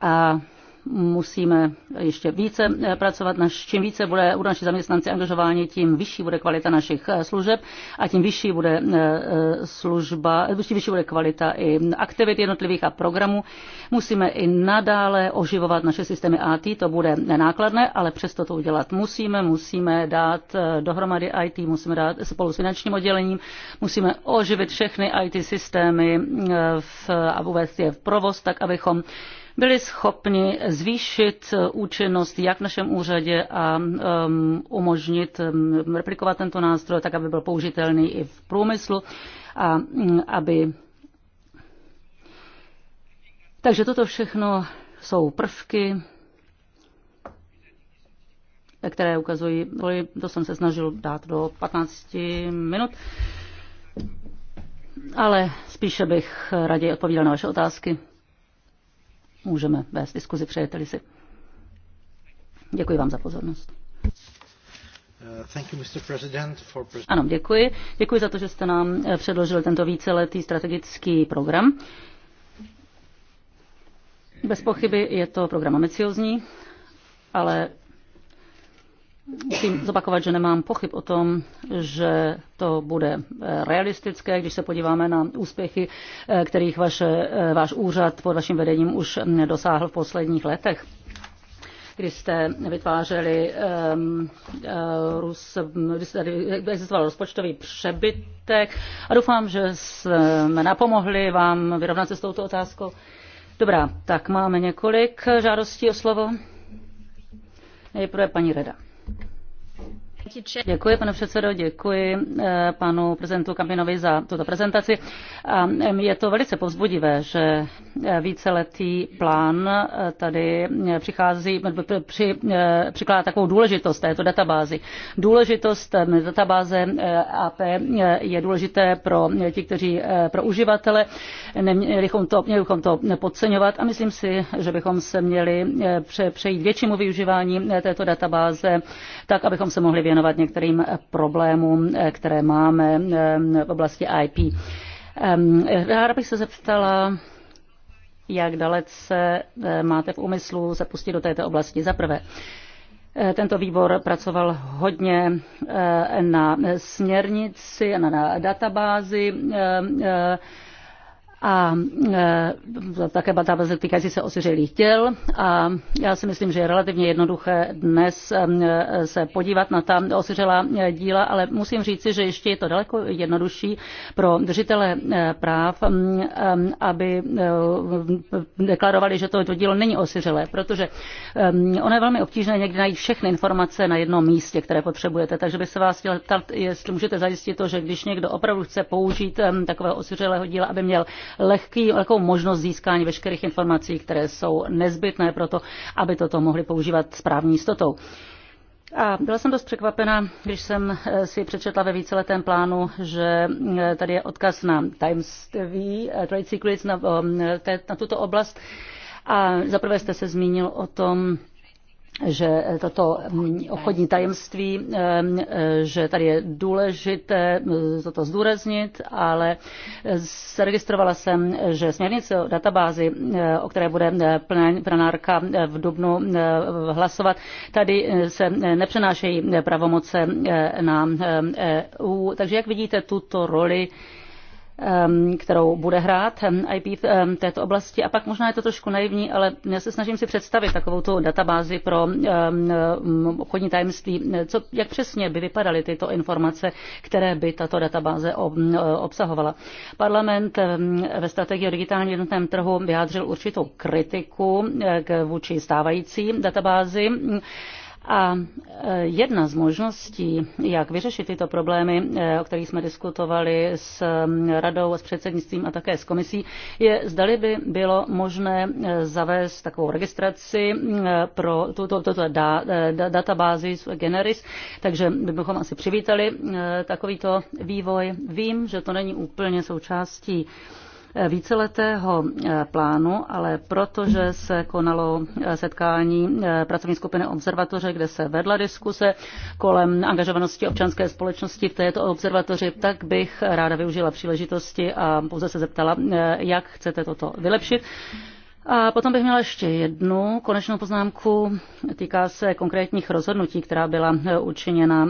A musíme ještě více eh, pracovat. Naš, čím více bude u naši zaměstnanci angažování, tím vyšší bude kvalita našich eh, služeb a tím vyšší bude eh, služba, tím vyšší bude kvalita i aktivit jednotlivých a programů. Musíme i nadále oživovat naše systémy IT, to bude nákladné, ale přesto to udělat musíme. Musíme dát dohromady IT, musíme dát spolu s finančním oddělením, musíme oživit všechny IT systémy v, a vůbec je v provoz, tak abychom byli schopni zvýšit eh, účinnost jak v našem úřadě a ehm, umožnit ehm, replikovat tento nástroj tak, aby byl použitelný i v průmyslu a mm, aby. Takže toto všechno jsou prvky, které ukazují, to jsem se snažil dát do 15 minut, ale spíše bych raději odpovídal na vaše otázky můžeme vést diskuzi, přejete si. Děkuji vám za pozornost. Uh, ano, děkuji. Děkuji za to, že jste nám eh, předložil tento víceletý strategický program. Bez pochyby je to program ambiciozní, ale Musím zopakovat, že nemám pochyb o tom, že to bude eh, realistické, když se podíváme na úspěchy, eh, kterých vaše, eh, váš úřad pod vaším vedením už dosáhl v posledních letech kdy jste vytvářeli, um, uh, kdy jste, existoval rozpočtový přebytek a doufám, že jsme napomohli vám vyrovnat se s touto otázkou. Dobrá, tak máme několik žádostí o slovo. Nejprve paní Reda. Děkuji, pane předsedo, děkuji eh, panu prezidentu Kaminovi za tuto prezentaci. je to velice povzbudivé, že eh, víceletý plán eh, tady přichází, při, přikládá takovou důležitost této databázy. Důležitost databáze AP je důležité pro ti, kteří pro uživatele. Neměli bychom to, měli bychom to podceňovat a myslím si, že bychom se měli přejít většímu využívání této databáze, tak abychom se mohli věnovat věnovat některým problémům, eh, které máme eh, v oblasti IP. Ehm, ráda bych se zeptala, jak dalece eh, máte v úmyslu se pustit do této oblasti. Za prvé, tento výbor pracoval hodně na směrnici, na databázi a e, také databáze týkající se osiřelých těl. A já si myslím, že je relativně jednoduché dnes e, se podívat na ta osiřelá e, díla, ale musím říci, že ještě je to daleko jednodušší pro držitele práv, aby deklarovali, že to, to dílo není osiřelé, protože ono je velmi obtížné někdy najít všechny informace na jednom místě, které potřebujete. Takže by se vás chtěl ptát, jestli můžete zajistit to, že když někdo opravdu chce použít takového osiřelého díla, aby měl lehký, lehkou možnost získání veškerých informací, které jsou nezbytné pro to, aby toto mohli používat s právní jistotou. A byla jsem dost překvapena, když jsem eh, si přečetla ve víceletém plánu, že eh, tady je odkaz na Times TV, eh, Trade Secrets, na, na tuto oblast. A zaprvé jste se zmínil o tom, že toto mm, obchodní tajemství, že tady je důležité eh, toto zdůraznit, ale eh, zaregistrovala jsem, že směrnice o databázi, eh, o které bude plenárka v Dubnu hlasovat, tady se nepřenášejí pravomoce na EU. E Takže jak vidíte tuto roli Um, kterou bude hrát um, IP v um, této oblasti. A pak možná je to trošku naivní, ale já se snažím si představit takovou tu databázi pro obchodní tajemství. Co, jak přesně by vypadaly tyto informace, které by tato databáze obsahovala? Parlament ve strategii o digitálním jednotném trhu vyjádřil určitou kritiku eh, k vůči stávající databázi. A e, jedna z možností, jak vyřešit tyto problémy, e, o kterých jsme diskutovali s radou, s předsednictvím a také s komisí, je, zdali by bylo možné e, zavést takovou registraci pro tuto, tuto da, da, databázi generis, takže bychom asi přivítali takovýto vývoj. Vím, že to není úplně součástí víceletého eh, plánu, ale protože se konalo eh, setkání eh, pracovní skupiny observatoře, kde se vedla diskuse kolem angažovanosti občanské společnosti v této observatoři, tak bych ráda využila příležitosti a pouze se zeptala, jak chcete toto vylepšit. A potom bych měla ještě jednu konečnou poznámku. Týká se konkrétních rozhodnutí, která byla učiněna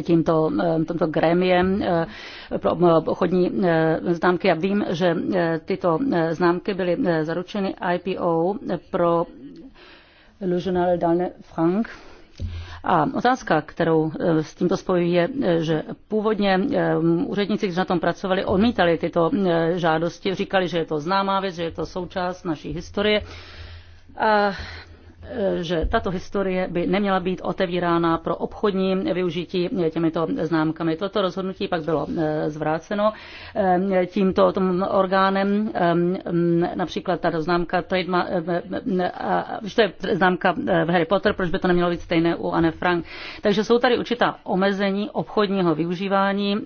tímto, eh, tomto grémiem eh, pro eh, obchodní známky. Já vím, že tyto známky byly zaručeny IPO pro Le Journal d'Alne Frank. A otázka, kterou s tímto spojí, je, že původně úředníci, kteří na tom pracovali, odmítali tyto žádosti, říkali, že je to známá věc, že je to součást naší historie. A Eh, že tato historie by neměla být otevírána pro obchodní využití těmito známkami. Toto rozhodnutí pak bylo eh, zvráceno eh, tímto tom orgánem, mm, například ta známka že to je známka v Harry Potter, proč by to nemělo být stejné u Anne Frank. Takže jsou tady určitá omezení obchodního využívání,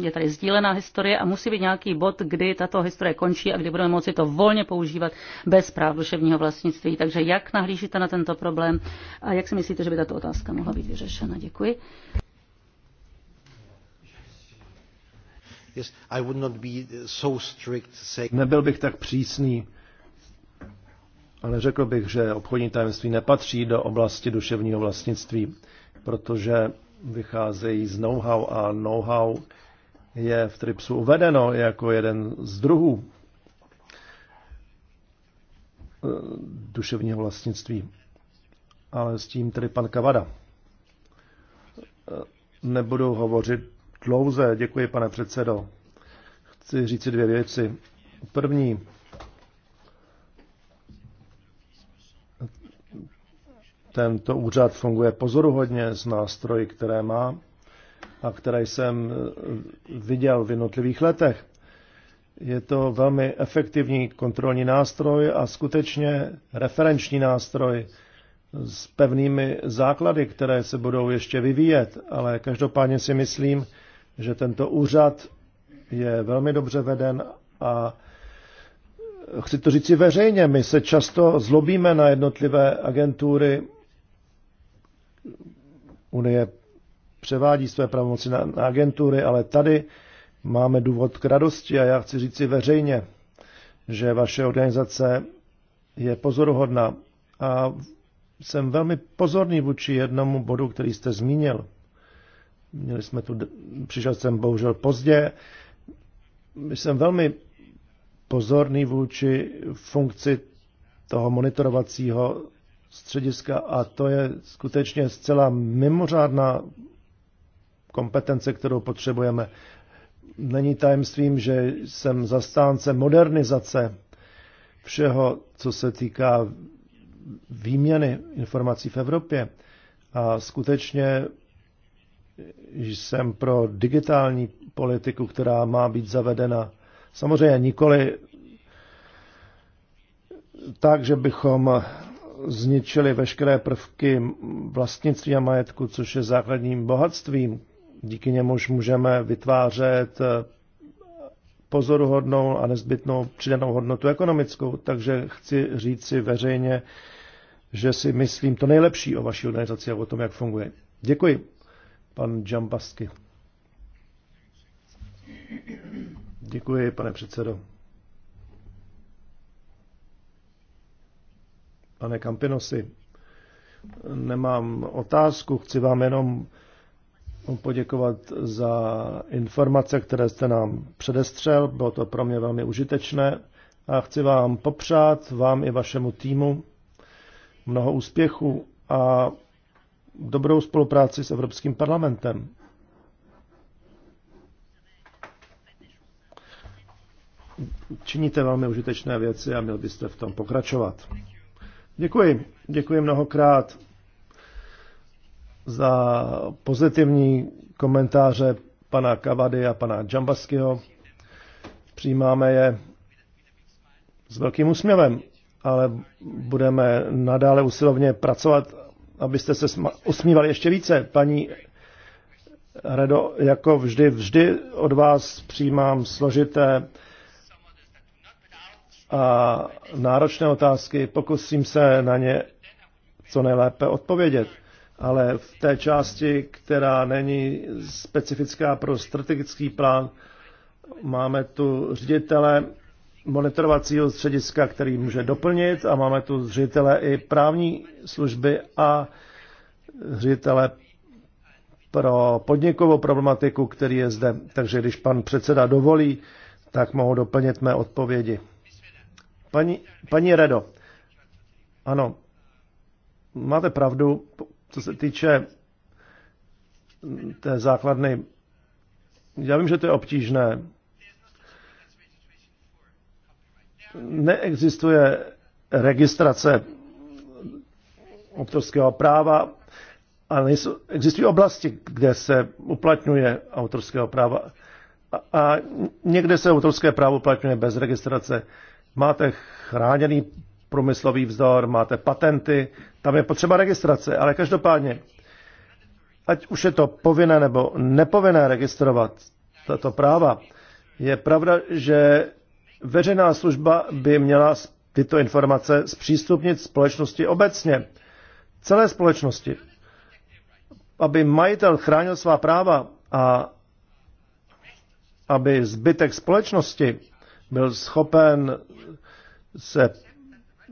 je tady sdílená historie a musí být nějaký bod, kdy tato historie končí a kdy budeme moci to volně používat bez práv duševního vlastnictví. Takže jak nahlížíte na na tento problém a jak si myslíte, že by tato otázka mohla být vyřešena? Děkuji. Nebyl bych tak přísný, ale řekl bych, že obchodní tajemství nepatří do oblasti duševního vlastnictví, protože vycházejí z know-how a know-how je v TRIPSu uvedeno jako jeden z druhů Eh, duševního vlastnictví. Ale s tím tedy pan Kavada. Eh, nebudu hovořit dlouze, děkuji pane předsedo. Chci říci dvě věci. První, tento úřad funguje pozoruhodně s nástroji, které má a které jsem eh, viděl v jednotlivých letech. Je to velmi efektivní kontrolní nástroj a skutečně referenční nástroj s pevnými základy, které se budou ještě vyvíjet, ale každopádně si myslím, že tento úřad je velmi dobře veden a chci to říci veřejně, my se často zlobíme na jednotlivé agentury. Unie převádí své pravomoci na, na agentury, ale tady Máme důvod k radosti a já chci říci veřejně, že vaše organizace je pozoruhodná a jsem velmi pozorný vůči jednomu bodu, který jste zmínil. Měli jsme tu, přišel jsem bohužel pozdě. Jsem velmi pozorný vůči funkci toho monitorovacího střediska a to je skutečně zcela mimořádná kompetence, kterou potřebujeme. Není tajemstvím, že jsem zastánce modernizace všeho, co se týká výměny informací v Evropě. A skutečně jsem pro digitální politiku, která má být zavedena. Samozřejmě nikoli tak, že bychom zničili veškeré prvky vlastnictví a majetku, což je základním bohatstvím, díky němuž můžeme vytvářet eh, pozoruhodnou a nezbytnou přidanou hodnotu ekonomickou. Takže chci říct si veřejně, že si myslím to nejlepší o vaší organizaci a o tom, jak funguje. Děkuji, pan Džambasky. Děkuji, pane předsedo. Pane Kampinosi, nemám otázku, chci vám jenom poděkovat za informace, které jste nám předestřel. Bylo to pro mě velmi užitečné a chci vám popřát, vám i vašemu týmu, mnoho úspěchů a dobrou spolupráci s Evropským parlamentem. Činíte velmi užitečné věci a měl byste v tom pokračovat. Děkuji. Děkuji mnohokrát za pozitivní komentáře pana Kavady a pana Džambaskyho. Přijímáme je s velkým úsměvem, ale budeme nadále usilovně pracovat, abyste se usmívali ještě více. Paní Redo, jako vždy, vždy od vás přijímám složité a náročné otázky, pokusím se na ně co nejlépe odpovědět ale v té části, která není specifická pro strategický plán, máme tu ředitele monitorovacího střediska, který může doplnit a máme tu ředitele i právní služby a ředitele pro podnikovou problematiku, který je zde. Takže když pan předseda dovolí, tak mohu doplnit mé odpovědi. Paní, paní Redo, ano, máte pravdu, co se týče té základny, já vím, že to je obtížné. Neexistuje registrace autorského práva, ale nejsou, existují oblasti, kde se uplatňuje autorského práva a, a někde se autorské právo uplatňuje bez registrace. Máte chráněný průmyslový vzor máte patenty, tam je potřeba registrace, ale každopádně, ať už je to povinné nebo nepovinné registrovat tato práva, je pravda, že veřejná služba by měla tyto informace zpřístupnit společnosti obecně, celé společnosti, aby majitel chránil svá práva a aby zbytek společnosti byl schopen se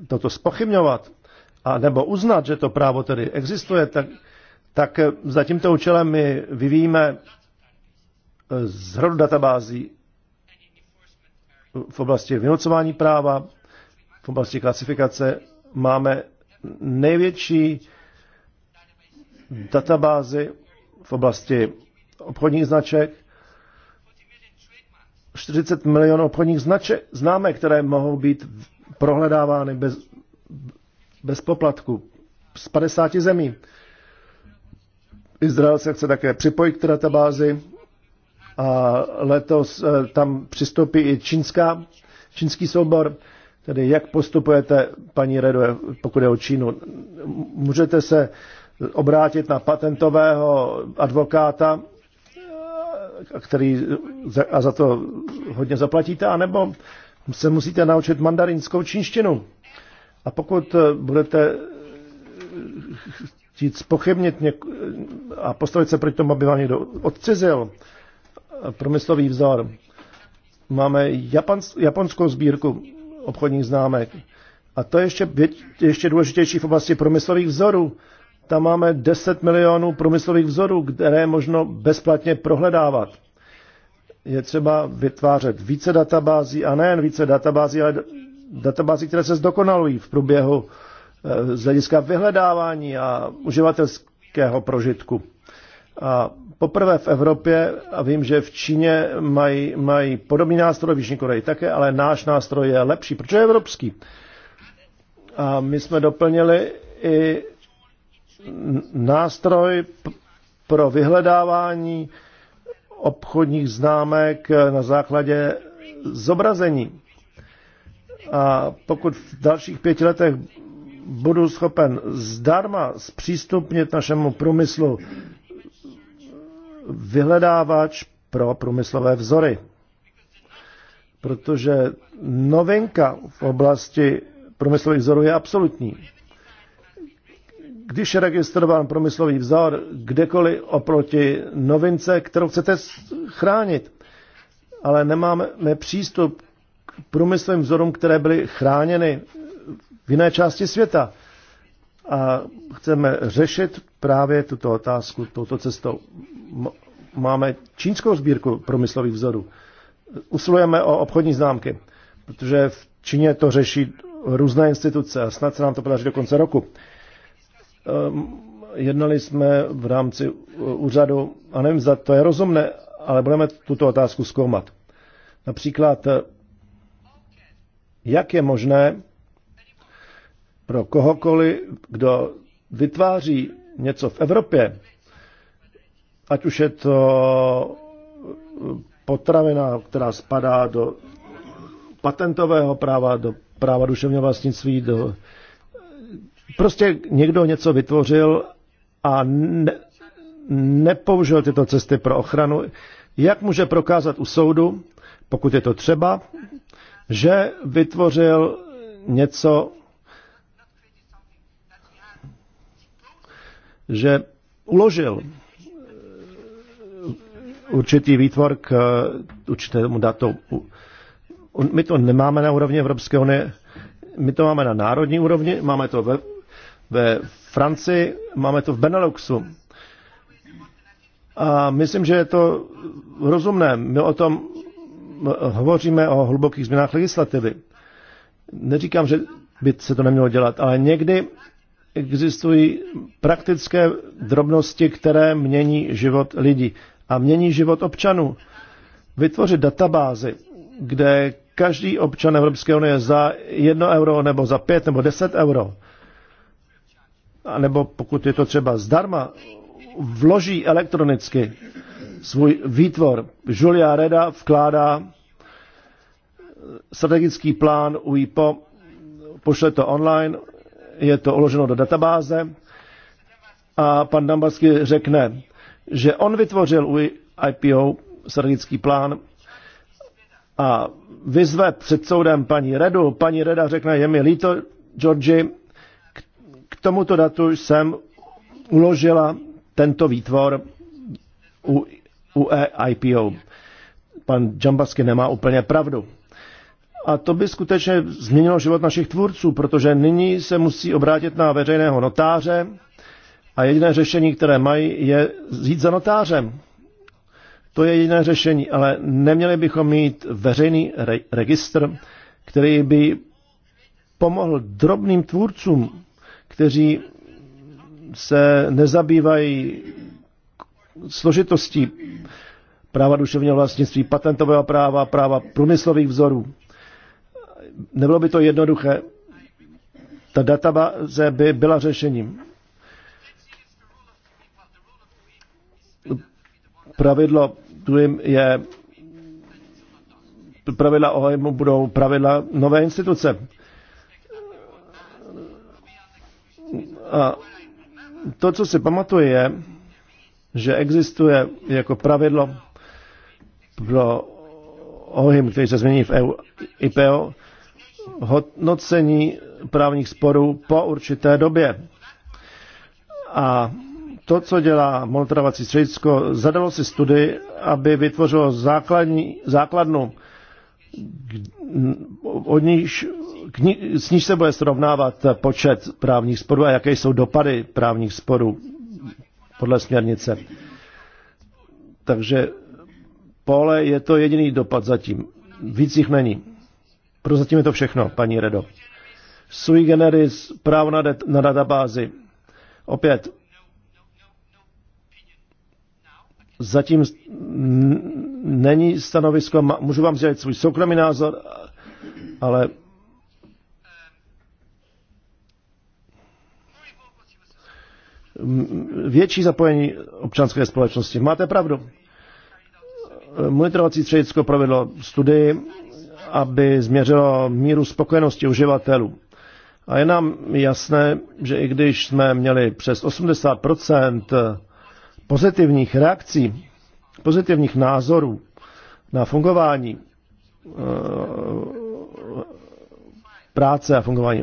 toto spochybňovat a nebo uznat, že to právo tedy existuje, tak, tak za tímto účelem my vyvíjíme eh, z databází v oblasti vynucování práva, v oblasti klasifikace máme největší databázy v oblasti obchodních značek. 40 milionů obchodních značek, známe, které mohou být prohledávány bez, bez poplatku z 50 zemí. Izrael se chce také připojit k databázi a letos eh, tam přistoupí i čínská, čínský soubor. Tedy jak postupujete, paní Redo, pokud je o Čínu? Můžete se obrátit na patentového advokáta, eh, který a za to hodně zaplatíte, anebo se musíte naučit mandarinskou čínštinu. A pokud eh, budete eh, chtít spochybnit něk- a postavit se proti tomu, aby vám někdo odcizil eh, promyslový vzor, máme Japans- japonskou sbírku obchodních známek. A to je ještě, vět- ještě důležitější v oblasti promyslových vzorů. Tam máme 10 milionů promyslových vzorů, které je možno bezplatně prohledávat je třeba vytvářet více databází, a nejen více databází, ale databází, které se zdokonalují v průběhu eh, z hlediska vyhledávání a uživatelského prožitku. A poprvé v Evropě, a vím, že v Číně mají, mají podobný nástroj, v Jižní Koreji také, ale náš nástroj je lepší, protože je evropský. A my jsme doplnili i nástroj pro vyhledávání obchodních známek eh, na základě zobrazení. A pokud v dalších pěti letech budu schopen zdarma zpřístupnit našemu průmyslu vyhledávač pro průmyslové vzory. Protože novinka v oblasti průmyslových vzorů je absolutní když je registrován promyslový vzor kdekoliv oproti novince, kterou chcete chránit, ale nemáme přístup k průmyslovým vzorům, které byly chráněny v jiné části světa. A chceme řešit právě tuto otázku touto cestou. Máme čínskou sbírku průmyslových vzorů. Usilujeme o obchodní známky, protože v Číně to řeší různé instituce a snad se nám to podaří do konce roku. Ehm, jednali jsme v rámci e, úřadu, a nevím, zda to je rozumné, ale budeme tuto otázku zkoumat. Například, e, jak je možné pro kohokoliv, kdo vytváří něco v Evropě, ať už je to potravina, která spadá do patentového práva, do práva duševního vlastnictví, do Prostě někdo něco vytvořil a ne, nepoužil tyto cesty pro ochranu. Jak může prokázat u soudu, pokud je to třeba, že vytvořil něco, že uložil eh, určitý výtvor k eh, určitému datu. My to nemáme na úrovni Evropské unie, my to máme na národní úrovni, máme to ve ve Francii, máme to v Beneluxu. A myslím, že je to rozumné. My o tom hovoříme o hlubokých změnách legislativy. Neříkám, že by se to nemělo dělat, ale někdy existují praktické drobnosti, které mění život lidí a mění život občanů. Vytvořit databázy, kde každý občan Evropské unie za jedno euro nebo za pět nebo deset euro anebo pokud je to třeba zdarma, vloží elektronicky svůj výtvor. Julia Reda vkládá eh, strategický plán UIPO, pošle to online, je to uloženo do databáze a pan Dambarsky řekne, že on vytvořil UIPO strategický plán a vyzve před soudem paní Redu. Paní Reda řekne, je mi líto, Georgi, tomuto datu jsem uložila tento výtvor u, u EIPO. Pan Džambasky nemá úplně pravdu. A to by skutečně změnilo život našich tvůrců, protože nyní se musí obrátit na veřejného notáře a jediné řešení, které mají, je jít za notářem. To je jediné řešení, ale neměli bychom mít veřejný re- registr, který by pomohl drobným tvůrcům kteří se nezabývají složitostí práva duševního vlastnictví, patentového práva, práva průmyslových vzorů. Nebylo by to jednoduché. Ta databáze by byla řešením. Pravidlo tu je pravidla OEMu budou pravidla nové instituce. A to, co si pamatuje, je, že existuje jako pravidlo pro ohym, který se změní v EU, IPO, hodnocení právních sporů po určité době. A to, co dělá monitorovací středisko, zadalo si studii, aby vytvořilo základní, základnu, od níž s níž se bude srovnávat počet právních sporů a jaké jsou dopady právních sporů podle směrnice. Takže pole je to jediný dopad zatím. Víc jich není. Prozatím je to všechno, paní Redo. Sui generis, právo na, det, na databázi. Opět, zatím není stanovisko, můžu vám sdělit svůj soukromý názor, ale větší zapojení občanské společnosti. Máte pravdu. Monitorovací středisko provedlo studii, aby změřilo míru spokojenosti uživatelů. A je nám jasné, že i když jsme měli přes 80 pozitivních reakcí, pozitivních názorů na fungování e, práce a fungování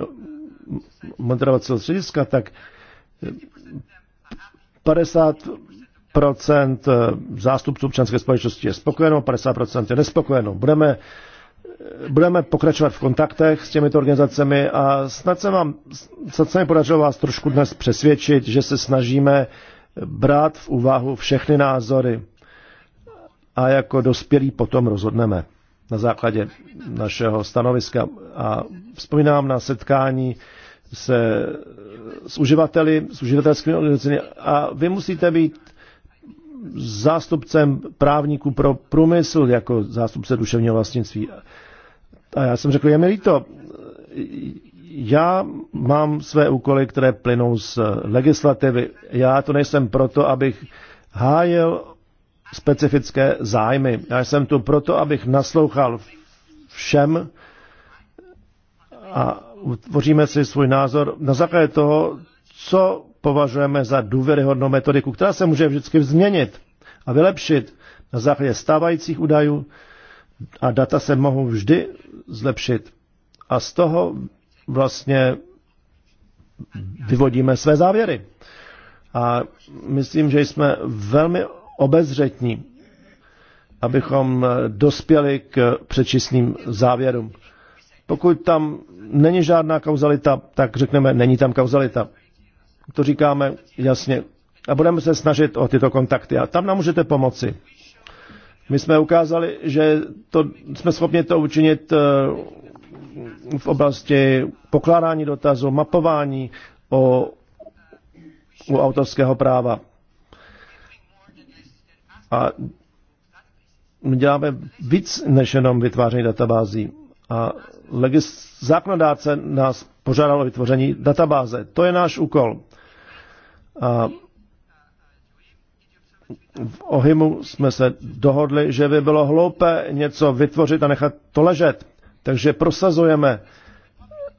monitorovacího střediska, tak 50 eh, zástupců občanské společnosti je spokojeno, 50 je nespokojeno. Budeme, eh, budeme pokračovat v kontaktech s těmito organizacemi a snad se, vám, snad se mi podařilo vás trošku dnes přesvědčit, že se snažíme brát v úvahu všechny názory a jako dospělí potom rozhodneme na základě našeho stanoviska. A vzpomínám na setkání se s uživateli, s uživatelskými organizacemi a vy musíte být zástupcem právníků pro průmysl jako zástupce duševního vlastnictví. A já jsem řekl, je mi líto, já mám své úkoly, které plynou z legislativy. Já to nejsem proto, abych hájil specifické zájmy. Já jsem tu proto, abych naslouchal všem a utvoříme si svůj názor na základě toho, co považujeme za důvěryhodnou metodiku, která se může vždycky změnit a vylepšit na základě stávajících údajů a data se mohou vždy zlepšit. A z toho vlastně vyvodíme své závěry. A myslím, že jsme velmi obezřetní, abychom dospěli k předčistným závěrům. Pokud tam není žádná kauzalita, tak řekneme, není tam kauzalita. To říkáme jasně. A budeme se snažit o tyto kontakty. A tam nám můžete pomoci. My jsme ukázali, že to, jsme schopni to učinit eh, v oblasti pokládání dotazů, mapování o, u autorského práva. A my děláme víc než jenom vytváření databází. A legis- zákonodáce nás požádal o vytvoření databáze. To je náš úkol. A v Ohimu jsme se dohodli, že by bylo hloupé něco vytvořit a nechat to ležet. Takže prosazujeme,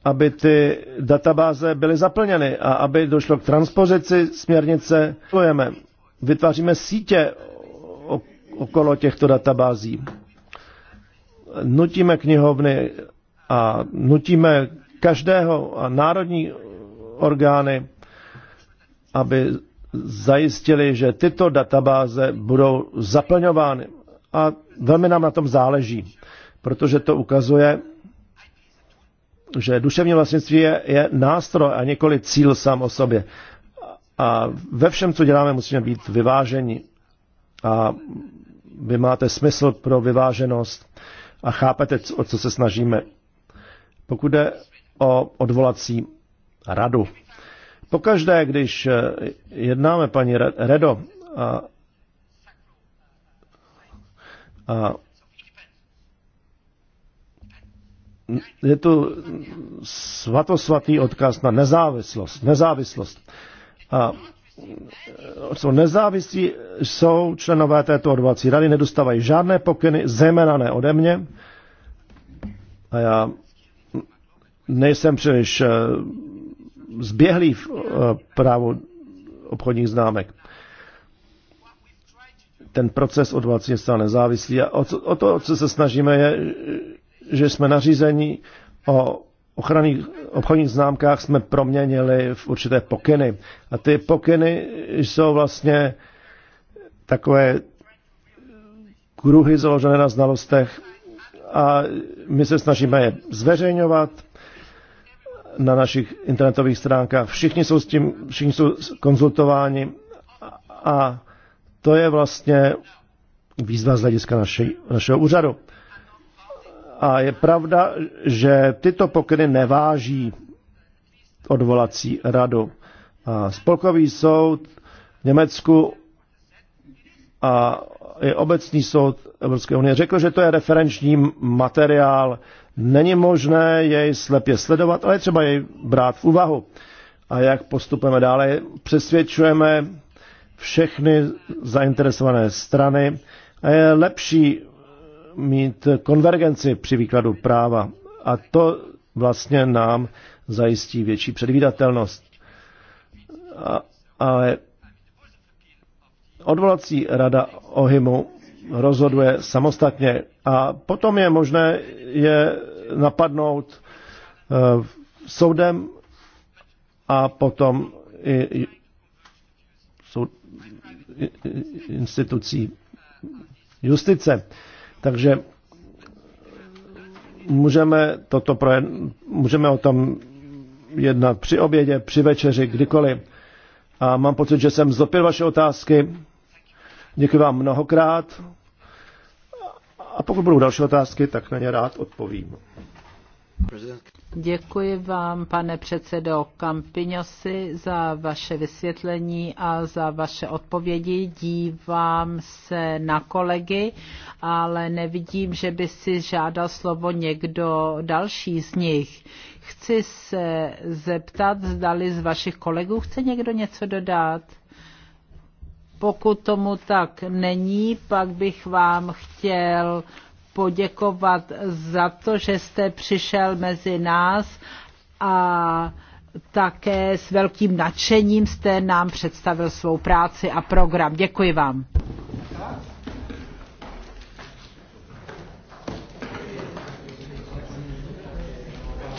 aby ty databáze byly zaplněny a aby došlo k transpozici směrnice. Vytváříme sítě okolo těchto databází. Nutíme knihovny, a nutíme každého a národní orgány, aby zajistili, že tyto databáze budou zaplňovány. A velmi nám na tom záleží, protože to ukazuje, že duševní vlastnictví je, je nástroj a nikoli cíl sám o sobě. A ve všem, co děláme, musíme být vyvážení. A vy máte smysl pro vyváženost a chápete, o co se snažíme. Pokud jde o odvolací radu. Pokaždé, když eh, jednáme, paní Redo, a, a je tu svatosvatý odkaz na nezávislost. Nezávislost. A eh, jsou nezávislí, jsou členové této odvolací rady, nedostávají žádné pokyny, zejména ne ode mě. A já nejsem příliš eh, zběhlý v eh, právu obchodních známek. Ten proces od stále stál nezávislý a o to, o co se snažíme, je, že jsme nařízení o ochranných obchodních známkách jsme proměnili v určité pokyny. A ty pokyny jsou vlastně takové kruhy založené na znalostech a my se snažíme je zveřejňovat na našich internetových stránkách. Všichni jsou s tím, všichni jsou konzultováni a to je vlastně výzva z hlediska naši, našeho úřadu. A je pravda, že tyto pokyny neváží odvolací radu. A spolkový soud v Německu a je obecný soud Evropské unie řekl, že to je referenční materiál Není možné jej slepě sledovat, ale třeba jej brát v úvahu. A jak postupujeme dále, přesvědčujeme všechny zainteresované strany a je lepší mít konvergenci při výkladu práva. A to vlastně nám zajistí větší předvídatelnost. A, ale odvolací rada OHIMu rozhoduje samostatně a potom je možné je napadnout eh, soudem a potom i, soud, institucí justice. Takže můžeme, toto projed, můžeme o tom jednat při obědě, při večeři, kdykoliv. A mám pocit, že jsem zlopil vaše otázky. Děkuji vám mnohokrát a pokud budou další otázky, tak na ně rád odpovím. Děkuji vám, pane předsedo Kampiňosi, za vaše vysvětlení a za vaše odpovědi. Dívám se na kolegy, ale nevidím, že by si žádal slovo někdo další z nich. Chci se zeptat, zdali z vašich kolegů chce někdo něco dodat. Pokud tomu tak není, pak bych vám chtěl poděkovat za to, že jste přišel mezi nás a také s velkým nadšením jste nám představil svou práci a program. Děkuji vám.